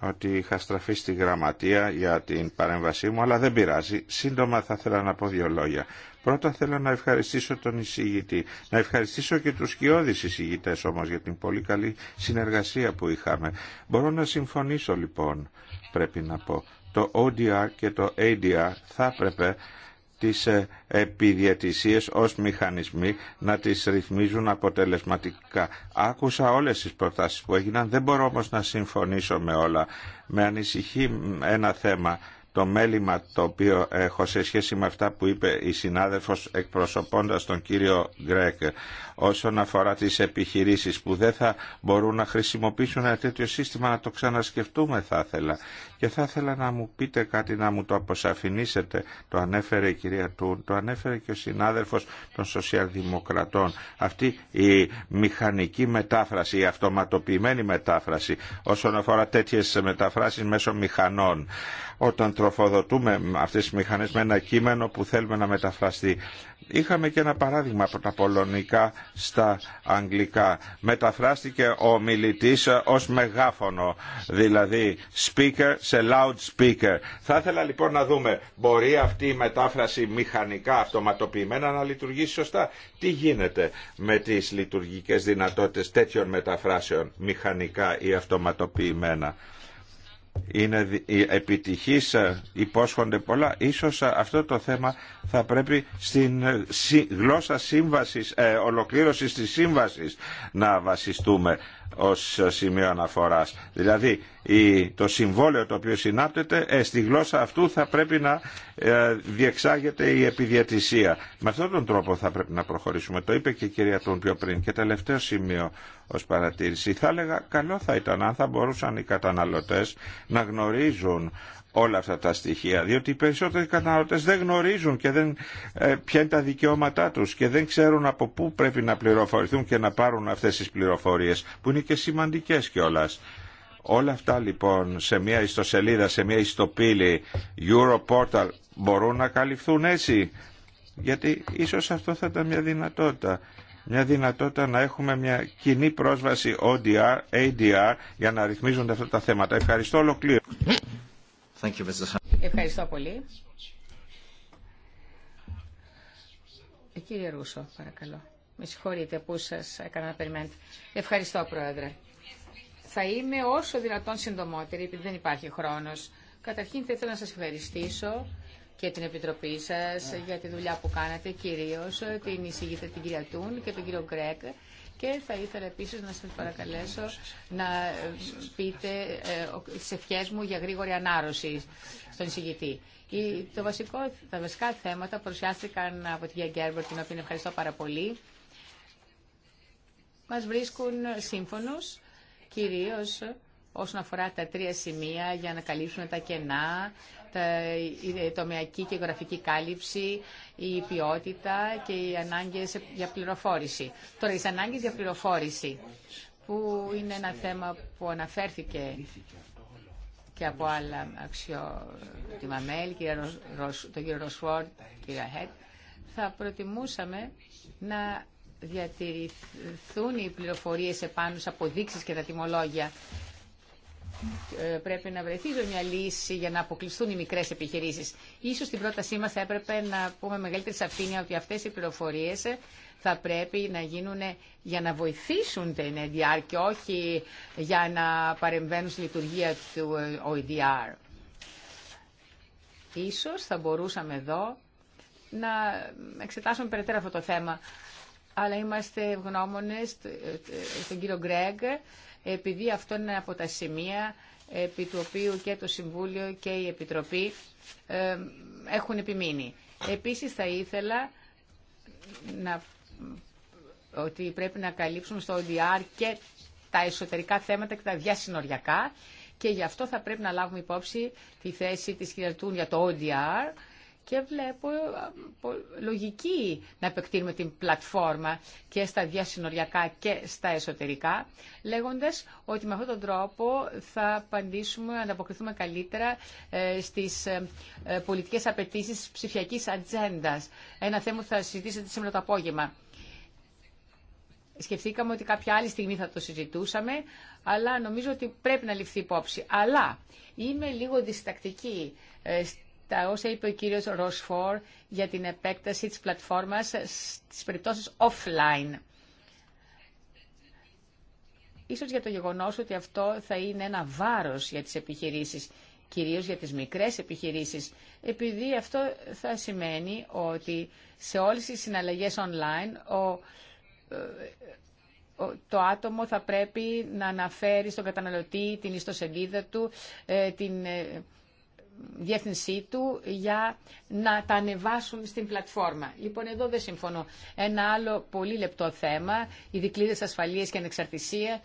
ότι είχα στραφεί στη γραμματεία για την παρέμβασή μου, αλλά δεν πειράζει. Σύντομα θα ήθελα να πω δύο λόγια. Πρώτα θέλω να ευχαριστήσω τον εισηγητή. Να ευχαριστήσω και τους σκιώδεις εισηγητές όμως για την πολύ καλή συνεργασία που είχαμε. Μπορώ να συμφωνήσω λοιπόν, πρέπει να πω. Το ODR και το ADR θα έπρεπε τις ε, επιδιατησίες ως μηχανισμοί να τις ρυθμίζουν αποτελεσματικά. Άκουσα όλες τις προτάσεις που έγιναν, δεν μπορώ όμως να συμφωνήσω με όλα. Με ανησυχεί ένα θέμα, το μέλημα το οποίο έχω σε σχέση με αυτά που είπε η συνάδελφος εκπροσωπώντας τον κύριο Γκρέκ όσον αφορά τις επιχειρήσεις που δεν θα μπορούν να χρησιμοποιήσουν ένα τέτοιο σύστημα να το ξανασκεφτούμε θα ήθελα. Και θα ήθελα να μου πείτε κάτι να μου το αποσαφηνίσετε. Το ανέφερε η κυρία Τούν, το ανέφερε και ο συνάδελφος των σοσιαλδημοκρατών. Αυτή η μηχανική μετάφραση, η αυτοματοποιημένη μετάφραση όσον αφορά τέτοιες μεταφράσεις μέσω μηχανών. Όταν τροφοδοτούμε αυτές τις μηχανές με ένα κείμενο που θέλουμε να μεταφραστεί. Είχαμε και ένα παράδειγμα από τα πολωνικά στα αγγλικά. Μεταφράστηκε ο μιλητής ως μεγάφωνο, δηλαδή speaker σε loud speaker. Θα ήθελα λοιπόν να δούμε, μπορεί αυτή η μετάφραση μηχανικά, αυτοματοποιημένα να λειτουργήσει σωστά. Τι γίνεται με τις λειτουργικές δυνατότητες τέτοιων μεταφράσεων, μηχανικά ή αυτοματοποιημένα είναι επιτυχής, ε, υπόσχονται πολλά. Ίσως ε, αυτό το θέμα θα πρέπει στην ε, γλώσσα σύμβασης, ολοκλήρωση ολοκλήρωσης της σύμβασης να βασιστούμε ως σημείο αναφοράς. Δηλαδή το συμβόλαιο το οποίο συνάπτεται ε, στη γλώσσα αυτού θα πρέπει να ε, διεξάγεται η επιδιατησία Με αυτόν τον τρόπο θα πρέπει να προχωρήσουμε. Το είπε και η κυρία Τούν πιο πριν. Και τελευταίο σημείο ως παρατήρηση. Θα έλεγα καλό θα ήταν αν θα μπορούσαν οι καταναλωτές να γνωρίζουν όλα αυτά τα στοιχεία, διότι οι περισσότεροι καταναλωτές δεν γνωρίζουν και δεν ε, ποια είναι τα δικαιώματά τους και δεν ξέρουν από πού πρέπει να πληροφορηθούν και να πάρουν αυτές τις πληροφορίες που είναι και σημαντικές κιόλα. Όλα αυτά λοιπόν σε μια ιστοσελίδα, σε μια ιστοπύλη Europortal μπορούν να καλυφθούν έτσι. Γιατί ίσως αυτό θα ήταν μια δυνατότητα. Μια δυνατότητα να έχουμε μια κοινή πρόσβαση ODR, ADR για να ρυθμίζονται αυτά τα θέματα. Ευχαριστώ ολοκλήρω. Ευχαριστώ πολύ. Ε, κύριε Ρούσο, παρακαλώ. Με συγχωρείτε που σας έκανα να περιμένετε. Ευχαριστώ, Πρόεδρε. Θα είμαι όσο δυνατόν συντομότερη, επειδή δεν υπάρχει χρόνος. Καταρχήν θα ήθελα να σας ευχαριστήσω και την Επιτροπή σας για τη δουλειά που κάνατε, κυρίως την εισηγήτρια την κυρία Τούν και τον κύριο Γκρέκ και θα ήθελα επίσης να σας παρακαλέσω να πείτε ε, τις ευχές μου για γρήγορη ανάρρωση στον εισηγητή. το βασικό, τα βασικά θέματα παρουσιάστηκαν από την Γεια Γκέρμπερ, την οποία ευχαριστώ πάρα πολύ. Μας βρίσκουν σύμφωνος, κυρίως όσον αφορά τα τρία σημεία για να καλύψουμε τα κενά ε, η τομεακή και γραφική κάλυψη, η ποιότητα και οι ανάγκες για πληροφόρηση. Τώρα, οι ανάγκες για πληροφόρηση, που είναι ένα θέμα που αναφέρθηκε και από άλλα αξιό τη Μαμέλ, τον κύριο Ροσφόρ, κύριε Χέτ, θα προτιμούσαμε να διατηρηθούν οι πληροφορίες επάνω σε αποδείξεις και τα τιμολόγια ε, πρέπει να βρεθεί μια λύση για να αποκλειστούν οι μικρές επιχειρήσεις. Ίσως στην πρότασή μα θα έπρεπε να πούμε μεγαλύτερη σαφήνεια ότι αυτές οι πληροφορίε θα πρέπει να γίνουν για να βοηθήσουν την EDR και όχι για να παρεμβαίνουν στη λειτουργία του OEDR. Ε, Ίσως θα μπορούσαμε εδώ να εξετάσουμε περαιτέρω αυτό το θέμα αλλά είμαστε ευγνώμονε ε, στον κύριο Γκρέγκ επειδή αυτό είναι από τα σημεία επί του οποίου και το Συμβούλιο και η Επιτροπή ε, έχουν επιμείνει. Επίσης θα ήθελα να ότι πρέπει να καλύψουμε στο ODR και τα εσωτερικά θέματα και τα διασυνοριακά και γι' αυτό θα πρέπει να λάβουμε υπόψη τη θέση της Κυριαρτουν για το ODR και βλέπω ε, λογική να επεκτείνουμε την πλατφόρμα και στα διασυνοριακά και στα εσωτερικά, λέγοντας ότι με αυτόν τον τρόπο θα απαντήσουμε, ανταποκριθούμε καλύτερα ε, στις ε, πολιτικές απαιτήσεις της ψηφιακής ατζέντα. Ένα θέμα που θα συζητήσετε σήμερα το απόγευμα. Σκεφτήκαμε ότι κάποια άλλη στιγμή θα το συζητούσαμε, αλλά νομίζω ότι πρέπει να ληφθεί υπόψη. Αλλά είμαι λίγο διστακτική τα όσα είπε ο κύριος Ροσφόρ για την επέκταση της πλατφόρμας στις περιπτώσεις offline. Ίσως για το γεγονός ότι αυτό θα είναι ένα βάρος για τις επιχειρήσεις, κυρίως για τις μικρές επιχειρήσεις, επειδή αυτό θα σημαίνει ότι σε όλες τις συναλλαγές online ο, ε, το άτομο θα πρέπει να αναφέρει στον καταναλωτή την ιστοσελίδα του, ε, την ε, διεύθυνσή του για να τα ανεβάσουν στην πλατφόρμα. Λοιπόν, εδώ δεν συμφωνώ. Ένα άλλο πολύ λεπτό θέμα, οι δικλείδες ασφαλείας και ανεξαρτησία.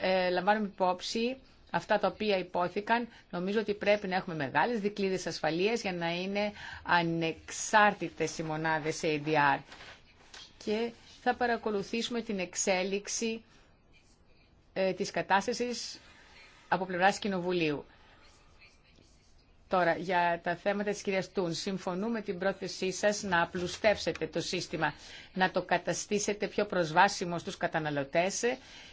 Ε, λαμβάνουμε υπόψη αυτά τα οποία υπόθηκαν. Νομίζω ότι πρέπει να έχουμε μεγάλες δικλείδες ασφαλείας για να είναι ανεξάρτητες οι μονάδες ADR. Και θα παρακολουθήσουμε την εξέλιξη ε, της κατάστασης από πλευράς Κοινοβουλίου. Τώρα, για τα θέματα της κυρίας Τούν, συμφωνούμε την πρόθεσή σας να απλουστεύσετε το σύστημα, να το καταστήσετε πιο προσβάσιμο στους καταναλωτές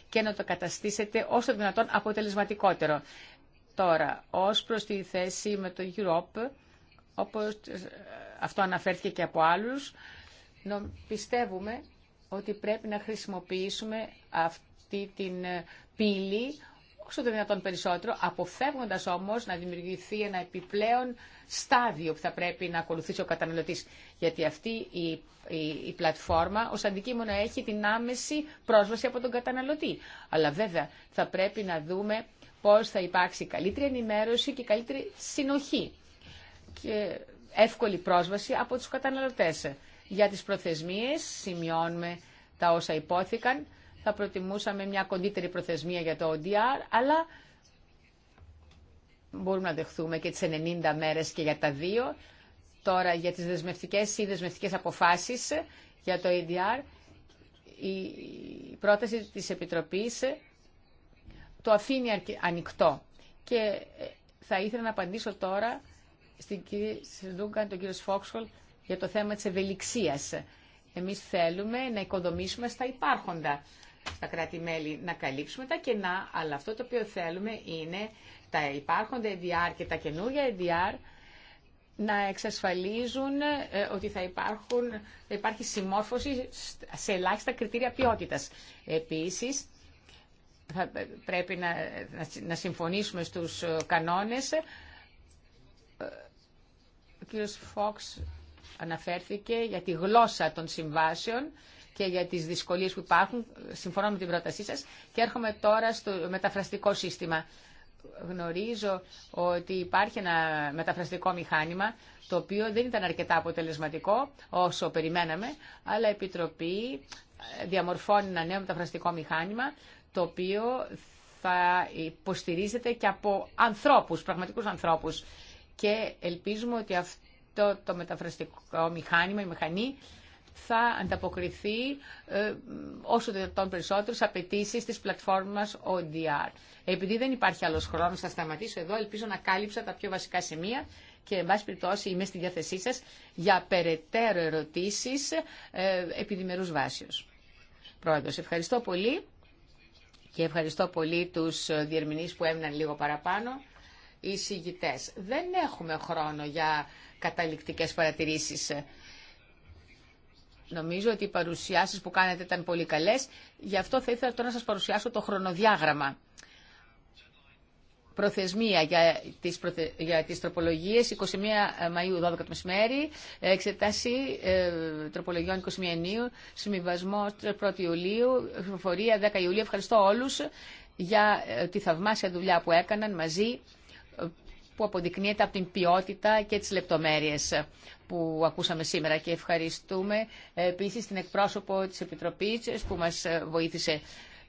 και να το καταστήσετε όσο δυνατόν αποτελεσματικότερο. Τώρα, ως προς τη θέση με το Europe, όπως ε, αυτό αναφέρθηκε και από άλλους, πιστεύουμε ότι πρέπει να χρησιμοποιήσουμε αυτή την ε, πύλη όσο το δυνατόν περισσότερο, αποφεύγοντα όμως να δημιουργηθεί ένα επιπλέον στάδιο που θα πρέπει να ακολουθήσει ο καταναλωτή. Γιατί αυτή η, η, πλατφόρμα ω αντικείμενο έχει την άμεση πρόσβαση από τον καταναλωτή. Αλλά βέβαια θα πρέπει να δούμε πώς θα υπάρξει καλύτερη ενημέρωση και καλύτερη συνοχή και εύκολη πρόσβαση από του καταναλωτέ. Για τι προθεσμίε σημειώνουμε τα όσα υπόθηκαν θα προτιμούσαμε μια κοντύτερη προθεσμία για το ODR, αλλά μπορούμε να δεχθούμε και τις 90 μέρες και για τα δύο. Τώρα για τις δεσμευτικές ή δεσμευτικές αποφάσεις για το EDR, η πρόταση της Επιτροπής το αφήνει ανοιχτό. Και ε, θα ήθελα να απαντήσω τώρα στην κυρία το τον κύριο Σφόξχολ, για το θέμα της ευελιξίας. Εμείς θέλουμε να οικοδομήσουμε στα υπάρχοντα στα κράτη-μέλη να καλύψουμε τα κενά, αλλά αυτό το οποίο θέλουμε είναι τα υπάρχοντα EDR και τα καινούργια EDR να εξασφαλίζουν ε, ότι θα, υπάρχουν, υπάρχει συμμόρφωση σε ελάχιστα κριτήρια ποιότητας. Επίσης, ε, πρέπει να, να συμφωνήσουμε στους ε, κανόνες. Ο κ. Φόξ αναφέρθηκε για τη γλώσσα των συμβάσεων και για τις δυσκολίες που υπάρχουν. Συμφωνώ με την πρότασή σας και έρχομαι τώρα στο μεταφραστικό σύστημα. Γνωρίζω ότι υπάρχει ένα μεταφραστικό μηχάνημα το οποίο δεν ήταν αρκετά αποτελεσματικό όσο περιμέναμε, αλλά η Επιτροπή διαμορφώνει ένα νέο μεταφραστικό μηχάνημα το οποίο θα υποστηρίζεται και από ανθρώπους, πραγματικούς ανθρώπους. Και ελπίζουμε ότι αυτό το μεταφραστικό μηχάνημα, η μηχανή, θα ανταποκριθεί ε, όσο δυνατόν σε απαιτήσει τη πλατφόρμα ODR. Επειδή δεν υπάρχει άλλο χρόνο, θα σταματήσω εδώ. Ελπίζω να κάλυψα τα πιο βασικά σημεία και, εν πάση περιπτώσει, είμαι στη διάθεσή σα για περαιτέρω ερωτήσει ε, επιδημερούς βάσεως. Πρόεδρο, ευχαριστώ πολύ και ευχαριστώ πολύ του διερμηνείς που έμειναν λίγο παραπάνω. Οι συγητές. Δεν έχουμε χρόνο για καταληκτικές παρατηρήσεις. Νομίζω ότι οι παρουσιάσεις που κάνετε ήταν πολύ καλές. Γι' αυτό θα ήθελα τώρα να σας παρουσιάσω το χρονοδιάγραμμα. Προθεσμία για τις, προθε... για τις τροπολογίες 21 Μαΐου 12 το μεσημέρι, εξετάση ε, τροπολογιών 21 Ιουνίου, συμβιβασμό 1 Ιουλίου, ψηφοφορία 10 Ιουλίου. Ευχαριστώ όλους για ε, τη θαυμάσια δουλειά που έκαναν μαζί ε, που αποδεικνύεται από την ποιότητα και τις λεπτομέρειες που ακούσαμε σήμερα και ευχαριστούμε επίσης την εκπρόσωπο της Επιτροπής που μας βοήθησε.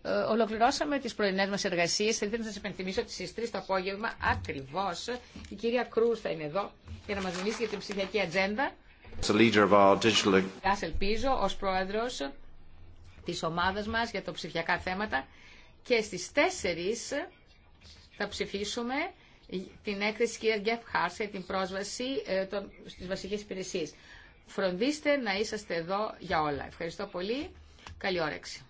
Ε, ολοκληρώσαμε τις πρωινές μας εργασίες. Θα ήθελα να σας υπενθυμίσω ότι στις 3 το απόγευμα ακριβώς η κυρία Κρούς θα είναι εδώ για να μας μιλήσει για την ψηφιακή ατζέντα. Σας ελπίζω ως πρόεδρος της ομάδας μας για τα ψηφιακά θέματα και στις 4 θα ψηφίσουμε την έκθεση κ. Γκέφ Χάρσε, την πρόσβαση ε, των, στις βασικές υπηρεσίες. Φροντίστε να είσαστε εδώ για όλα. Ευχαριστώ πολύ. Καλή όρεξη.